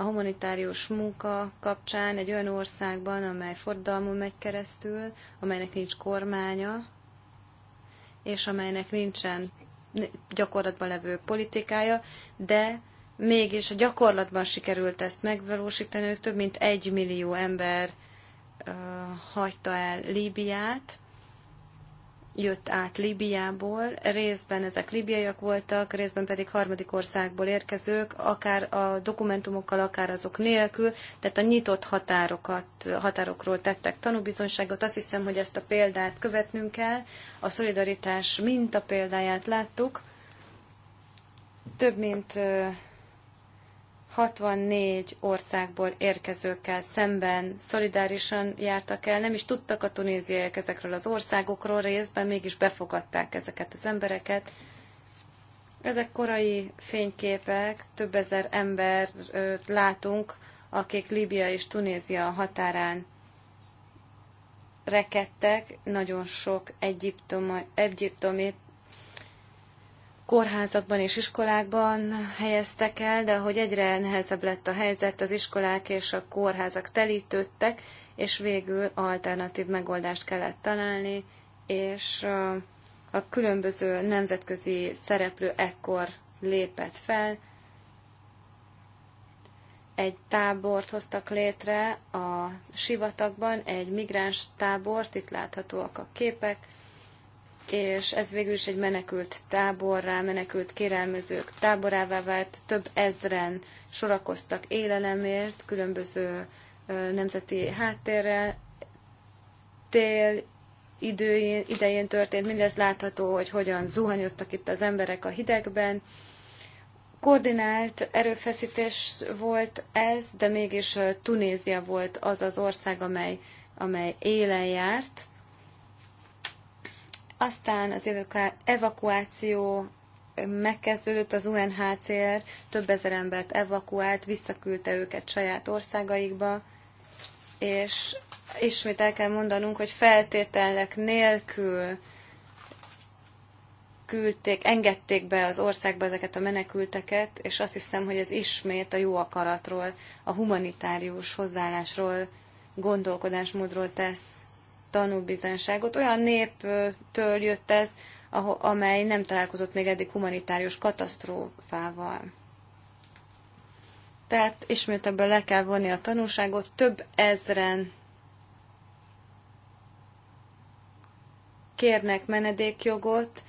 a humanitárius munka kapcsán egy olyan országban, amely fordalmon megy keresztül, amelynek nincs kormánya, és amelynek nincsen gyakorlatban levő politikája, de mégis a gyakorlatban sikerült ezt megvalósítani, több mint egy millió ember uh, hagyta el Líbiát, jött át Libiából. Részben ezek libiaiak voltak, részben pedig harmadik országból érkezők, akár a dokumentumokkal, akár azok nélkül, tehát a nyitott határokat, határokról tettek tanúbizonyságot. Azt hiszem, hogy ezt a példát követnünk kell. A szolidaritás mintapéldáját láttuk. Több mint 64 országból érkezőkkel szemben szolidárisan jártak el. Nem is tudtak a tunéziaiak ezekről az országokról részben, mégis befogadták ezeket az embereket. Ezek korai fényképek, több ezer ember látunk, akik Líbia és Tunézia határán rekedtek, nagyon sok egyiptomi egyiptomit kórházakban és iskolákban helyeztek el, de ahogy egyre nehezebb lett a helyzet, az iskolák és a kórházak telítődtek, és végül alternatív megoldást kellett találni, és a különböző nemzetközi szereplő ekkor lépett fel, egy tábort hoztak létre a sivatagban, egy migráns tábort, itt láthatóak a képek, és ez végül is egy menekült táborrá, menekült kérelmezők táborává vált, több ezren sorakoztak élelemért, különböző nemzeti háttérrel, tél időjén, idején történt, mindez látható, hogy hogyan zuhanyoztak itt az emberek a hidegben. Koordinált erőfeszítés volt ez, de mégis Tunézia volt az az ország, amely, amely élen járt, aztán az evakuáció megkezdődött, az UNHCR több ezer embert evakuált, visszaküldte őket saját országaikba, és ismét el kell mondanunk, hogy feltételek nélkül küldték, engedték be az országba ezeket a menekülteket, és azt hiszem, hogy ez ismét a jó akaratról, a humanitárius hozzáállásról, gondolkodásmódról tesz tanúbizonságot. Olyan néptől jött ez, amely nem találkozott még eddig humanitárius katasztrófával. Tehát ismét ebből le kell vonni a tanulságot. Több ezren kérnek menedékjogot,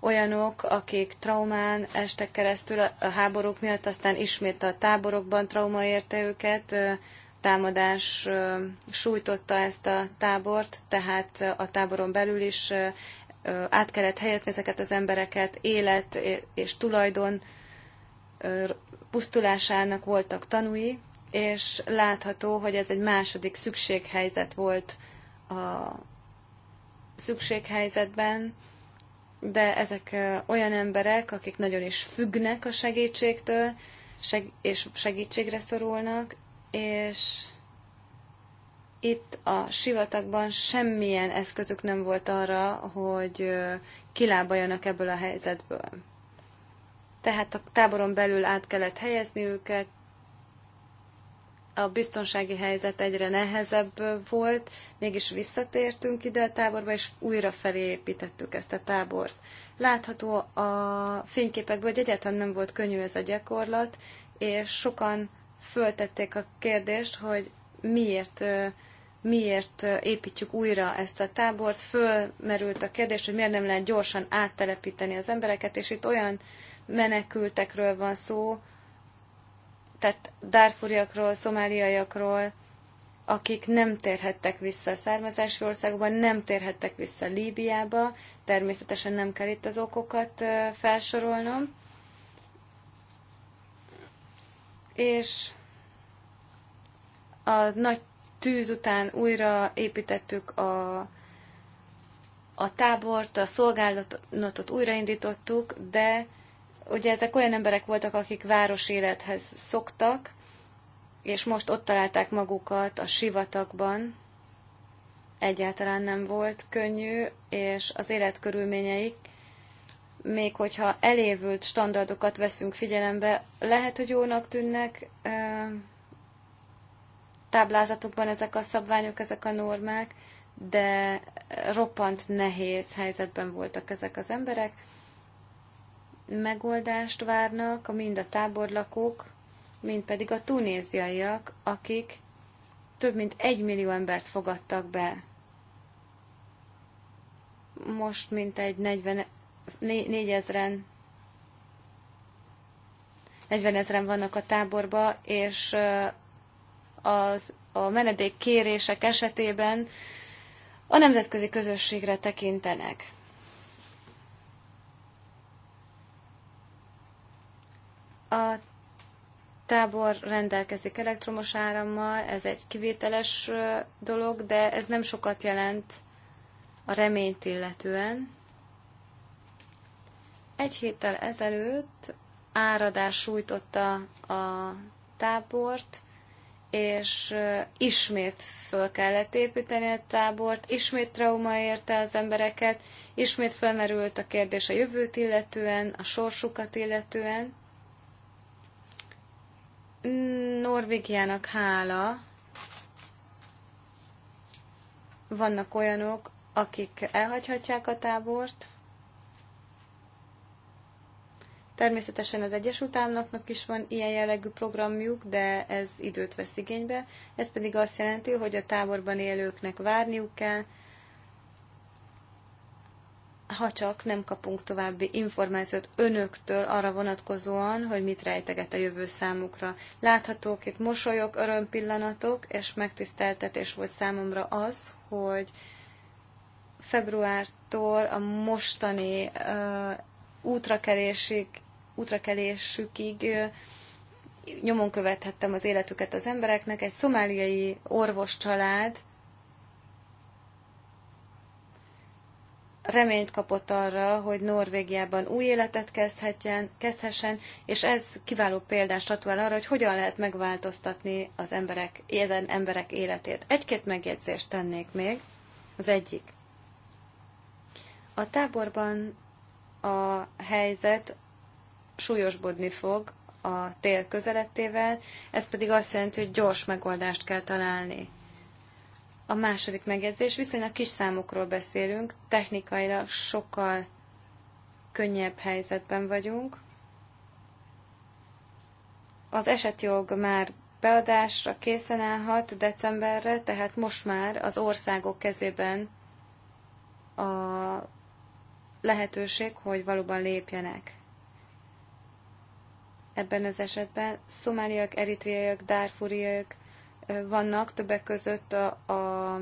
olyanok, akik traumán estek keresztül a háborúk miatt, aztán ismét a táborokban trauma érte őket, támadás sújtotta ezt a tábort, tehát a táboron belül is át kellett helyezni ezeket az embereket, élet és tulajdon pusztulásának voltak tanúi, és látható, hogy ez egy második szükséghelyzet volt a szükséghelyzetben, de ezek olyan emberek, akik nagyon is függnek a segítségtől, és segítségre szorulnak, és itt a sivatagban semmilyen eszközük nem volt arra, hogy kilábaljanak ebből a helyzetből. Tehát a táboron belül át kellett helyezni őket, a biztonsági helyzet egyre nehezebb volt, mégis visszatértünk ide a táborba, és újra felépítettük ezt a tábort. Látható a fényképekből, hogy egyáltalán nem volt könnyű ez a gyakorlat, és sokan föltették a kérdést, hogy miért miért építjük újra ezt a tábort. Fölmerült a kérdés, hogy miért nem lehet gyorsan áttelepíteni az embereket, és itt olyan menekültekről van szó, tehát dárfuriakról, szomáliaiakról, akik nem térhettek vissza a származási országokban, nem térhettek vissza Líbiába, természetesen nem kell itt az okokat felsorolnom. és a nagy tűz után újra építettük a, a tábort, a szolgálatot újraindítottuk, de ugye ezek olyan emberek voltak, akik városélethez szoktak, és most ott találták magukat a sivatagban. Egyáltalán nem volt könnyű, és az életkörülményeik még hogyha elévült standardokat veszünk figyelembe, lehet, hogy jónak tűnnek táblázatokban ezek a szabványok, ezek a normák, de roppant nehéz helyzetben voltak ezek az emberek. Megoldást várnak mind a táborlakók, mind pedig a tunéziaiak, akik több mint egy millió embert fogadtak be. Most mint egy 40 négyezren, 40 ezren vannak a táborba, és az, a menedék kérések esetében a nemzetközi közösségre tekintenek. A tábor rendelkezik elektromos árammal, ez egy kivételes dolog, de ez nem sokat jelent a reményt illetően. Egy héttel ezelőtt áradás sújtotta a tábort, és ismét föl kellett építeni a tábort, ismét trauma érte az embereket, ismét felmerült a kérdés a jövőt illetően, a sorsukat illetően. Norvégiának hála vannak olyanok, akik elhagyhatják a tábort, Természetesen az Egyesült Államoknak is van ilyen jellegű programjuk, de ez időt vesz igénybe. Ez pedig azt jelenti, hogy a táborban élőknek várniuk kell, ha csak nem kapunk további információt önöktől arra vonatkozóan, hogy mit rejteget a jövő számukra. Láthatók itt mosolyok, örömpillanatok, és megtiszteltetés volt számomra az, hogy februártól a mostani uh, útrakerésig útrakelésükig nyomon követhettem az életüket az embereknek. Egy szomáliai orvos család reményt kapott arra, hogy Norvégiában új életet kezdhetjen, kezdhessen, és ez kiváló példás statuál arra, hogy hogyan lehet megváltoztatni az emberek, ezen emberek életét. Egy-két megjegyzést tennék még. Az egyik. A táborban a helyzet súlyosbodni fog a tél közelettével, ez pedig azt jelenti, hogy gyors megoldást kell találni. A második megjegyzés, viszonylag kis számokról beszélünk, technikailag sokkal könnyebb helyzetben vagyunk. Az esetjog már beadásra készen állhat decemberre, tehát most már az országok kezében a lehetőség, hogy valóban lépjenek ebben az esetben. Szomáliak, eritriaiak, dárfuriaiak vannak többek között a, a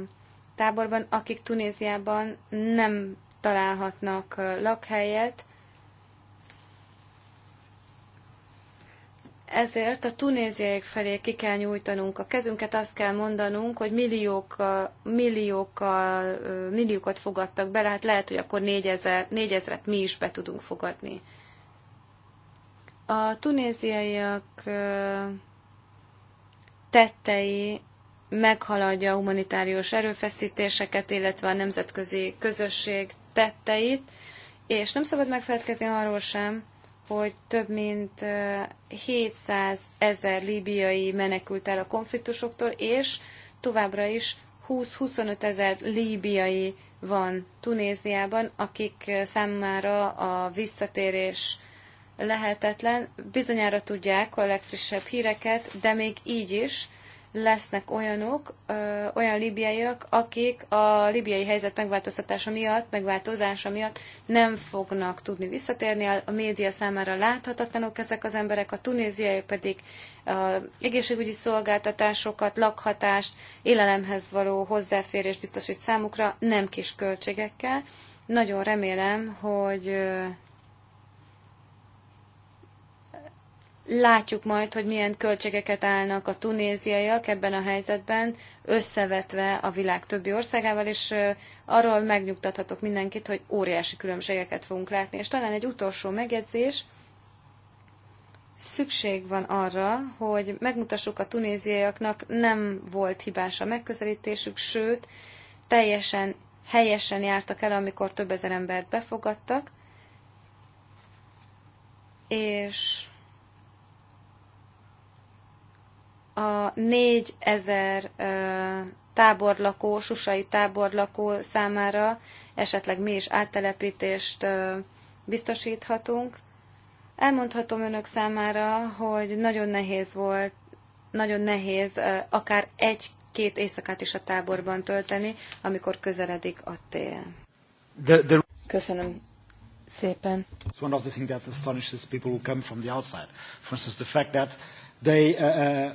táborban, akik Tunéziában nem találhatnak lakhelyet. Ezért a tunéziaiak felé ki kell nyújtanunk a kezünket, azt kell mondanunk, hogy milliók, milliók, milliókat fogadtak be, hát lehet, hogy akkor négyezer, négyezret mi is be tudunk fogadni. A tunéziaiak tettei meghaladja a humanitárius erőfeszítéseket, illetve a nemzetközi közösség tetteit, és nem szabad megfelelkezni arról sem, hogy több mint 700 ezer líbiai menekült el a konfliktusoktól, és továbbra is 20-25 ezer líbiai van Tunéziában, akik számára a visszatérés lehetetlen. Bizonyára tudják a legfrissebb híreket, de még így is lesznek olyanok, ö, olyan libiaiak, akik a libiai helyzet megváltoztatása miatt, megváltozása miatt nem fognak tudni visszatérni. A média számára láthatatlanok ezek az emberek, a tunéziaiak pedig a egészségügyi szolgáltatásokat, lakhatást, élelemhez való hozzáférés biztosít számukra, nem kis költségekkel. Nagyon remélem, hogy Látjuk majd, hogy milyen költségeket állnak a tunéziaiak ebben a helyzetben, összevetve a világ többi országával, és arról megnyugtathatok mindenkit, hogy óriási különbségeket fogunk látni. És talán egy utolsó megjegyzés, szükség van arra, hogy megmutassuk a tunéziaiaknak, nem volt hibás a megközelítésük, sőt, teljesen helyesen jártak el, amikor több ezer embert befogadtak, és a négy ezer táborlakó, susai táborlakó számára esetleg mi is áttelepítést biztosíthatunk. Elmondhatom önök számára, hogy nagyon nehéz volt, nagyon nehéz akár egy-két éjszakát is a táborban tölteni, amikor közeledik a tél. The, the... Köszönöm szépen. It's one of the things that astonishes people who come from the outside. For instance, the fact that they uh, uh,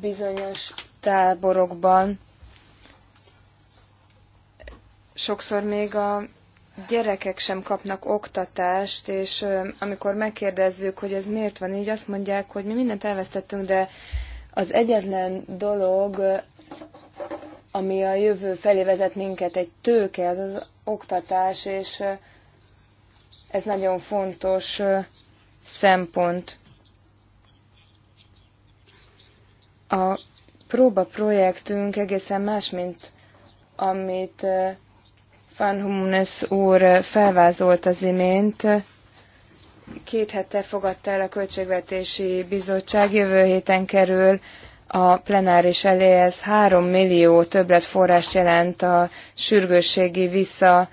Bizonyos táborokban sokszor még a gyerekek sem kapnak oktatást, és amikor megkérdezzük, hogy ez miért van így, azt mondják, hogy mi mindent elvesztettünk, de az egyetlen dolog, ami a jövő felé vezet minket, egy tőke, az az oktatás, és ez nagyon fontos szempont. A próba projektünk egészen más, mint amit eh, Van Humnes úr eh, felvázolt az imént. Két hete fogadta el a Költségvetési Bizottság, jövő héten kerül a plenáris elé, ez 3 millió többletforrás jelent a sürgősségi vissza,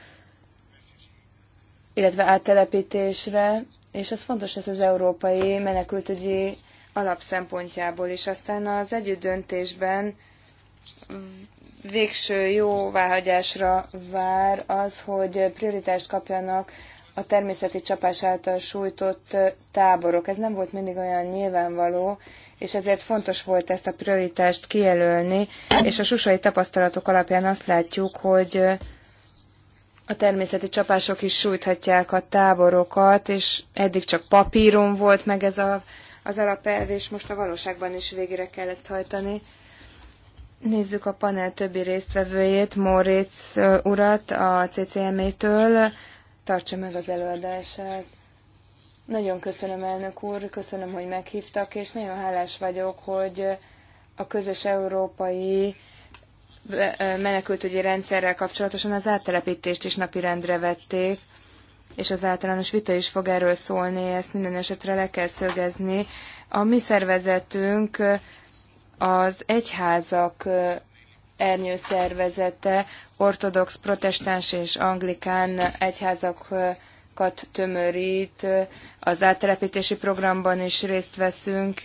illetve áttelepítésre, és az fontos, hogy az európai menekültügyi alapszempontjából, és aztán az együttdöntésben végső jóváhagyásra vár az, hogy prioritást kapjanak a természeti csapás által sújtott táborok. Ez nem volt mindig olyan nyilvánvaló, és ezért fontos volt ezt a prioritást kijelölni, és a susai tapasztalatok alapján azt látjuk, hogy a természeti csapások is sújthatják a táborokat, és eddig csak papíron volt meg ez a az alapelv, és most a valóságban is végére kell ezt hajtani. Nézzük a panel többi résztvevőjét, Moritz urat a ccm től Tartsa meg az előadását. Nagyon köszönöm, elnök úr, köszönöm, hogy meghívtak, és nagyon hálás vagyok, hogy a közös európai menekültügyi rendszerrel kapcsolatosan az áttelepítést is napirendre vették és az általános vita is fog erről szólni, ezt minden esetre le kell szögezni. A mi szervezetünk az egyházak ernyő szervezete, ortodox, protestáns és anglikán egyházakat tömörít, az áttelepítési programban is részt veszünk,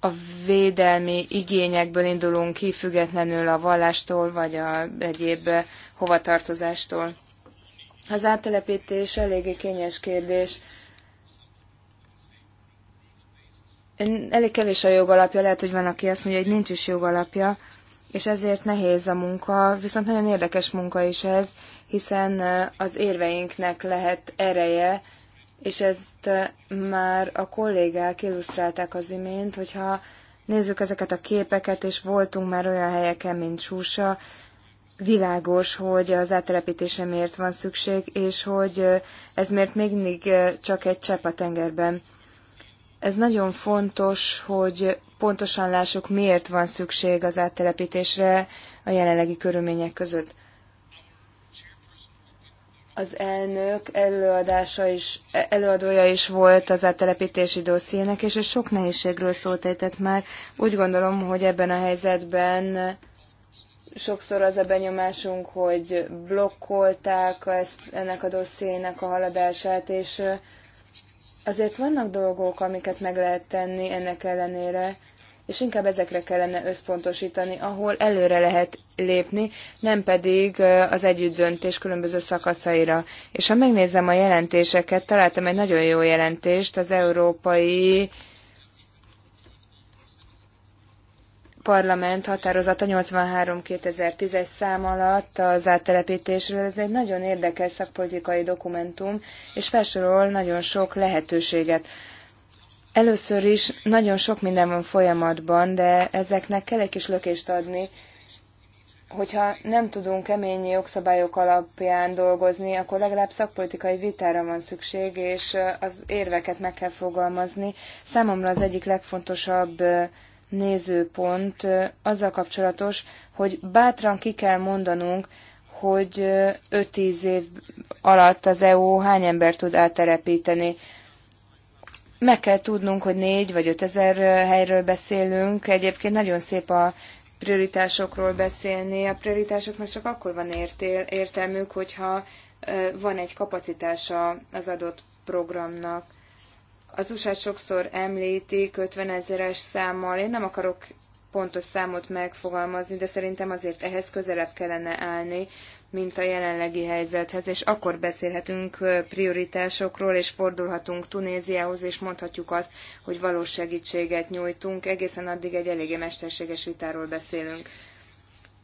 a védelmi igényekből indulunk ki, függetlenül a vallástól vagy a egyéb hovatartozástól. Az áttelepítés eléggé kényes kérdés. Elég kevés a jogalapja, lehet, hogy van, aki azt mondja, hogy nincs is jogalapja, és ezért nehéz a munka, viszont nagyon érdekes munka is ez, hiszen az érveinknek lehet ereje, és ezt eh, már a kollégák illusztrálták az imént, hogyha nézzük ezeket a képeket, és voltunk már olyan helyeken, mint Súsa, világos, hogy az áttelepítése miért van szükség, és hogy eh, ez miért még mindig eh, csak egy csepp a tengerben. Ez nagyon fontos, hogy pontosan lássuk, miért van szükség az áttelepítésre a jelenlegi körülmények között az elnök előadása is, előadója is volt az áttelepítési dossziének, és ez sok nehézségről szólt ejtett már. Úgy gondolom, hogy ebben a helyzetben sokszor az a benyomásunk, hogy blokkolták ezt, ennek a dossziének a haladását, és azért vannak dolgok, amiket meg lehet tenni ennek ellenére és inkább ezekre kellene összpontosítani, ahol előre lehet lépni, nem pedig az együttdöntés különböző szakaszaira. És ha megnézem a jelentéseket, találtam egy nagyon jó jelentést az Európai Parlament határozata 83-2010-es szám alatt az áttelepítésről. Ez egy nagyon érdekes szakpolitikai dokumentum, és felsorol nagyon sok lehetőséget Először is nagyon sok minden van folyamatban, de ezeknek kell egy kis lökést adni. Hogyha nem tudunk kemény jogszabályok alapján dolgozni, akkor legalább szakpolitikai vitára van szükség, és az érveket meg kell fogalmazni. Számomra az egyik legfontosabb nézőpont azzal kapcsolatos, hogy bátran ki kell mondanunk, hogy 5-10 év alatt az EU hány ember tud átterepíteni meg kell tudnunk, hogy négy vagy ötezer helyről beszélünk. Egyébként nagyon szép a prioritásokról beszélni. A prioritásoknak csak akkor van értél, értelmük, hogyha van egy kapacitása az adott programnak. Az usa sokszor említik 50 ezeres számmal. Én nem akarok pontos számot megfogalmazni, de szerintem azért ehhez közelebb kellene állni, mint a jelenlegi helyzethez, és akkor beszélhetünk prioritásokról, és fordulhatunk Tunéziához, és mondhatjuk azt, hogy valós segítséget nyújtunk, egészen addig egy eléggé mesterséges vitáról beszélünk.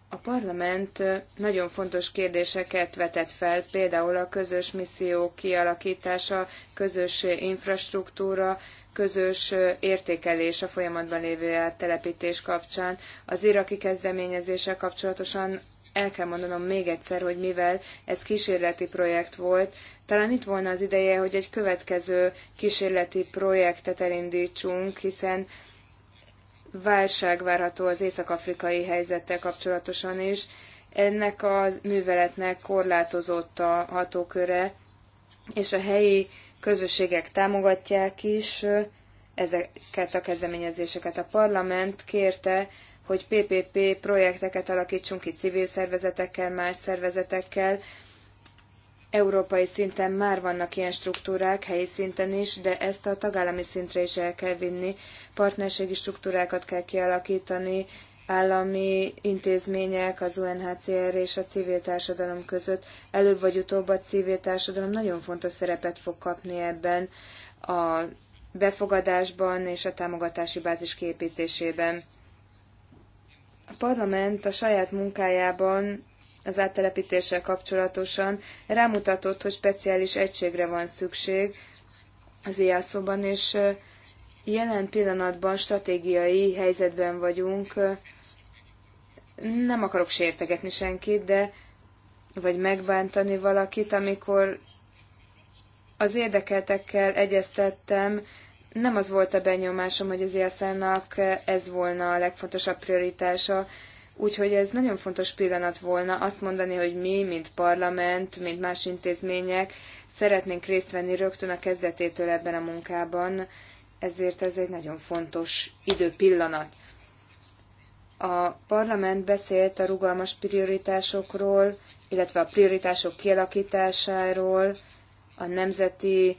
A parlament nagyon fontos kérdéseket vetett fel, például a közös misszió kialakítása, közös infrastruktúra, közös értékelés a folyamatban lévő áttelepítés kapcsán, az iraki kezdeményezése kapcsolatosan el kell mondanom még egyszer, hogy mivel ez kísérleti projekt volt, talán itt volna az ideje, hogy egy következő kísérleti projektet elindítsunk, hiszen válság várható az észak-afrikai helyzettel kapcsolatosan is. Ennek a műveletnek korlátozott a hatóköre, és a helyi közösségek támogatják is ezeket a kezdeményezéseket. A parlament kérte, hogy PPP projekteket alakítsunk ki civil szervezetekkel, más szervezetekkel. Európai szinten már vannak ilyen struktúrák, helyi szinten is, de ezt a tagállami szintre is el kell vinni. Partnerségi struktúrákat kell kialakítani, állami intézmények, az UNHCR és a civil társadalom között. Előbb vagy utóbb a civil társadalom nagyon fontos szerepet fog kapni ebben a befogadásban és a támogatási bázis képítésében. A parlament a saját munkájában az áttelepítéssel kapcsolatosan rámutatott, hogy speciális egységre van szükség az IASZ-ban, és jelen pillanatban stratégiai helyzetben vagyunk. Nem akarok sértegetni senkit, de vagy megbántani valakit, amikor az érdekeltekkel egyeztettem, nem az volt a benyomásom, hogy az ISZ-nak e ez volna a legfontosabb prioritása, úgyhogy ez nagyon fontos pillanat volna azt mondani, hogy mi, mint parlament, mint más intézmények szeretnénk részt venni rögtön a kezdetétől ebben a munkában, ezért ez egy nagyon fontos időpillanat. A parlament beszélt a rugalmas prioritásokról, illetve a prioritások kialakításáról, a nemzeti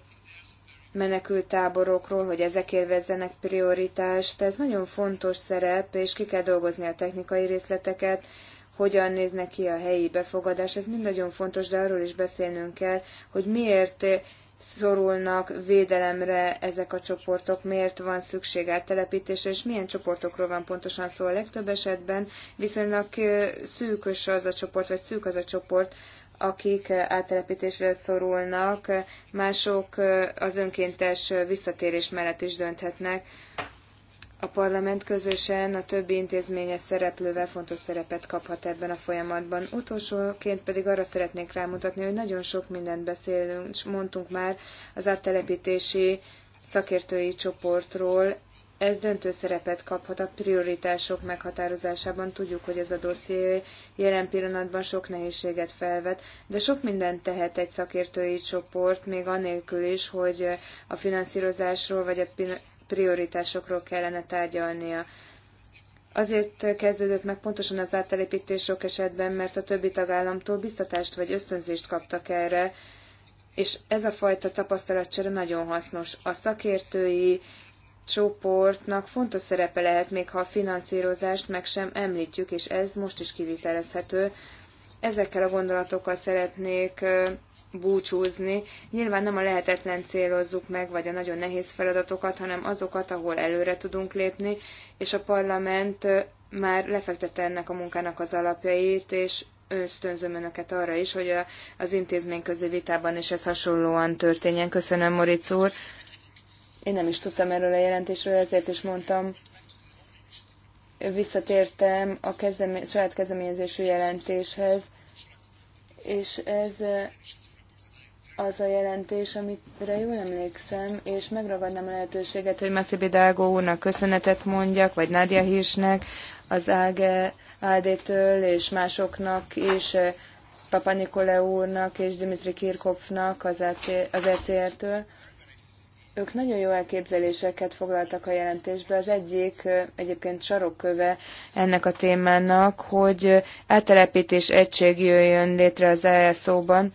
menekültáborokról, hogy ezek élvezzenek prioritást. Ez nagyon fontos szerep, és ki kell dolgozni a technikai részleteket, hogyan néznek ki a helyi befogadás, ez mind nagyon fontos, de arról is beszélnünk kell, hogy miért szorulnak védelemre ezek a csoportok, miért van szükség áttelepítésre, és milyen csoportokról van pontosan szó a legtöbb esetben, viszonylag szűkös az a csoport, vagy szűk az a csoport, akik áttelepítésre szorulnak, mások az önkéntes visszatérés mellett is dönthetnek. A parlament közösen a többi intézményes szereplővel fontos szerepet kaphat ebben a folyamatban. Utolsóként pedig arra szeretnék rámutatni, hogy nagyon sok mindent beszélünk, és mondtunk már az áttelepítési szakértői csoportról, ez döntő szerepet kaphat a prioritások meghatározásában. Tudjuk, hogy ez a dosszié jelen pillanatban sok nehézséget felvet, de sok mindent tehet egy szakértői csoport, még anélkül is, hogy a finanszírozásról vagy a prioritásokról kellene tárgyalnia. Azért kezdődött meg pontosan az áttelepítés sok esetben, mert a többi tagállamtól biztatást vagy ösztönzést kaptak erre, és ez a fajta tapasztalatcsere nagyon hasznos. A szakértői csoportnak fontos szerepe lehet, még ha a finanszírozást meg sem említjük, és ez most is kivitelezhető. Ezekkel a gondolatokkal szeretnék búcsúzni. Nyilván nem a lehetetlen célozzuk meg, vagy a nagyon nehéz feladatokat, hanem azokat, ahol előre tudunk lépni, és a parlament már lefektette ennek a munkának az alapjait, és ösztönzöm önöket arra is, hogy a, az közé vitában is ez hasonlóan történjen. Köszönöm, Moritz úr. Én nem is tudtam erről a jelentésről, ezért is mondtam, visszatértem a kezdemé- saját kezdeményezésű jelentéshez, és ez eh, az a jelentés, amire jól emlékszem, és megragadnám a lehetőséget, hogy Massi Bidalgo úrnak köszönetet mondjak, vagy Nádia Hirsnek, az Áge Áldétől, és másoknak is, eh, Papa Nikole úrnak, és Dimitri Kirkopfnak az, ECR-től. Ők nagyon jó elképzeléseket foglaltak a jelentésbe. Az egyik egyébként sarokköve ennek a témának, hogy eltelepítés egység jöjjön létre az ESO-ban.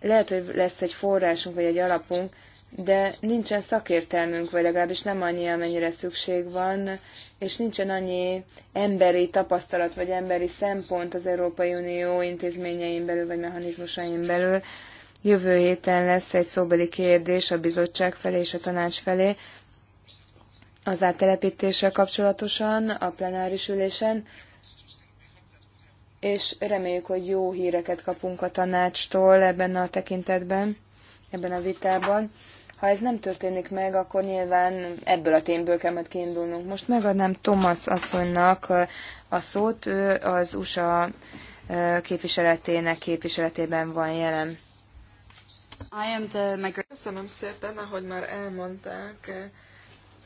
Lehet, hogy lesz egy forrásunk vagy egy alapunk, de nincsen szakértelmünk, vagy legalábbis nem annyi, amennyire szükség van, és nincsen annyi emberi tapasztalat, vagy emberi szempont az Európai Unió intézményein belül, vagy mechanizmusain belül, Jövő héten lesz egy szóbeli kérdés a bizottság felé és a tanács felé az áttelepítéssel kapcsolatosan a plenáris ülésen, és reméljük, hogy jó híreket kapunk a tanácstól ebben a tekintetben, ebben a vitában. Ha ez nem történik meg, akkor nyilván ebből a témből kell majd kiindulnunk. Most megadnám Thomas asszonynak a szót, ő az USA képviseletének képviseletében van jelen. Köszönöm szépen, ahogy már elmondták,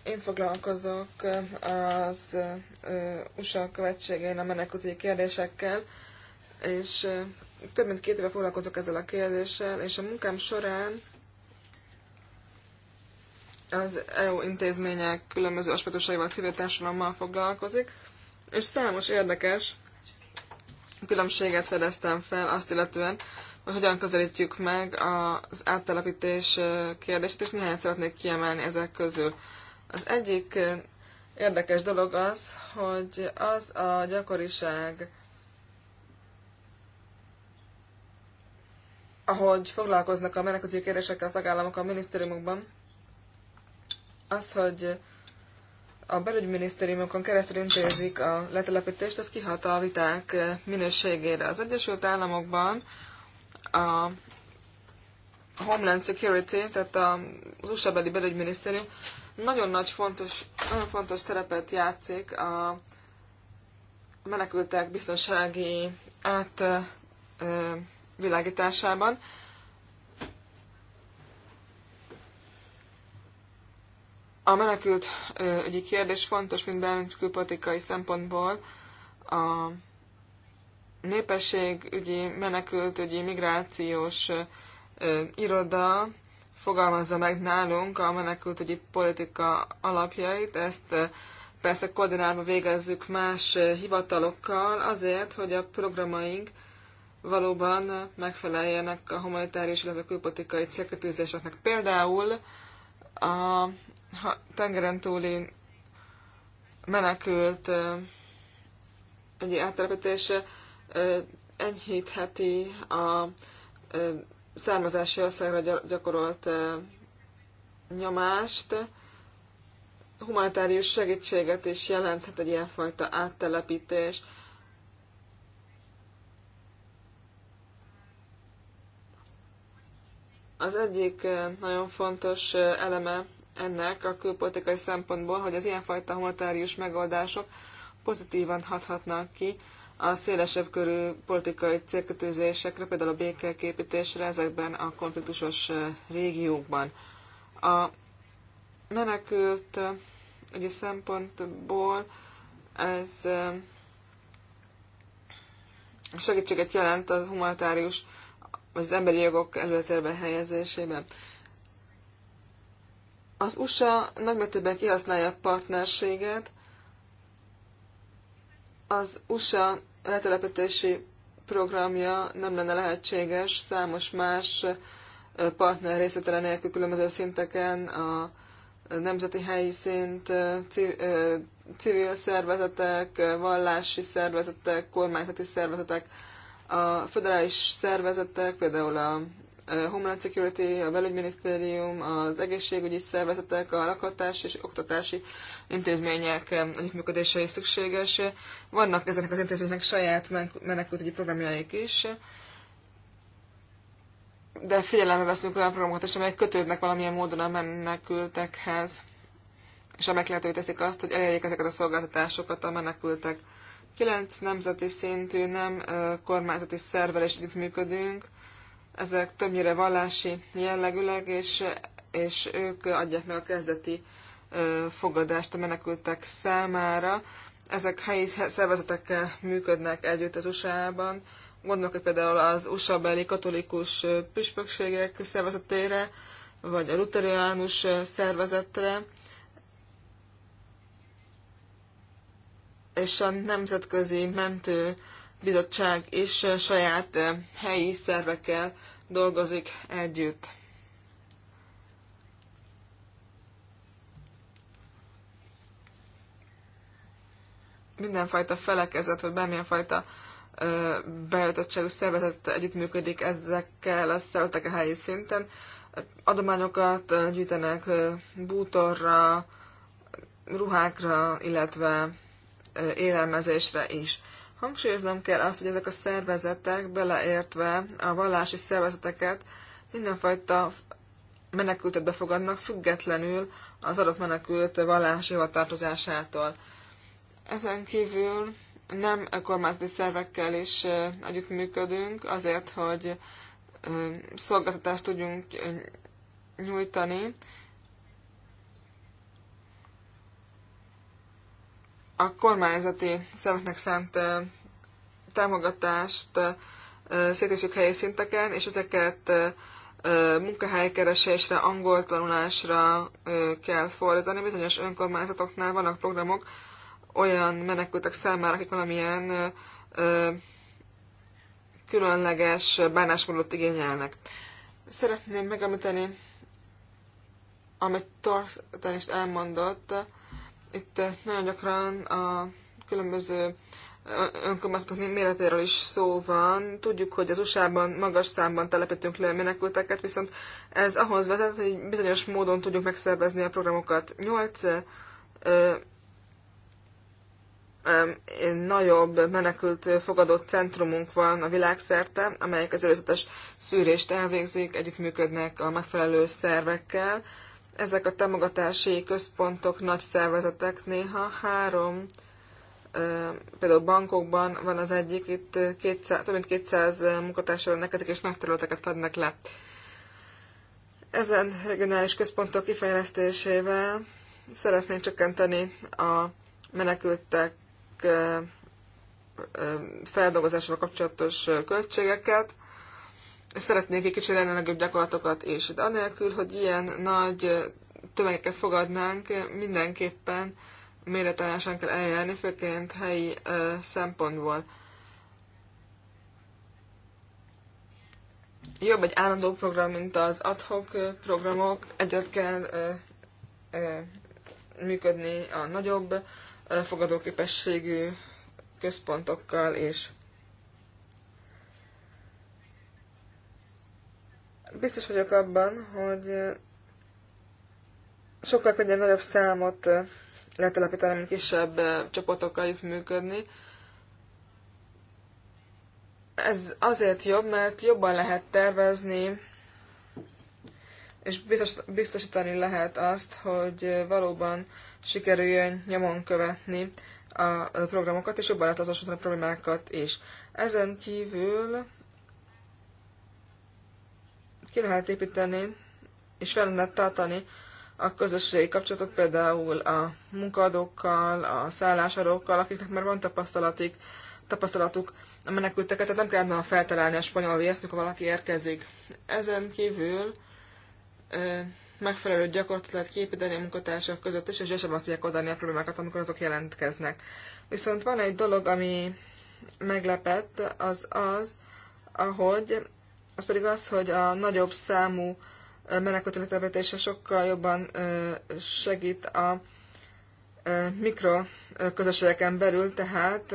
én foglalkozok az USA követségein a menekültügyi kérdésekkel, és több mint két éve foglalkozok ezzel a kérdéssel, és a munkám során az EU intézmények különböző aspektusaival, civil társadalommal foglalkozik, és számos érdekes különbséget fedeztem fel azt illetően, hogy hogyan közelítjük meg az áttelepítés kérdését, és néhány szeretnék kiemelni ezek közül. Az egyik érdekes dolog az, hogy az a gyakoriság, ahogy foglalkoznak a menekültügyi kérdésekkel a tagállamok a minisztériumokban, az, hogy a belügyminisztériumokon keresztül intézik a letelepítést, az kihat a viták minőségére. Az Egyesült Államokban a Homeland Security, tehát az USA beli belügyminisztérium nagyon nagy fontos, nagyon fontos szerepet játszik a menekültek biztonsági átvilágításában. A menekült ügyi kérdés fontos, mint belügyi külpolitikai szempontból a népességügyi, menekültügyi, migrációs iroda fogalmazza meg nálunk a menekültügyi politika alapjait, ezt persze koordinálva végezzük más hivatalokkal azért, hogy a programaink valóban megfeleljenek a humanitárius, illetve külpolitikai célkötőzéseknek. Például a tengeren túli menekült egy áttelepítése enyhítheti a származási országra gyakorolt nyomást, humanitárius segítséget is jelenthet egy ilyenfajta áttelepítés. Az egyik nagyon fontos eleme ennek a külpolitikai szempontból, hogy az ilyenfajta humanitárius megoldások pozitívan hathatnak ki a szélesebb körű politikai célkötőzésekre, például a békeképítésre ezekben a konfliktusos régiókban. A menekült ugye szempontból ez segítséget jelent az humanitárius vagy az emberi jogok előtérbe helyezésében. Az USA nagymértékben kihasználja a partnerséget, az USA letelepítési programja nem lenne lehetséges számos más partner részvétele nélkül különböző szinteken, a nemzeti helyi szint, civil szervezetek, vallási szervezetek, kormányzati szervezetek, a föderális szervezetek, például a Homeland Security, a belügyminisztérium, az egészségügyi szervezetek, a lakhatási és oktatási intézmények együttműködése is szükséges. Vannak ezeknek az intézményeknek saját menekültügyi programjaik is, de figyelembe veszünk olyan programokat is, amelyek kötődnek valamilyen módon a menekültekhez, és amelyek lehetővé teszik azt, hogy elérjék ezeket a szolgáltatásokat a menekültek. Kilenc nemzeti szintű, nem kormányzati szervel is együttműködünk, működünk, ezek többnyire vallási jellegűleg, és, és ők adják meg a kezdeti fogadást a menekültek számára. Ezek helyi szervezetekkel működnek együtt az USA-ban. Gondolok például az USA-beli katolikus püspökségek szervezetére, vagy a luteriánus szervezetre, és a nemzetközi mentő bizottság és saját helyi szervekkel dolgozik együtt. Mindenfajta felekezet, vagy bármilyen fajta beöltöttségű szervezet együttműködik ezekkel a szervezetek a helyi szinten. Adományokat gyűjtenek bútorra, ruhákra, illetve élelmezésre is. Hangsúlyoznom kell azt, hogy ezek a szervezetek, beleértve a vallási szervezeteket, mindenfajta menekültet befogadnak, függetlenül az adott menekült vallási hivatartozásától. Ezen kívül nem kormányzati szervekkel is együttműködünk, azért, hogy szolgáltatást tudjunk nyújtani, a kormányzati szemeknek szánt támogatást szétesik helyi szinteken, és ezeket munkahelykeresésre, angol tanulásra kell fordítani. Bizonyos önkormányzatoknál vannak programok olyan menekültek számára, akik valamilyen különleges bánásmódot igényelnek. Szeretném megemlíteni, amit Torsten is elmondott, itt eh, nagyon gyakran a különböző önkormányzatok méretéről is szó van. Tudjuk, hogy az USA-ban magas számban telepítünk le menekülteket, viszont ez ahhoz vezet, hogy bizonyos módon tudjuk megszervezni a programokat. Nyolc nagyobb menekült fogadott centrumunk van a világszerte, amelyek az előzetes szűrést elvégzik, együttműködnek a megfelelő szervekkel, ezek a támogatási központok nagy szervezetek néha három, például bankokban van az egyik, itt 200, több mint 200 munkatársra rendelkezik, és nagy területeket fednek le. Ezen regionális központok kifejlesztésével szeretnénk csökkenteni a menekültek feldolgozásával kapcsolatos költségeket, szeretnék egy kicsit nagyobb gyakorlatokat is, de anélkül, hogy ilyen nagy tömegeket fogadnánk, mindenképpen méretelenesen kell eljárni, főként helyi ö, szempontból. Jobb egy állandó program, mint az adhok programok. Egyet kell ö, ö, működni a nagyobb ö, fogadóképességű központokkal és Biztos vagyok abban, hogy sokkal könnyebb nagyobb számot letelepíteni, mint kisebb csoportokkal működni. Ez azért jobb, mert jobban lehet tervezni, és biztos, biztosítani lehet azt, hogy valóban sikerüljön nyomon követni a programokat, és jobban lehet azonosítani a problémákat is. Ezen kívül ki lehet építeni és fel lehet tartani a közösségi kapcsolatot például a munkadókkal, a szállásadókkal, akiknek már van tapasztalatik, tapasztalatuk a menekülteket, tehát nem kellene feltalálni a spanyol vért, mikor valaki érkezik. Ezen kívül megfelelő gyakorlatot lehet képíteni a munkatársak között is, és gyorsabban tudják oldani a problémákat, amikor azok jelentkeznek. Viszont van egy dolog, ami meglepett, az az, ahogy az pedig az, hogy a nagyobb számú menekülteletevetése sokkal jobban segít a mikroközösségeken belül, tehát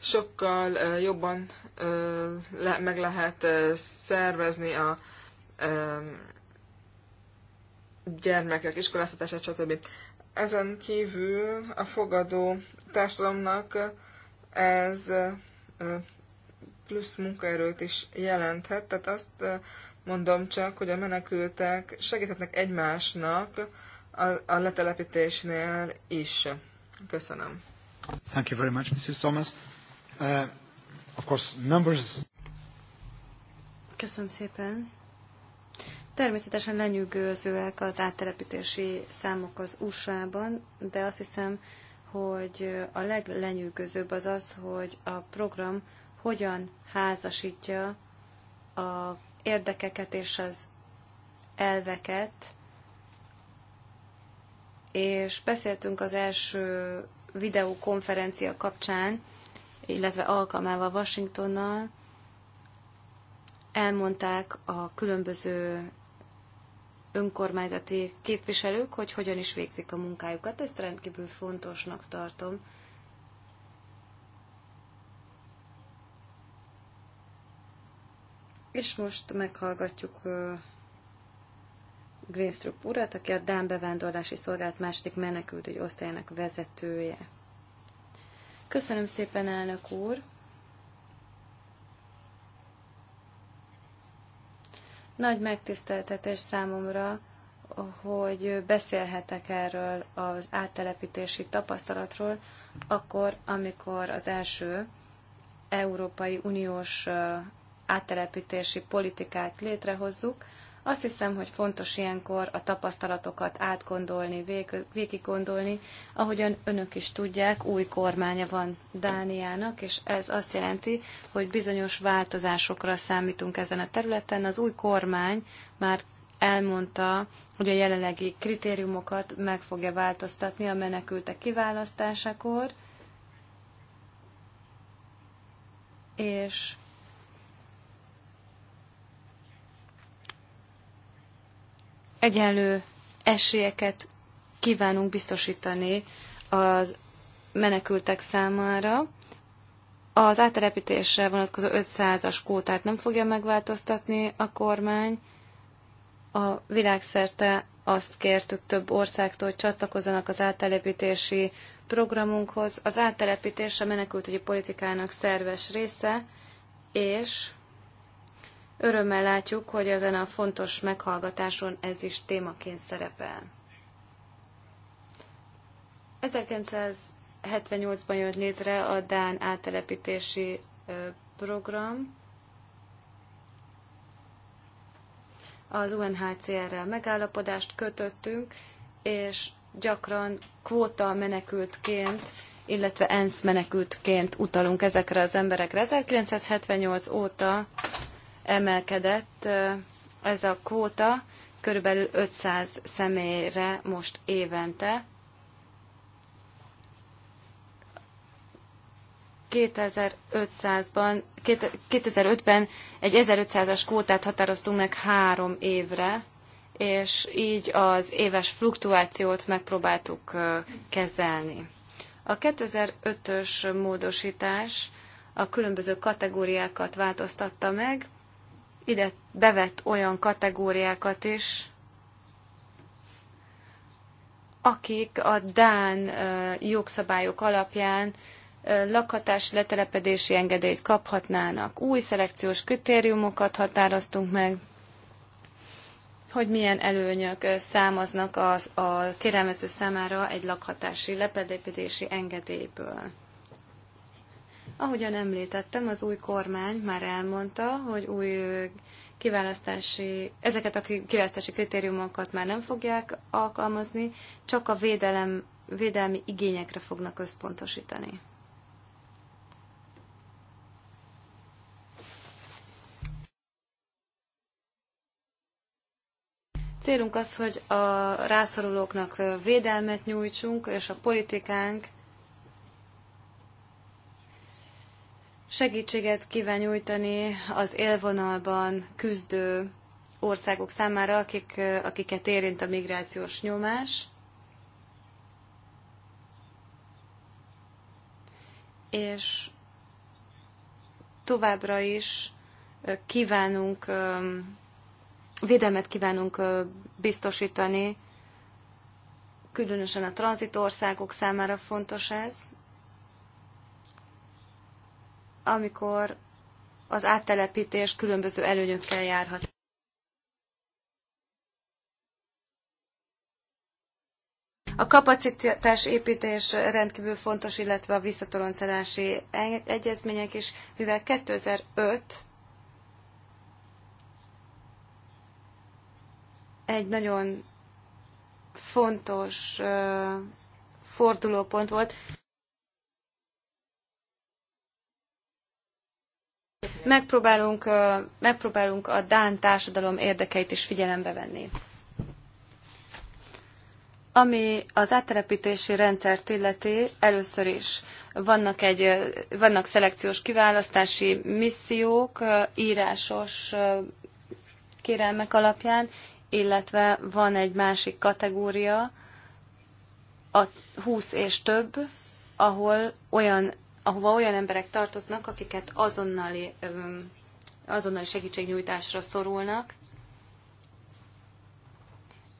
sokkal jobban meg lehet szervezni a gyermekek iskoláztatását, stb. Ezen kívül a fogadó társadalomnak ez plusz munkaerőt is jelenthet, tehát azt mondom csak, hogy a menekültek segíthetnek egymásnak a, a letelepítésnél is. Köszönöm. Thank you very much, Mrs. Thomas. Uh, of course, numbers... Köszönöm szépen. Természetesen lenyűgözőek az áttelepítési számok az USA-ban, de azt hiszem, hogy a leglenyűgözőbb az az, hogy a program hogyan házasítja a érdekeket és az elveket, és beszéltünk az első videokonferencia kapcsán, illetve alkalmával Washingtonnal, elmondták a különböző önkormányzati képviselők, hogy hogyan is végzik a munkájukat. Ezt rendkívül fontosnak tartom És most meghallgatjuk Greenstrup urat, aki a Dán Bevándorlási Szolgált második egy osztályának vezetője. Köszönöm szépen, elnök úr! Nagy megtiszteltetés számomra, hogy beszélhetek erről az áttelepítési tapasztalatról, akkor, amikor az első Európai Uniós áttelepítési politikát létrehozzuk, azt hiszem, hogy fontos ilyenkor a tapasztalatokat átgondolni, vég, végiggondolni. Ahogyan önök is tudják, új kormánya van Dániának, és ez azt jelenti, hogy bizonyos változásokra számítunk ezen a területen. Az új kormány már elmondta, hogy a jelenlegi kritériumokat meg fogja változtatni a menekültek kiválasztásakor, és egyenlő esélyeket kívánunk biztosítani az menekültek számára. Az áttelepítésre vonatkozó 500-as kótát nem fogja megváltoztatni a kormány. A világszerte azt kértük több országtól, hogy csatlakozzanak az áttelepítési programunkhoz. Az áttelepítés a menekültügyi politikának szerves része, és Örömmel látjuk, hogy ezen a fontos meghallgatáson ez is témaként szerepel. 1978-ban jött létre a Dán áttelepítési program. Az UNHCR-rel megállapodást kötöttünk, és gyakran kvóta menekültként, illetve ENSZ menekültként utalunk ezekre az emberekre. 1978 óta emelkedett ez a kvóta, körülbelül 500 személyre most évente. 2500-ban, 2005-ben egy 1500-as kvótát határoztunk meg három évre, és így az éves fluktuációt megpróbáltuk kezelni. A 2005-ös módosítás a különböző kategóriákat változtatta meg, ide bevett olyan kategóriákat is, akik a Dán jogszabályok alapján lakhatás letelepedési engedélyt kaphatnának. Új szelekciós kritériumokat határoztunk meg, hogy milyen előnyök számoznak az, a kérelmező számára egy lakhatási letelepedési engedélyből. Ahogyan említettem, az új kormány már elmondta, hogy új kiválasztási, ezeket a kiválasztási kritériumokat már nem fogják alkalmazni, csak a védelem, védelmi igényekre fognak összpontosítani. Célunk az, hogy a rászorulóknak védelmet nyújtsunk, és a politikánk segítséget kíván nyújtani az élvonalban küzdő országok számára, akik, akiket érint a migrációs nyomás. És továbbra is kívánunk, védelmet kívánunk biztosítani, különösen a tranzitországok számára fontos ez amikor az áttelepítés különböző előnyökkel járhat. A kapacitás építés rendkívül fontos, illetve a visszatoloncelási egyezmények is, mivel 2005 egy nagyon fontos fordulópont volt. Megpróbálunk, megpróbálunk a Dán társadalom érdekeit is figyelembe venni. Ami az áttelepítési rendszert illeti, először is vannak, egy, vannak szelekciós kiválasztási missziók, írásos kérelmek alapján, illetve van egy másik kategória, a 20 és több, ahol olyan ahova olyan emberek tartoznak, akiket azonnali, azonnali segítségnyújtásra szorulnak.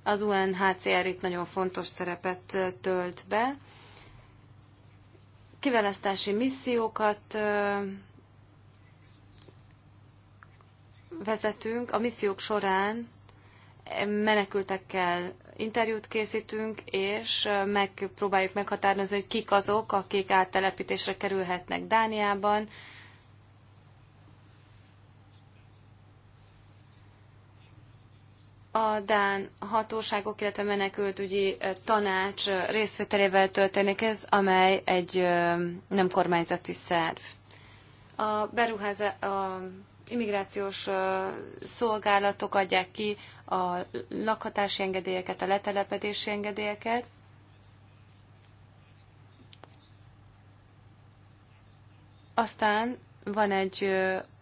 Az UNHCR itt nagyon fontos szerepet tölt be. Kiválasztási missziókat vezetünk. A missziók során menekültekkel interjút készítünk, és megpróbáljuk meghatározni, hogy kik azok, akik áttelepítésre kerülhetnek Dániában. A Dán hatóságok, illetve menekültügyi tanács részvételével történik ez, amely egy nem kormányzati szerv. A beruházás, a immigrációs szolgálatok adják ki a lakhatási engedélyeket, a letelepedési engedélyeket. Aztán van egy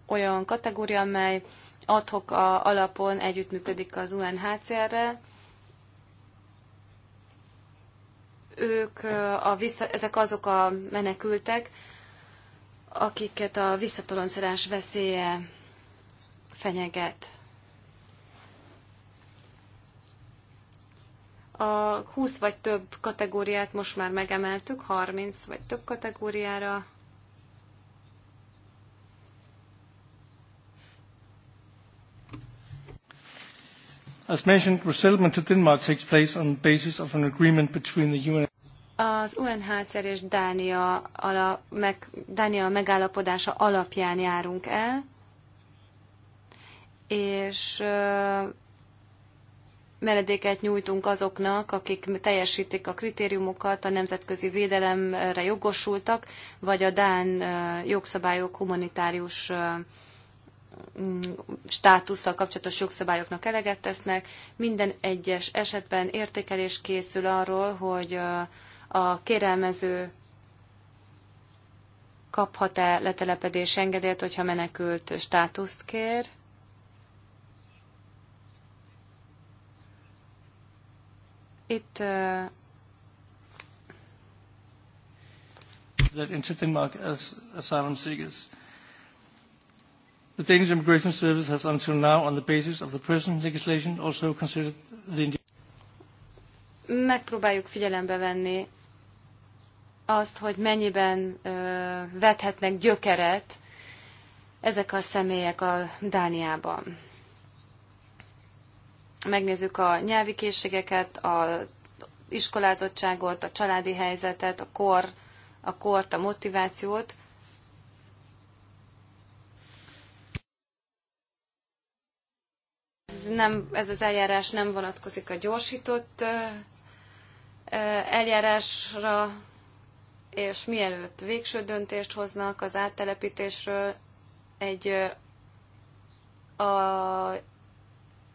olyan kategória, amely adhok a alapon együttműködik az UNHCR-rel. Ők a vissza, ezek azok a menekültek, akiket a visszatoloncerás veszélye fenyeget. A 20 vagy több kategóriát most már megemeltük, 30 vagy több kategóriára. As mentioned, resettlement to Denmark takes place on the basis of an agreement between the UN az UNHCR és Dánia, ala, meg, Dánia megállapodása alapján járunk el, és meredéket nyújtunk azoknak, akik teljesítik a kritériumokat, a nemzetközi védelemre jogosultak, vagy a Dán jogszabályok humanitárius mm, státusszal kapcsolatos jogszabályoknak eleget tesznek. Minden egyes esetben értékelés készül arról, hogy a kérelmező kaphat-e letelepedés engedélyt, hogyha menekült státuszt kér. Itt that in Chittenmark as asylum seekers. The Danish Immigration Service has until now, on the basis of the present legislation, also considered the Indian... Megpróbáljuk figyelembe venni azt, hogy mennyiben vethetnek gyökeret ezek a személyek a Dániában. Megnézzük a nyelvi készségeket, a iskolázottságot, a családi helyzetet, a kor, a kort, a motivációt. Ez, nem, ez az eljárás nem vonatkozik a gyorsított eljárásra, és mielőtt végső döntést hoznak az áttelepítésről, egy, a,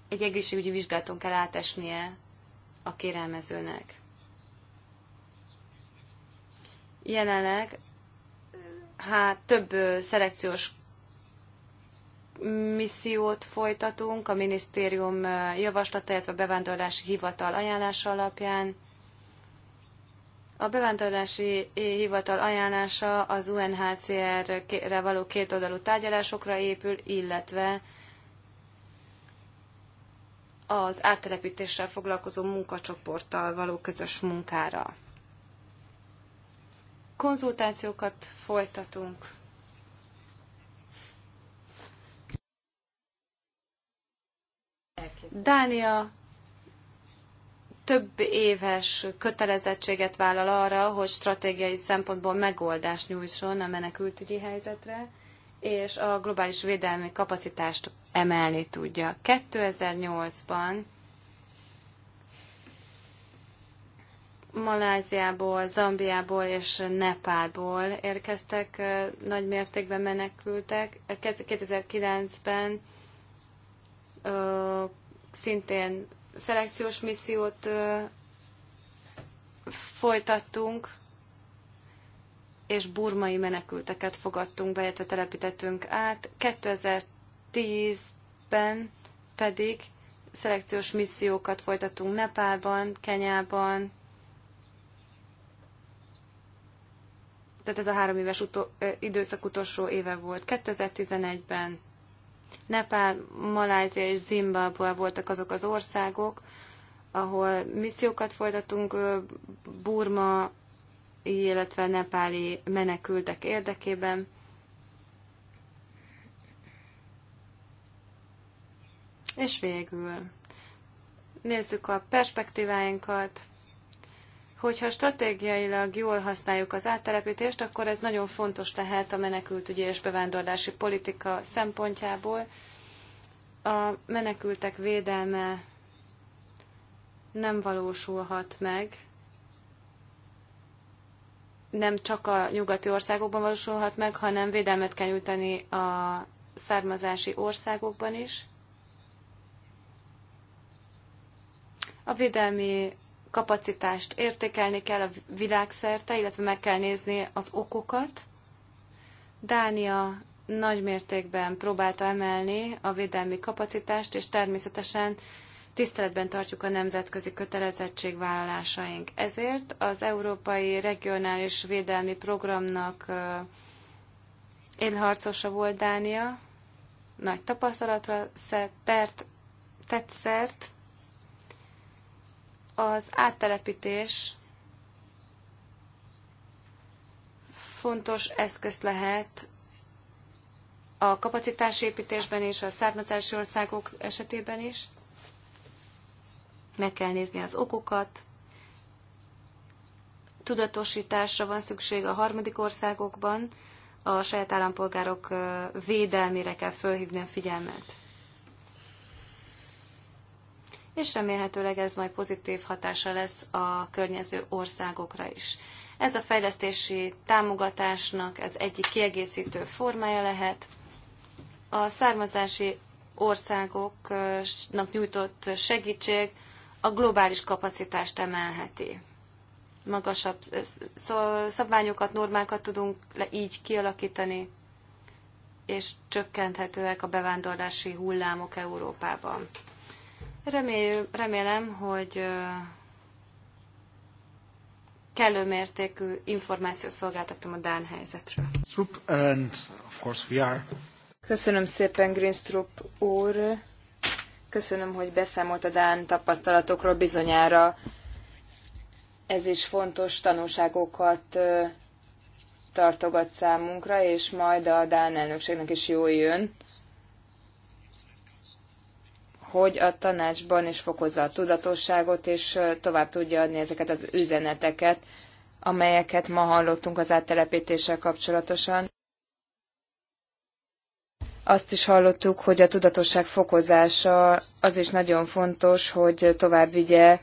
egy egészségügyi vizsgáton kell átesnie a kérelmezőnek. Jelenleg hát több szelekciós missziót folytatunk a minisztérium javaslata, illetve a bevándorlási hivatal ajánlása alapján. A bevándorlási hivatal ajánlása az UNHCR-re való kétoldalú tárgyalásokra épül, illetve az áttelepítéssel foglalkozó munkacsoporttal való közös munkára. Konzultációkat folytatunk. Dánia több éves kötelezettséget vállal arra, hogy stratégiai szempontból megoldást nyújtson a menekültügyi helyzetre, és a globális védelmi kapacitást emelni tudja. 2008-ban Maláziából, Zambiából és Nepálból érkeztek nagy mértékben menekültek. 2009-ben szintén szelekciós missziót folytattunk, és burmai menekülteket fogadtunk be, illetve telepítettünk át. 2010-ben pedig szelekciós missziókat folytatunk Nepálban, Kenyában. Tehát ez a három éves utó, ö, időszak utolsó éve volt. 2011-ben Nepál, Malázia és Zimbabwe voltak azok az országok, ahol missziókat folytatunk Burma, illetve nepáli menekültek érdekében. És végül nézzük a perspektíváinkat hogyha stratégiailag jól használjuk az áttelepítést, akkor ez nagyon fontos lehet a menekültügyi és bevándorlási politika szempontjából. A menekültek védelme nem valósulhat meg, nem csak a nyugati országokban valósulhat meg, hanem védelmet kell nyújtani a származási országokban is. A védelmi kapacitást értékelni kell a világszerte, illetve meg kell nézni az okokat. Dánia nagy mértékben próbálta emelni a védelmi kapacitást, és természetesen tiszteletben tartjuk a nemzetközi kötelezettségvállalásaink. Ezért az Európai Regionális Védelmi Programnak élharcosa volt Dánia, nagy tapasztalatra tett szert, az áttelepítés fontos eszköz lehet a kapacitásépítésben és a származási országok esetében is. Meg kell nézni az okokat. Tudatosításra van szükség a harmadik országokban, a saját állampolgárok védelmére kell fölhívni a figyelmet és remélhetőleg ez majd pozitív hatása lesz a környező országokra is. Ez a fejlesztési támogatásnak ez egyik kiegészítő formája lehet. A származási országoknak nyújtott segítség a globális kapacitást emelheti. Magasabb szabványokat, normákat tudunk le így kialakítani, és csökkenthetőek a bevándorlási hullámok Európában. Reméljük, remélem, hogy kellő mértékű információ szolgáltattam a Dán helyzetről. and of course we are. Köszönöm szépen, Greenstrup úr. Köszönöm, hogy beszámolt a Dán tapasztalatokról bizonyára. Ez is fontos tanulságokat tartogat számunkra, és majd a Dán elnökségnek is jól jön hogy a tanácsban is fokozza a tudatosságot, és tovább tudja adni ezeket az üzeneteket, amelyeket ma hallottunk az áttelepítéssel kapcsolatosan. Azt is hallottuk, hogy a tudatosság fokozása az is nagyon fontos, hogy tovább vigye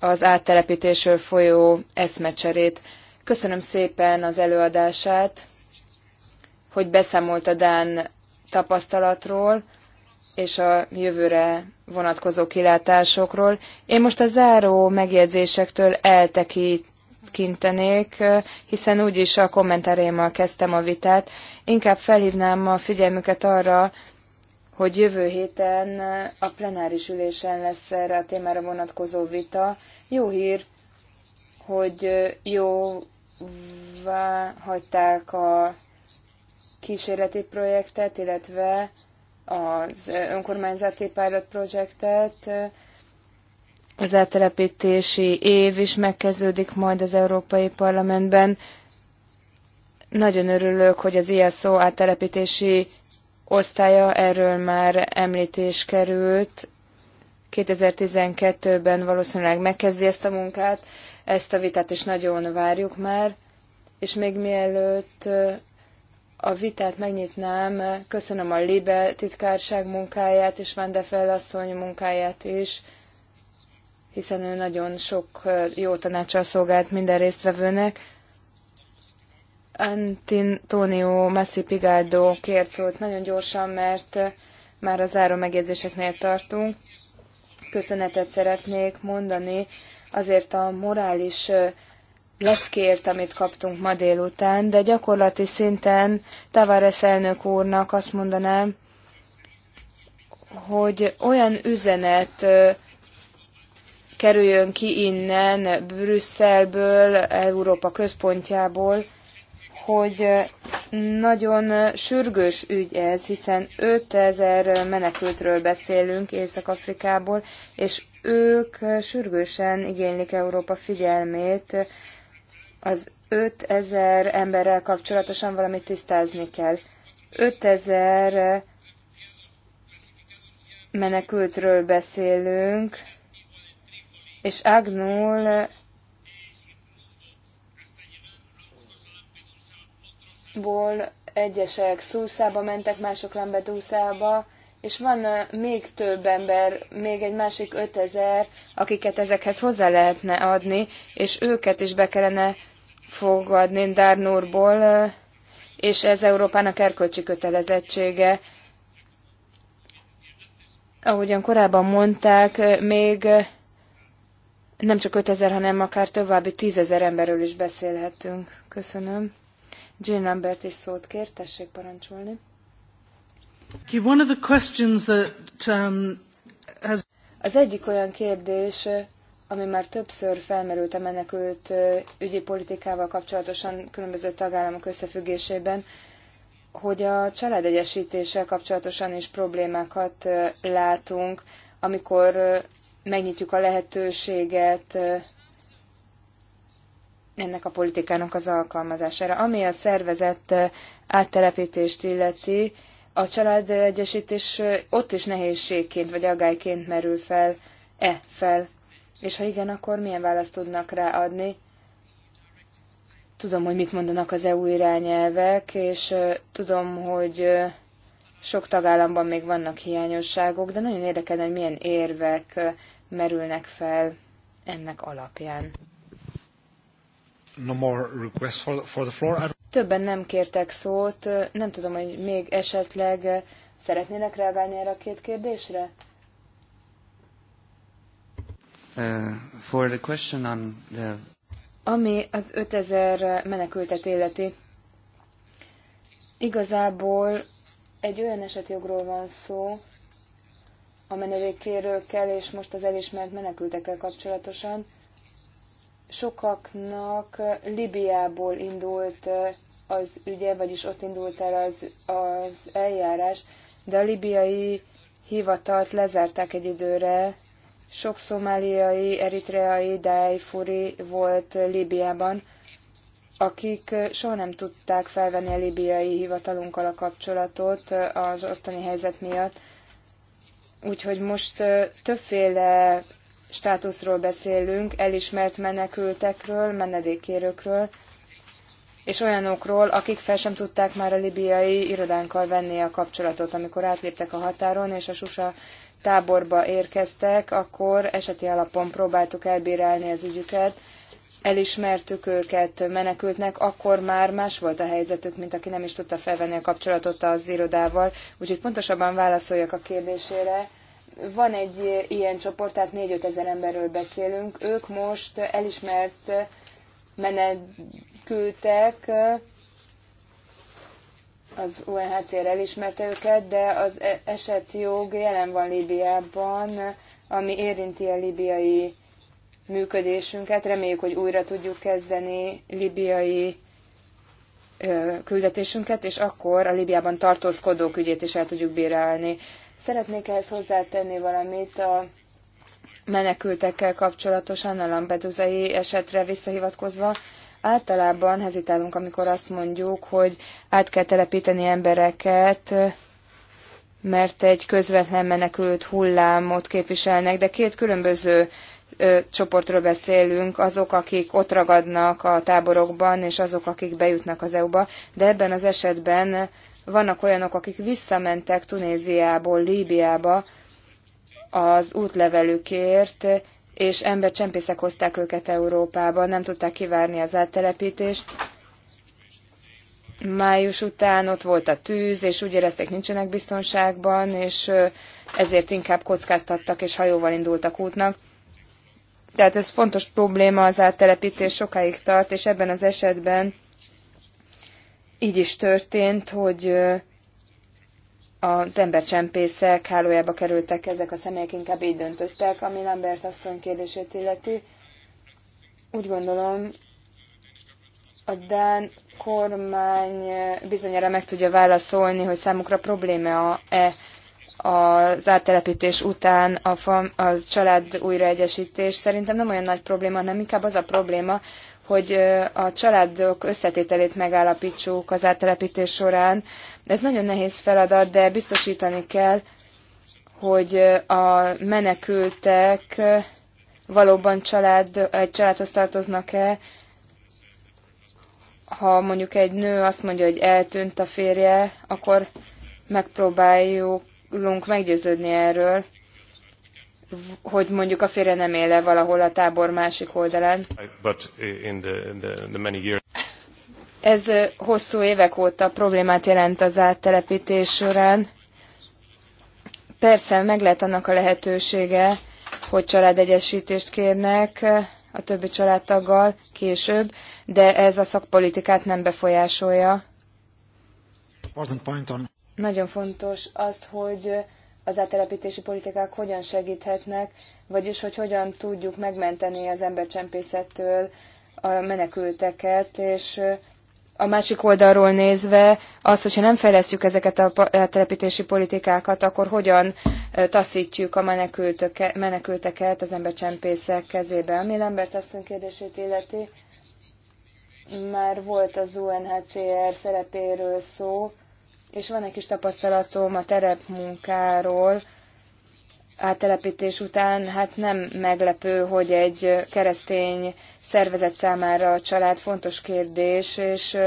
az áttelepítésről folyó eszmecserét. Köszönöm szépen az előadását, hogy beszámolt a Dán tapasztalatról, és a jövőre vonatkozó kilátásokról. Én most a záró megjegyzésektől eltekintenék, hiszen úgyis a kommentárémmal kezdtem a vitát. Inkább felhívnám a figyelmüket arra, hogy jövő héten a plenáris ülésen lesz erre a témára vonatkozó vita. Jó hír, hogy jóvá hagyták a kísérleti projektet, illetve az önkormányzati pilot projektet. Az eltelepítési év is megkezdődik majd az Európai Parlamentben. Nagyon örülök, hogy az ISO áttelepítési osztálya erről már említés került. 2012-ben valószínűleg megkezdi ezt a munkát, ezt a vitát is nagyon várjuk már, és még mielőtt a vitát megnyitnám. Köszönöm a Libe titkárság munkáját és Van de asszony munkáját is, hiszen ő nagyon sok jó tanácsal szolgált minden résztvevőnek. Antonio Massi Pigaldo kért szót nagyon gyorsan, mert már a záró megjegyzéseknél tartunk. Köszönetet szeretnék mondani azért a morális leszkért, amit kaptunk ma délután, de gyakorlati szinten Tavares elnök úrnak azt mondanám, hogy olyan üzenet kerüljön ki innen, Brüsszelből, Európa központjából, hogy nagyon sürgős ügy ez, hiszen 5000 menekültről beszélünk Észak-Afrikából, és ők sürgősen igénylik Európa figyelmét, az 5000 emberrel kapcsolatosan valamit tisztázni kell. 5000 menekültről beszélünk, és Agnul ból egyesek Szúszába mentek, mások Lambedúszába, és van még több ember, még egy másik 5000, akiket ezekhez hozzá lehetne adni, és őket is be kellene fogadni Darnurból, és ez Európának erkölcsi kötelezettsége. Ahogyan korábban mondták, még nem csak 5000, hanem akár további 10.000 emberről is beszélhetünk. Köszönöm. Jean Lambert is szót kér, tessék parancsolni. Um, az egyik olyan kérdés, ami már többször felmerült a menekült ügyi politikával kapcsolatosan különböző tagállamok összefüggésében, hogy a családegyesítéssel kapcsolatosan is problémákat látunk, amikor megnyitjuk a lehetőséget ennek a politikának az alkalmazására. Ami a szervezett áttelepítést illeti, a családegyesítés ott is nehézségként vagy aggályként merül fel, e fel. És ha igen, akkor milyen választ tudnak rá adni? Tudom, hogy mit mondanak az EU irányelvek, és tudom, hogy sok tagállamban még vannak hiányosságok, de nagyon érdekelne, hogy milyen érvek merülnek fel ennek alapján. No more requests for the floor. Többen nem kértek szót, nem tudom, hogy még esetleg szeretnének reagálni erre a két kérdésre? Uh, for the question on the... Ami az 5000 menekültet életi. Igazából egy olyan esetjogról van szó, a menedékkérőkkel és most az elismert menekültekkel kapcsolatosan, sokaknak Libiából indult az ügye, vagyis ott indult el az, az eljárás, de a libiai hivatalt lezárták egy időre. Sok szomáliai, eritreai, dájfuri volt Libiában, akik soha nem tudták felvenni a libiai hivatalunkkal a kapcsolatot az ottani helyzet miatt. Úgyhogy most többféle státuszról beszélünk, elismert menekültekről, menedékkérőkről, és olyanokról, akik fel sem tudták már a libiai irodánkkal venni a kapcsolatot, amikor átléptek a határon, és a Susa táborba érkeztek, akkor eseti alapon próbáltuk elbírálni az ügyüket, elismertük őket menekültnek, akkor már más volt a helyzetük, mint aki nem is tudta felvenni a kapcsolatot az irodával. Úgyhogy pontosabban válaszoljak a kérdésére. Van egy ilyen csoport, tehát 4-5 ezer emberről beszélünk. Ők most elismert menekültek, az UNHCR elismerte őket, de az e- esetjog jelen van Líbiában, ami érinti a libiai működésünket. Reméljük, hogy újra tudjuk kezdeni libiai küldetésünket, és akkor a Libiában tartózkodók ügyét is el tudjuk bírálni. Szeretnék ehhez hozzátenni valamit a menekültekkel kapcsolatosan, a lampedusai esetre visszahivatkozva. Általában hezitálunk, amikor azt mondjuk, hogy át kell telepíteni embereket, mert egy közvetlen menekült hullámot képviselnek, de két különböző ö, csoportról beszélünk, azok, akik ott ragadnak a táborokban, és azok, akik bejutnak az EU-ba, de ebben az esetben vannak olyanok, akik visszamentek Tunéziából, Líbiába az útlevelükért, és embercsempészek hozták őket Európába, nem tudták kivárni az áttelepítést. Május után ott volt a tűz, és úgy érezték, nincsenek biztonságban, és ezért inkább kockáztattak, és hajóval indultak útnak. Tehát ez fontos probléma, az áttelepítés sokáig tart, és ebben az esetben így is történt, hogy az embercsempészek hálójába kerültek ezek a személyek, inkább így döntöttek, ami Lambert asszony kérdését illeti. Úgy gondolom, a Dán kormány bizonyára meg tudja válaszolni, hogy számukra probléma-e az áttelepítés után a, fam, a család újraegyesítés. Szerintem nem olyan nagy probléma, hanem inkább az a probléma, hogy a családok összetételét megállapítsuk az áttelepítés során. Ez nagyon nehéz feladat, de biztosítani kell, hogy a menekültek valóban család, egy családhoz tartoznak-e, ha mondjuk egy nő azt mondja, hogy eltűnt a férje, akkor megpróbáljuk meggyőződni erről hogy mondjuk a férje nem éle valahol a tábor másik oldalán. But in the, in the, the many years... Ez hosszú évek óta problémát jelent az áttelepítés során. Persze meg lehet annak a lehetősége, hogy családegyesítést kérnek a többi családtaggal később, de ez a szakpolitikát nem befolyásolja. Nagyon fontos az, hogy az áttelepítési politikák hogyan segíthetnek, vagyis hogy hogyan tudjuk megmenteni az embercsempészettől a menekülteket, és a másik oldalról nézve az, hogyha nem fejlesztjük ezeket a telepítési politikákat, akkor hogyan taszítjuk a menekülteket az embercsempészek kezébe. Ami Lambert asszony kérdését illeti, már volt az UNHCR szerepéről szó, és van egy kis tapasztalatom a terepmunkáról, áttelepítés után, hát nem meglepő, hogy egy keresztény szervezet számára a család fontos kérdés, és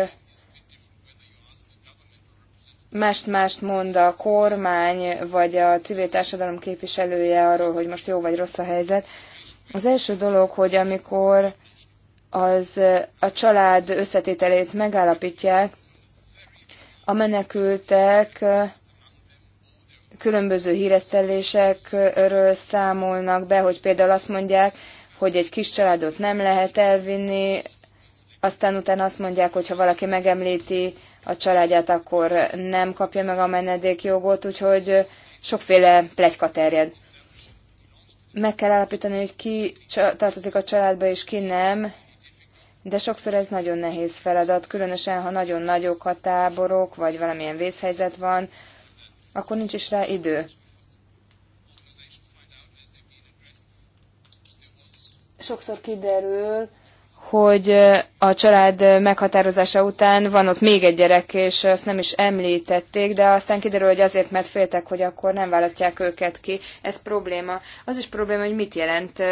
mást-mást mond a kormány, vagy a civil társadalom képviselője arról, hogy most jó vagy rossz a helyzet. Az első dolog, hogy amikor az a család összetételét megállapítják, a menekültek különböző híresztelésekről számolnak be, hogy például azt mondják, hogy egy kis családot nem lehet elvinni, aztán utána azt mondják, hogy ha valaki megemlíti a családját, akkor nem kapja meg a menedékjogot, úgyhogy sokféle plegyka terjed. Meg kell állapítani, hogy ki tartozik a családba és ki nem, de sokszor ez nagyon nehéz feladat, különösen ha nagyon nagyok a táborok, vagy valamilyen vészhelyzet van, akkor nincs is rá idő. Sokszor kiderül, hogy a család meghatározása után van ott még egy gyerek, és azt nem is említették, de aztán kiderül, hogy azért, mert féltek, hogy akkor nem választják őket ki. Ez probléma. Az is probléma, hogy mit jelent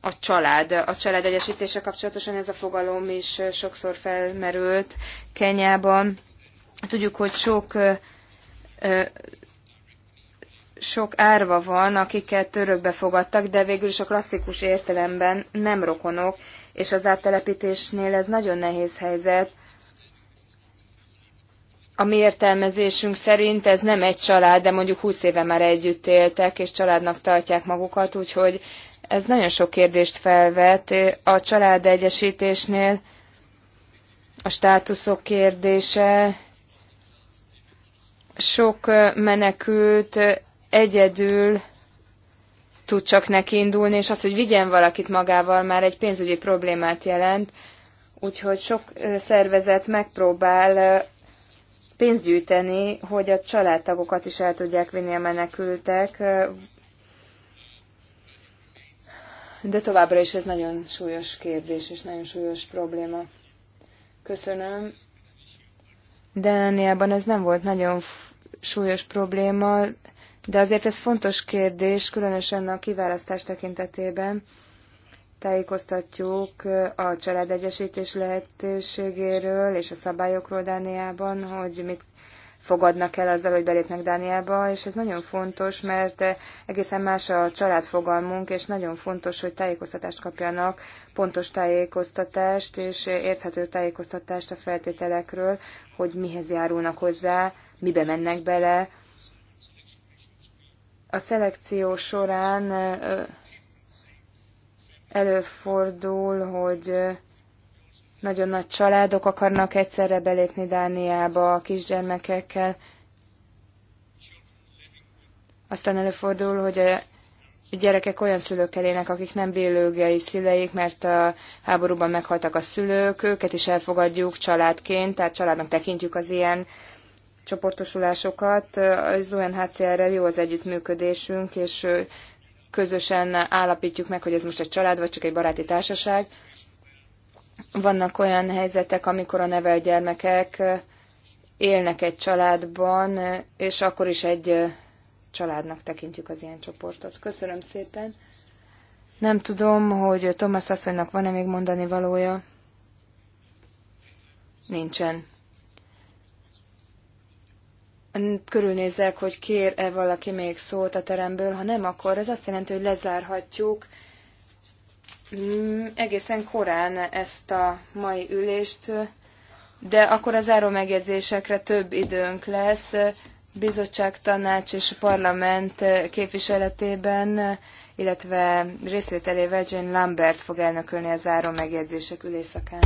a család, a család egyesítése kapcsolatosan ez a fogalom is sokszor felmerült Kenyában. Tudjuk, hogy sok sok árva van, akiket örökbe fogadtak, de végül is a klasszikus értelemben nem rokonok, és az áttelepítésnél ez nagyon nehéz helyzet. A mi értelmezésünk szerint ez nem egy család, de mondjuk 20 éve már együtt éltek, és családnak tartják magukat, úgyhogy ez nagyon sok kérdést felvet a család egyesítésnél, a státuszok kérdése, sok menekült egyedül tud csak neki indulni, és az, hogy vigyen valakit magával, már egy pénzügyi problémát jelent. Úgyhogy sok szervezet megpróbál pénzt gyűjteni, hogy a családtagokat is el tudják vinni a menekültek de továbbra is ez nagyon súlyos kérdés és nagyon súlyos probléma. Köszönöm. de Dániában ez nem volt nagyon súlyos probléma, de azért ez fontos kérdés, különösen a kiválasztás tekintetében. Tájékoztatjuk eh, a családegyesítés lehetőségéről és a szabályokról Dániában, hogy mit fogadnak el azzal, hogy belépnek Dániába, és ez nagyon fontos, mert egészen más a családfogalmunk, és nagyon fontos, hogy tájékoztatást kapjanak, pontos tájékoztatást és érthető tájékoztatást a feltételekről, hogy mihez járulnak hozzá, mibe mennek bele. A szelekció során előfordul, hogy nagyon nagy családok akarnak egyszerre belépni Dániába a kisgyermekekkel. Aztán előfordul, hogy a gyerekek olyan szülőkkel élnek, akik nem biológiai szüleik, mert a háborúban meghaltak a szülők, őket is elfogadjuk családként, tehát családnak tekintjük az ilyen csoportosulásokat. Az UNHCR-rel jó az együttműködésünk, és közösen állapítjuk meg, hogy ez most egy család, vagy csak egy baráti társaság. Vannak olyan helyzetek, amikor a nevelt gyermekek élnek egy családban, és akkor is egy családnak tekintjük az ilyen csoportot. Köszönöm szépen. Nem tudom, hogy Thomas asszonynak van-e még mondani valója. Nincsen. Körülnézek, hogy kér-e valaki még szót a teremből. Ha nem, akkor ez azt jelenti, hogy lezárhatjuk Mm, egészen korán ezt a mai ülést, de akkor a záró megjegyzésekre több időnk lesz. Bizottság, tanács és parlament képviseletében, illetve részvételével Jane Lambert fog elnökölni a záró megjegyzések ülésszakán.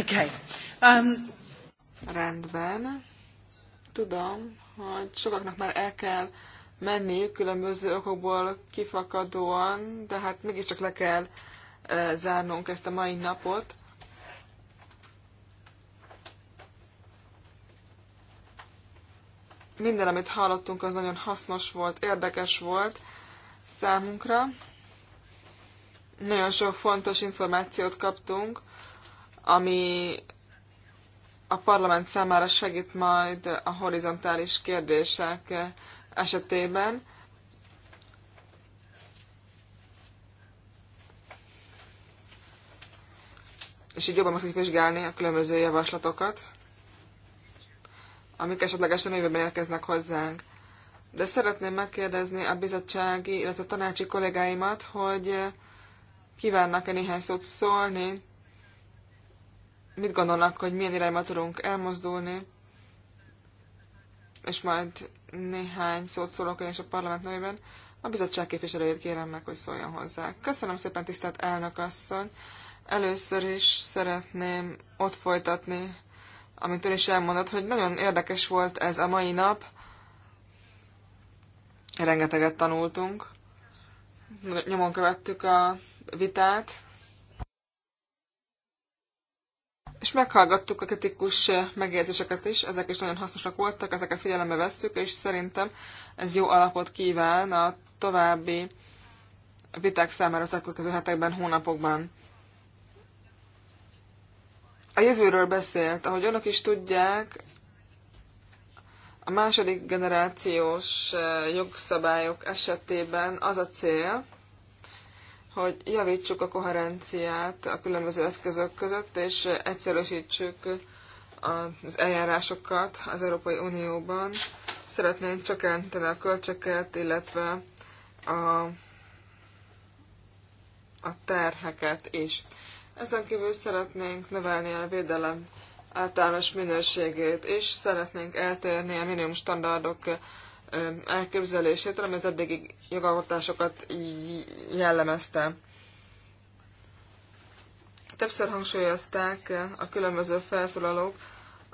Okay. Um... Rendben. Tudom, hogy sokaknak már el kell menniük különböző okokból kifakadóan, de hát mégiscsak le kell zárnunk ezt a mai napot. Minden, amit hallottunk, az nagyon hasznos volt, érdekes volt számunkra. Nagyon sok fontos információt kaptunk ami a parlament számára segít majd a horizontális kérdések esetében. És így jobban meg vizsgálni a különböző javaslatokat, amik esetlegesen jövőben érkeznek hozzánk. De szeretném megkérdezni a bizottsági, illetve a tanácsi kollégáimat, hogy kívánnak-e néhány szót szólni mit gondolnak, hogy milyen irányba tudunk elmozdulni, és majd néhány szót szólok én is a parlament nevében. A bizottság képviselőjét kérem meg, hogy szóljon hozzá. Köszönöm szépen, tisztelt elnök asszony! Először is szeretném ott folytatni, amit ön is elmondott, hogy nagyon érdekes volt ez a mai nap. Rengeteget tanultunk. Nyomon követtük a vitát, És meghallgattuk a kritikus eh, megérzéseket is, ezek is nagyon hasznosak voltak, ezeket figyelembe vesszük, és szerintem ez jó alapot kíván a további viták számára az elkövetkező hetekben, hónapokban. A jövőről beszélt, ahogy önök is tudják, a második generációs eh, jogszabályok esetében az a cél, hogy javítsuk a koherenciát a különböző eszközök között, és egyszerűsítsük az eljárásokat az Európai Unióban. Szeretnénk csökkenteni a költseket, illetve a, a terheket is. Ezen kívül szeretnénk növelni a védelem általános minőségét, és szeretnénk eltérni a minimum standardok elképzelését, ami az eddigi jogalkotásokat jellemezte. Többször hangsúlyozták a különböző felszólalók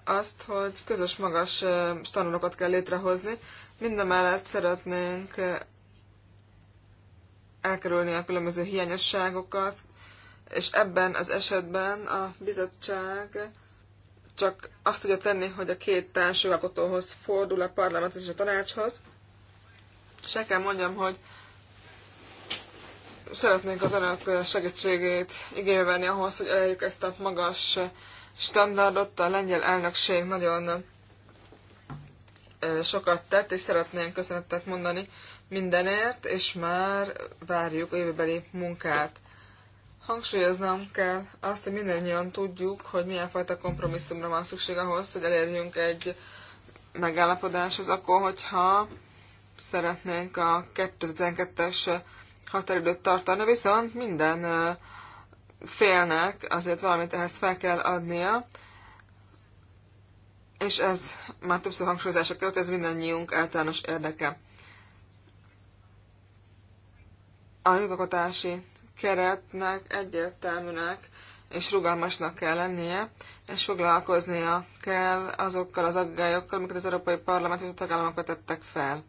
azt, hogy közös magas standardokat kell létrehozni, mindemellett szeretnénk elkerülni a különböző hiányosságokat, és ebben az esetben a bizottság csak azt tudja tenni, hogy a két társjogalkotóhoz fordul a parlament és a tanácshoz. És el kell mondjam, hogy szeretnénk az önök segítségét igénybe venni ahhoz, hogy elérjük ezt a magas standardot. A lengyel elnökség nagyon sokat tett, és szeretnénk köszönetet mondani mindenért, és már várjuk a jövőbeli munkát. Hangsúlyoznom kell azt, hogy mindannyian tudjuk, hogy milyen fajta kompromisszumra van szükség ahhoz, hogy elérjünk egy megállapodáshoz, akkor, hogyha szeretnénk a 2012-es határidőt tartani, viszont minden félnek azért valamit ehhez fel kell adnia, és ez már többször hangsúlyozása került, ez mindannyiunk általános érdeke. A jogokatási keretnek egyértelműnek és rugalmasnak kell lennie, és foglalkoznia kell azokkal az aggályokkal, amiket az Európai Parlament és a tagállamok vetettek fel.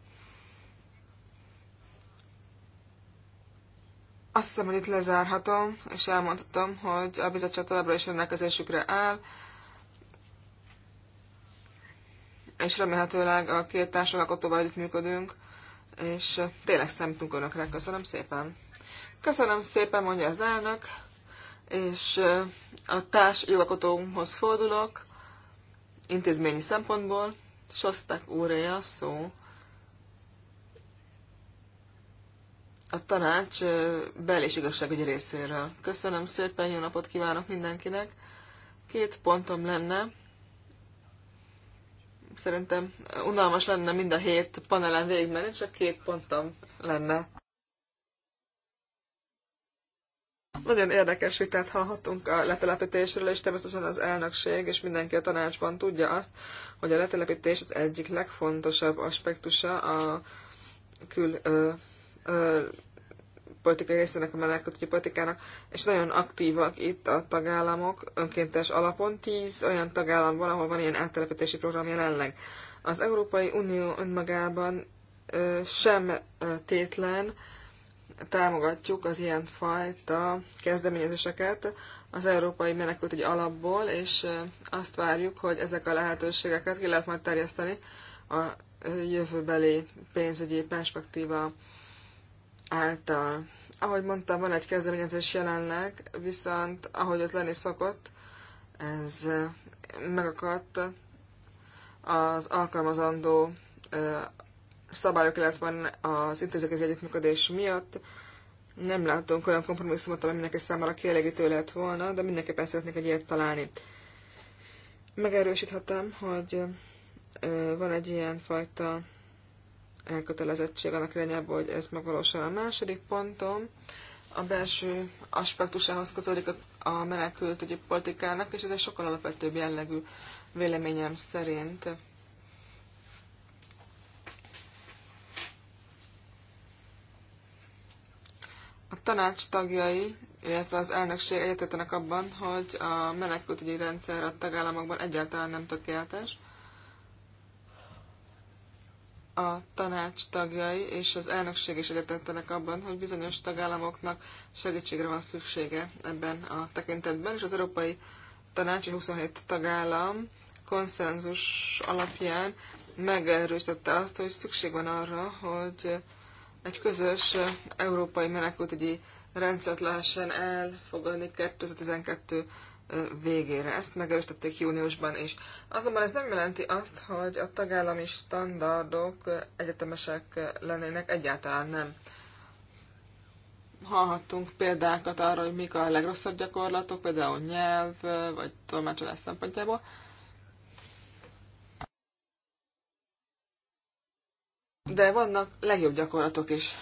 Azt hiszem, hogy itt lezárhatom, és elmondhatom, hogy a bizottság továbbra is rendelkezésükre áll, és remélhetőleg a két együtt működünk, és tényleg szemtünk önökre. Köszönöm szépen! Köszönöm szépen, mondja az elnök, és a társ jogalkotóhoz fordulok, intézményi szempontból, Sosztek úré a szó. A tanács bel- és igazságügyi részéről. Köszönöm szépen, jó napot kívánok mindenkinek. Két pontom lenne. Szerintem unalmas lenne mind a hét panelen végigmenni, csak két pontom lenne Nagyon érdekes vitát hallhatunk a letelepítésről, és természetesen az elnökség és mindenki a tanácsban tudja azt, hogy a letelepítés az egyik legfontosabb aspektusa a kül ö, ö, politikai részének, a menekültügyi politikának, és nagyon aktívak itt a tagállamok önkéntes alapon. Tíz olyan tagállam van, ahol van ilyen áttelepítési program jelenleg. Az Európai Unió önmagában ö, sem ö, tétlen, támogatjuk az ilyen fajta kezdeményezéseket az Európai Menekültügyi Alapból, és azt várjuk, hogy ezek a lehetőségeket ki lehet majd terjeszteni a jövőbeli pénzügyi perspektíva által. Ahogy mondtam, van egy kezdeményezés jelenleg, viszont ahogy az lenni szokott, ez megakadt az alkalmazandó szabályok, illetve az intézőközi együttműködés miatt nem látunk olyan kompromisszumot, ami mindenki számára kielégítő lett volna, de mindenképpen szeretnék egy ilyet találni. Megerősíthetem, hogy van egy ilyen fajta elkötelezettség annak irányába, hogy ez megvalósul. A második pontom a belső aspektusához kötődik a, a menekültügyi politikának, és ez egy sokkal alapvetőbb jellegű véleményem szerint. tanács tagjai, illetve az elnökség egyetetlenek abban, hogy a menekültügyi rendszer a tagállamokban egyáltalán nem tökéletes. A tanács tagjai és az elnökség is egyetettenek abban, hogy bizonyos tagállamoknak segítségre van szüksége ebben a tekintetben, és az Európai Tanács 27 tagállam konszenzus alapján megerősítette azt, hogy szükség van arra, hogy egy közös európai menekültügyi rendszert lehessen elfogadni 2012 végére. Ezt megerősítették júniusban is. Azonban ez nem jelenti azt, hogy a tagállami standardok egyetemesek lennének, egyáltalán nem. Hallhattunk példákat arra, hogy mik a legrosszabb gyakorlatok, például nyelv vagy tolmácsolás szempontjából. De vannak legjobb gyakorlatok is.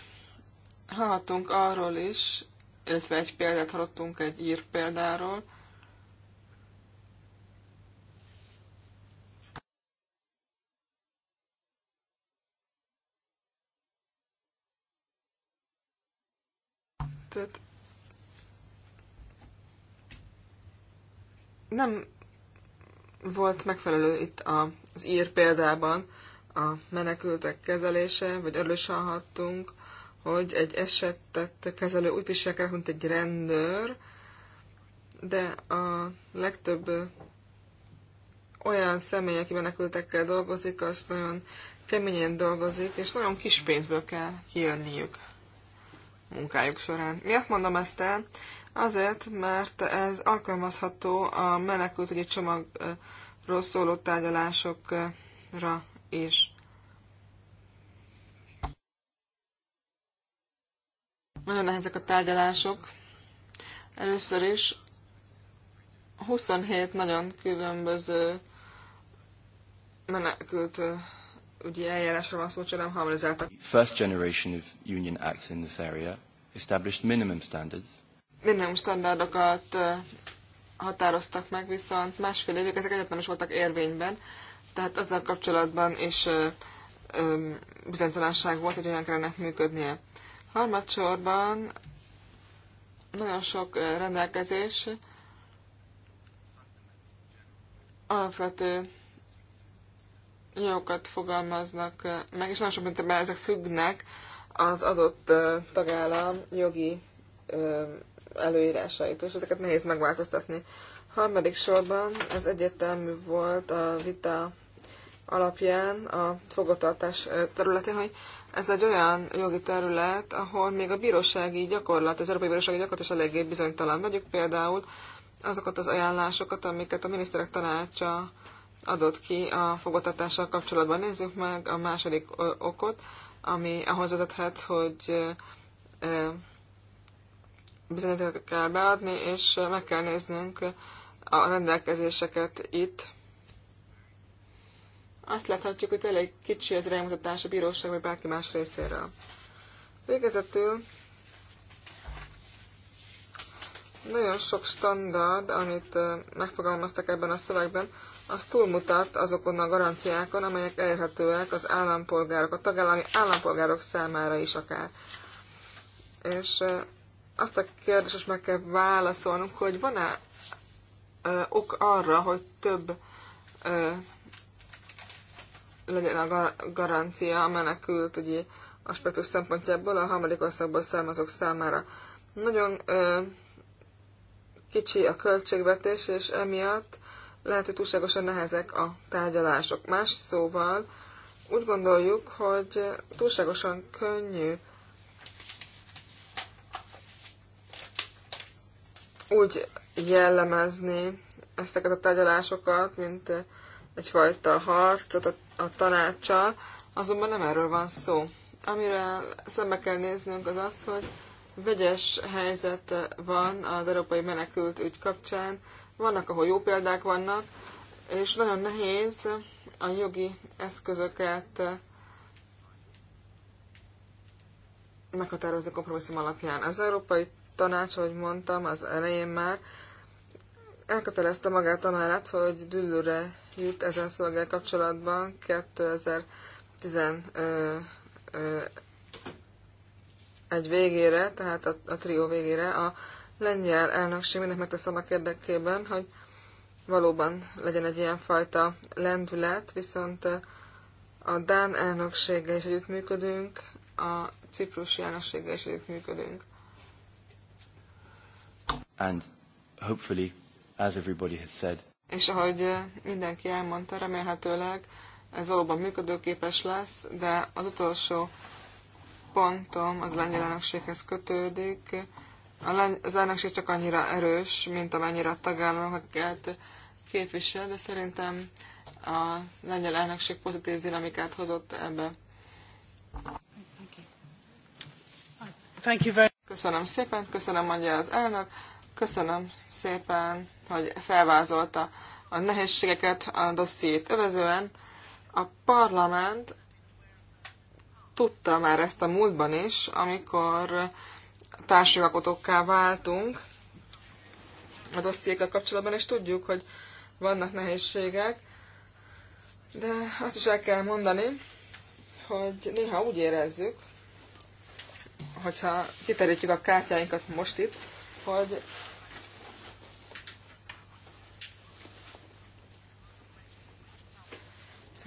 Hallhattunk arról is, illetve egy példát hallottunk egy ír példáról, Tehát nem volt megfelelő itt az ír példában a menekültek kezelése, vagy arról is hallhattunk, hogy egy esetet kezelő úgy viselkedik, mint egy rendőr, de a legtöbb olyan személy, aki menekültekkel dolgozik, az nagyon keményen dolgozik, és nagyon kis pénzből kell kijönniük munkájuk során. Miért mondom ezt el? Azért, mert ez alkalmazható a menekült, hogy menekültügyi csomagról szóló tárgyalásokra és Nagyon nehezek a tárgyalások. Először is 27 nagyon különböző menekült ugye eljárásra van szó, csak nem harmonizáltak. First generation of union acts in this area established minimum standards. Minimum standardokat határoztak meg, viszont másfél évig ezek egyáltalán nem is voltak érvényben. Tehát azzal kapcsolatban is bizonytalanság volt, hogy olyan kellene működnie. Harmadsorban nagyon sok rendelkezés alapvető jogokat fogalmaznak meg, és nagyon sok mindenben ezek függnek az adott tagállam jogi előírásait, és ezeket nehéz megváltoztatni. Harmadik sorban ez egyértelmű volt a vita alapján a fogotartás területén, hogy ez egy olyan jogi terület, ahol még a bírósági gyakorlat, az Európai Bírósági Gyakorlat is eléggé bizonytalan. Vegyük például azokat az ajánlásokat, amiket a miniszterek tanácsa adott ki a fogadtatással kapcsolatban. Nézzük meg a második okot, ami ahhoz vezethet, hogy bizonyítékokat kell beadni, és meg kell néznünk a rendelkezéseket itt, azt láthatjuk, hogy elég kicsi az rámutatás a bíróság vagy bárki más részéről. Végezetül nagyon sok standard, amit megfogalmaztak ebben a szövegben, az túlmutat azokon a garanciákon, amelyek elérhetőek az állampolgárok, a tagállami állampolgárok számára is akár. És azt a kérdést is meg kell válaszolnunk, hogy van-e ok arra, hogy több legyen a garancia a ugye, aspektus szempontjából a harmadik országból származók számára. Nagyon ö, kicsi a költségvetés, és emiatt lehet, hogy túlságosan nehezek a tárgyalások. Más szóval úgy gondoljuk, hogy túlságosan könnyű úgy jellemezni ezteket a tárgyalásokat, mint egyfajta harcot a a tanácssal, azonban nem erről van szó. Amire szembe kell néznünk az az, hogy vegyes helyzet van az európai menekült ügy kapcsán, vannak, ahol jó példák vannak, és nagyon nehéz a jogi eszközöket meghatározni kompromisszum alapján. Az Európai Tanács, ahogy mondtam, az elején már elkötelezte magát amellett, hogy dűlőre jut ezen szolgál kapcsolatban 2011 végére, tehát a, a trió végére a lengyel elnökség mindent megtesz annak érdekében, hogy valóban legyen egy ilyen fajta lendület, viszont a Dán elnökséggel is együttműködünk, a ciprusi elnökséggel is együttműködünk. And hopefully as everybody has said. És ahogy eh, mindenki elmondta, remélhetőleg ez valóban működőképes lesz, de az utolsó pontom az lengyel elnökséghez kötődik. A lengy- az elnökség csak annyira erős, mint amennyire a tagállamokat képvisel, de szerintem a lengyel elnökség pozitív dinamikát hozott ebbe. Köszönöm szépen, köszönöm, mondja az elnök, köszönöm szépen hogy felvázolta a nehézségeket a dossziét övezően. A parlament tudta már ezt a múltban is, amikor társadalmatokká váltunk a dossziékkal kapcsolatban, és tudjuk, hogy vannak nehézségek, de azt is el kell mondani, hogy néha úgy érezzük, hogyha kiterítjük a kártyáinkat most itt, hogy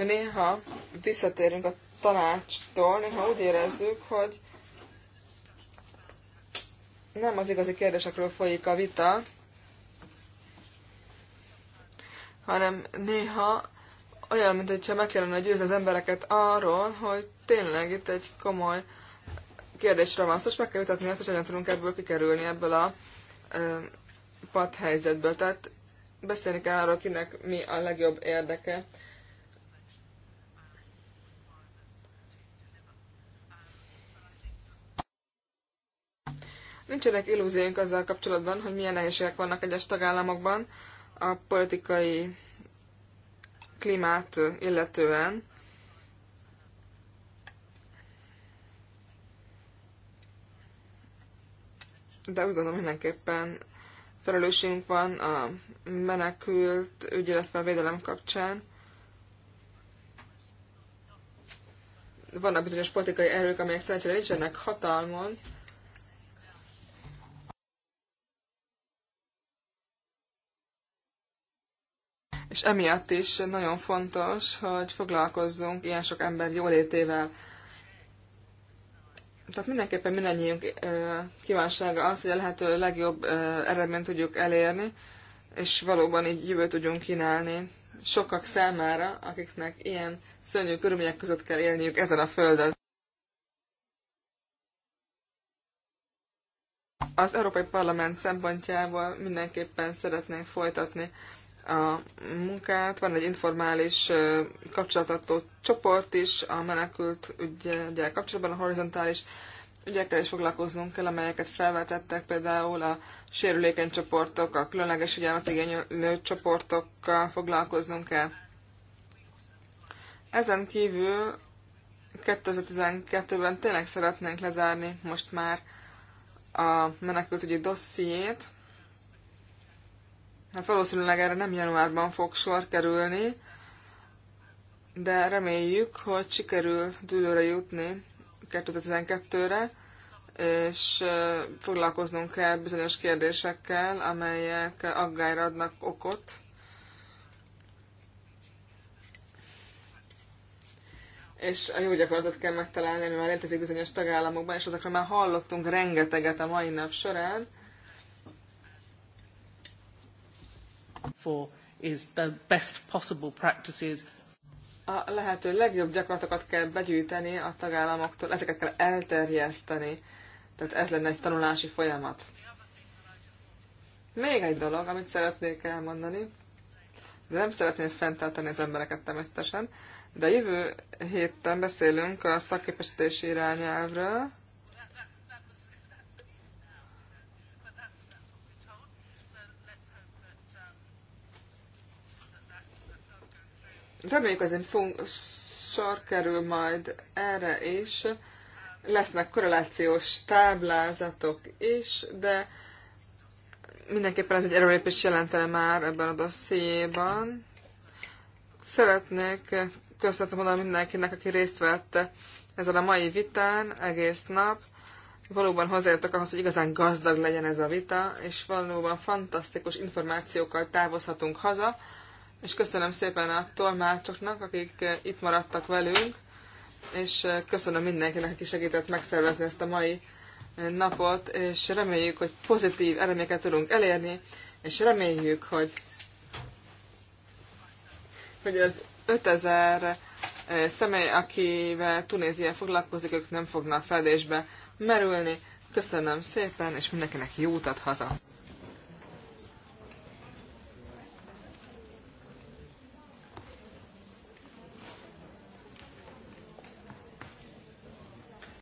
néha visszatérünk a tanácstól, néha úgy érezzük, hogy nem az igazi kérdésekről folyik a vita, hanem néha olyan, mint hogyha meg kellene győzni az embereket arról, hogy tényleg itt egy komoly kérdésre van szó, és meg kell jutatni azt, hogy hogyan tudunk ebből kikerülni, ebből a ö, pad helyzetből. Tehát beszélni kell arról, kinek mi a legjobb érdeke Nincsenek illúzióink azzal kapcsolatban, hogy milyen nehézségek vannak egyes tagállamokban a politikai klímát illetően. De úgy gondolom mindenképpen felelősségünk van a menekült ügy, illetve a védelem kapcsán. Vannak bizonyos politikai erők, amelyek szerencsére nincsenek hatalmon, és emiatt is nagyon fontos, hogy foglalkozzunk ilyen sok ember jólétével. Tehát mindenképpen mindannyiunk kívánsága az, hogy a lehető legjobb eredményt tudjuk elérni, és valóban így jövőt tudjunk kínálni sokak számára, akiknek ilyen szörnyű körülmények között kell élniük ezen a földön. Az Európai Parlament szempontjából mindenképpen szeretnénk folytatni a munkát, van egy informális kapcsolatartó csoport is a menekült ügyel kapcsolatban, a horizontális ügyekkel is foglalkoznunk kell, amelyeket felvetettek, például a sérülékeny csoportok, a különleges figyelmet igénylő csoportokkal foglalkoznunk kell. Ezen kívül 2012-ben tényleg szeretnénk lezárni most már a menekültügyi dossziét, Hát valószínűleg erre nem januárban fog sor kerülni, de reméljük, hogy sikerül dőlőre jutni 2012-re, és foglalkoznunk kell bizonyos kérdésekkel, amelyek aggályra adnak okot. És a jó gyakorlatot kell megtalálni, ami már létezik bizonyos tagállamokban, és azokra már hallottunk rengeteget a mai nap során. for is the best possible practices. A lehető legjobb gyakorlatokat kell begyűjteni a tagállamoktól, ezeket kell elterjeszteni. Tehát ez lenne egy tanulási folyamat. Még egy dolog, amit szeretnék elmondani, de nem szeretném fenntartani az embereket természetesen, de jövő héten beszélünk a szakképesítési irányelvről, Reméljük azért fogunk, sor kerül majd erre is. Lesznek korrelációs táblázatok is, de mindenképpen ez egy erőlépés jelentene már ebben a dossziéban. Szeretnék köszönetet mondani mindenkinek, aki részt vett ezen a mai vitán egész nap. Valóban hozzájöttek ahhoz, hogy igazán gazdag legyen ez a vita, és valóban fantasztikus információkkal távozhatunk haza és köszönöm szépen a tolmácsoknak, akik eh, itt maradtak velünk, és eh, köszönöm mindenkinek, aki segített megszervezni ezt a mai eh, napot, és reméljük, hogy pozitív eredményeket tudunk elérni, és reméljük, hogy, hogy az 5000 személy, akivel Tunézia foglalkozik, ők nem fognak fedésbe merülni. Köszönöm szépen, és mindenkinek jó utat haza!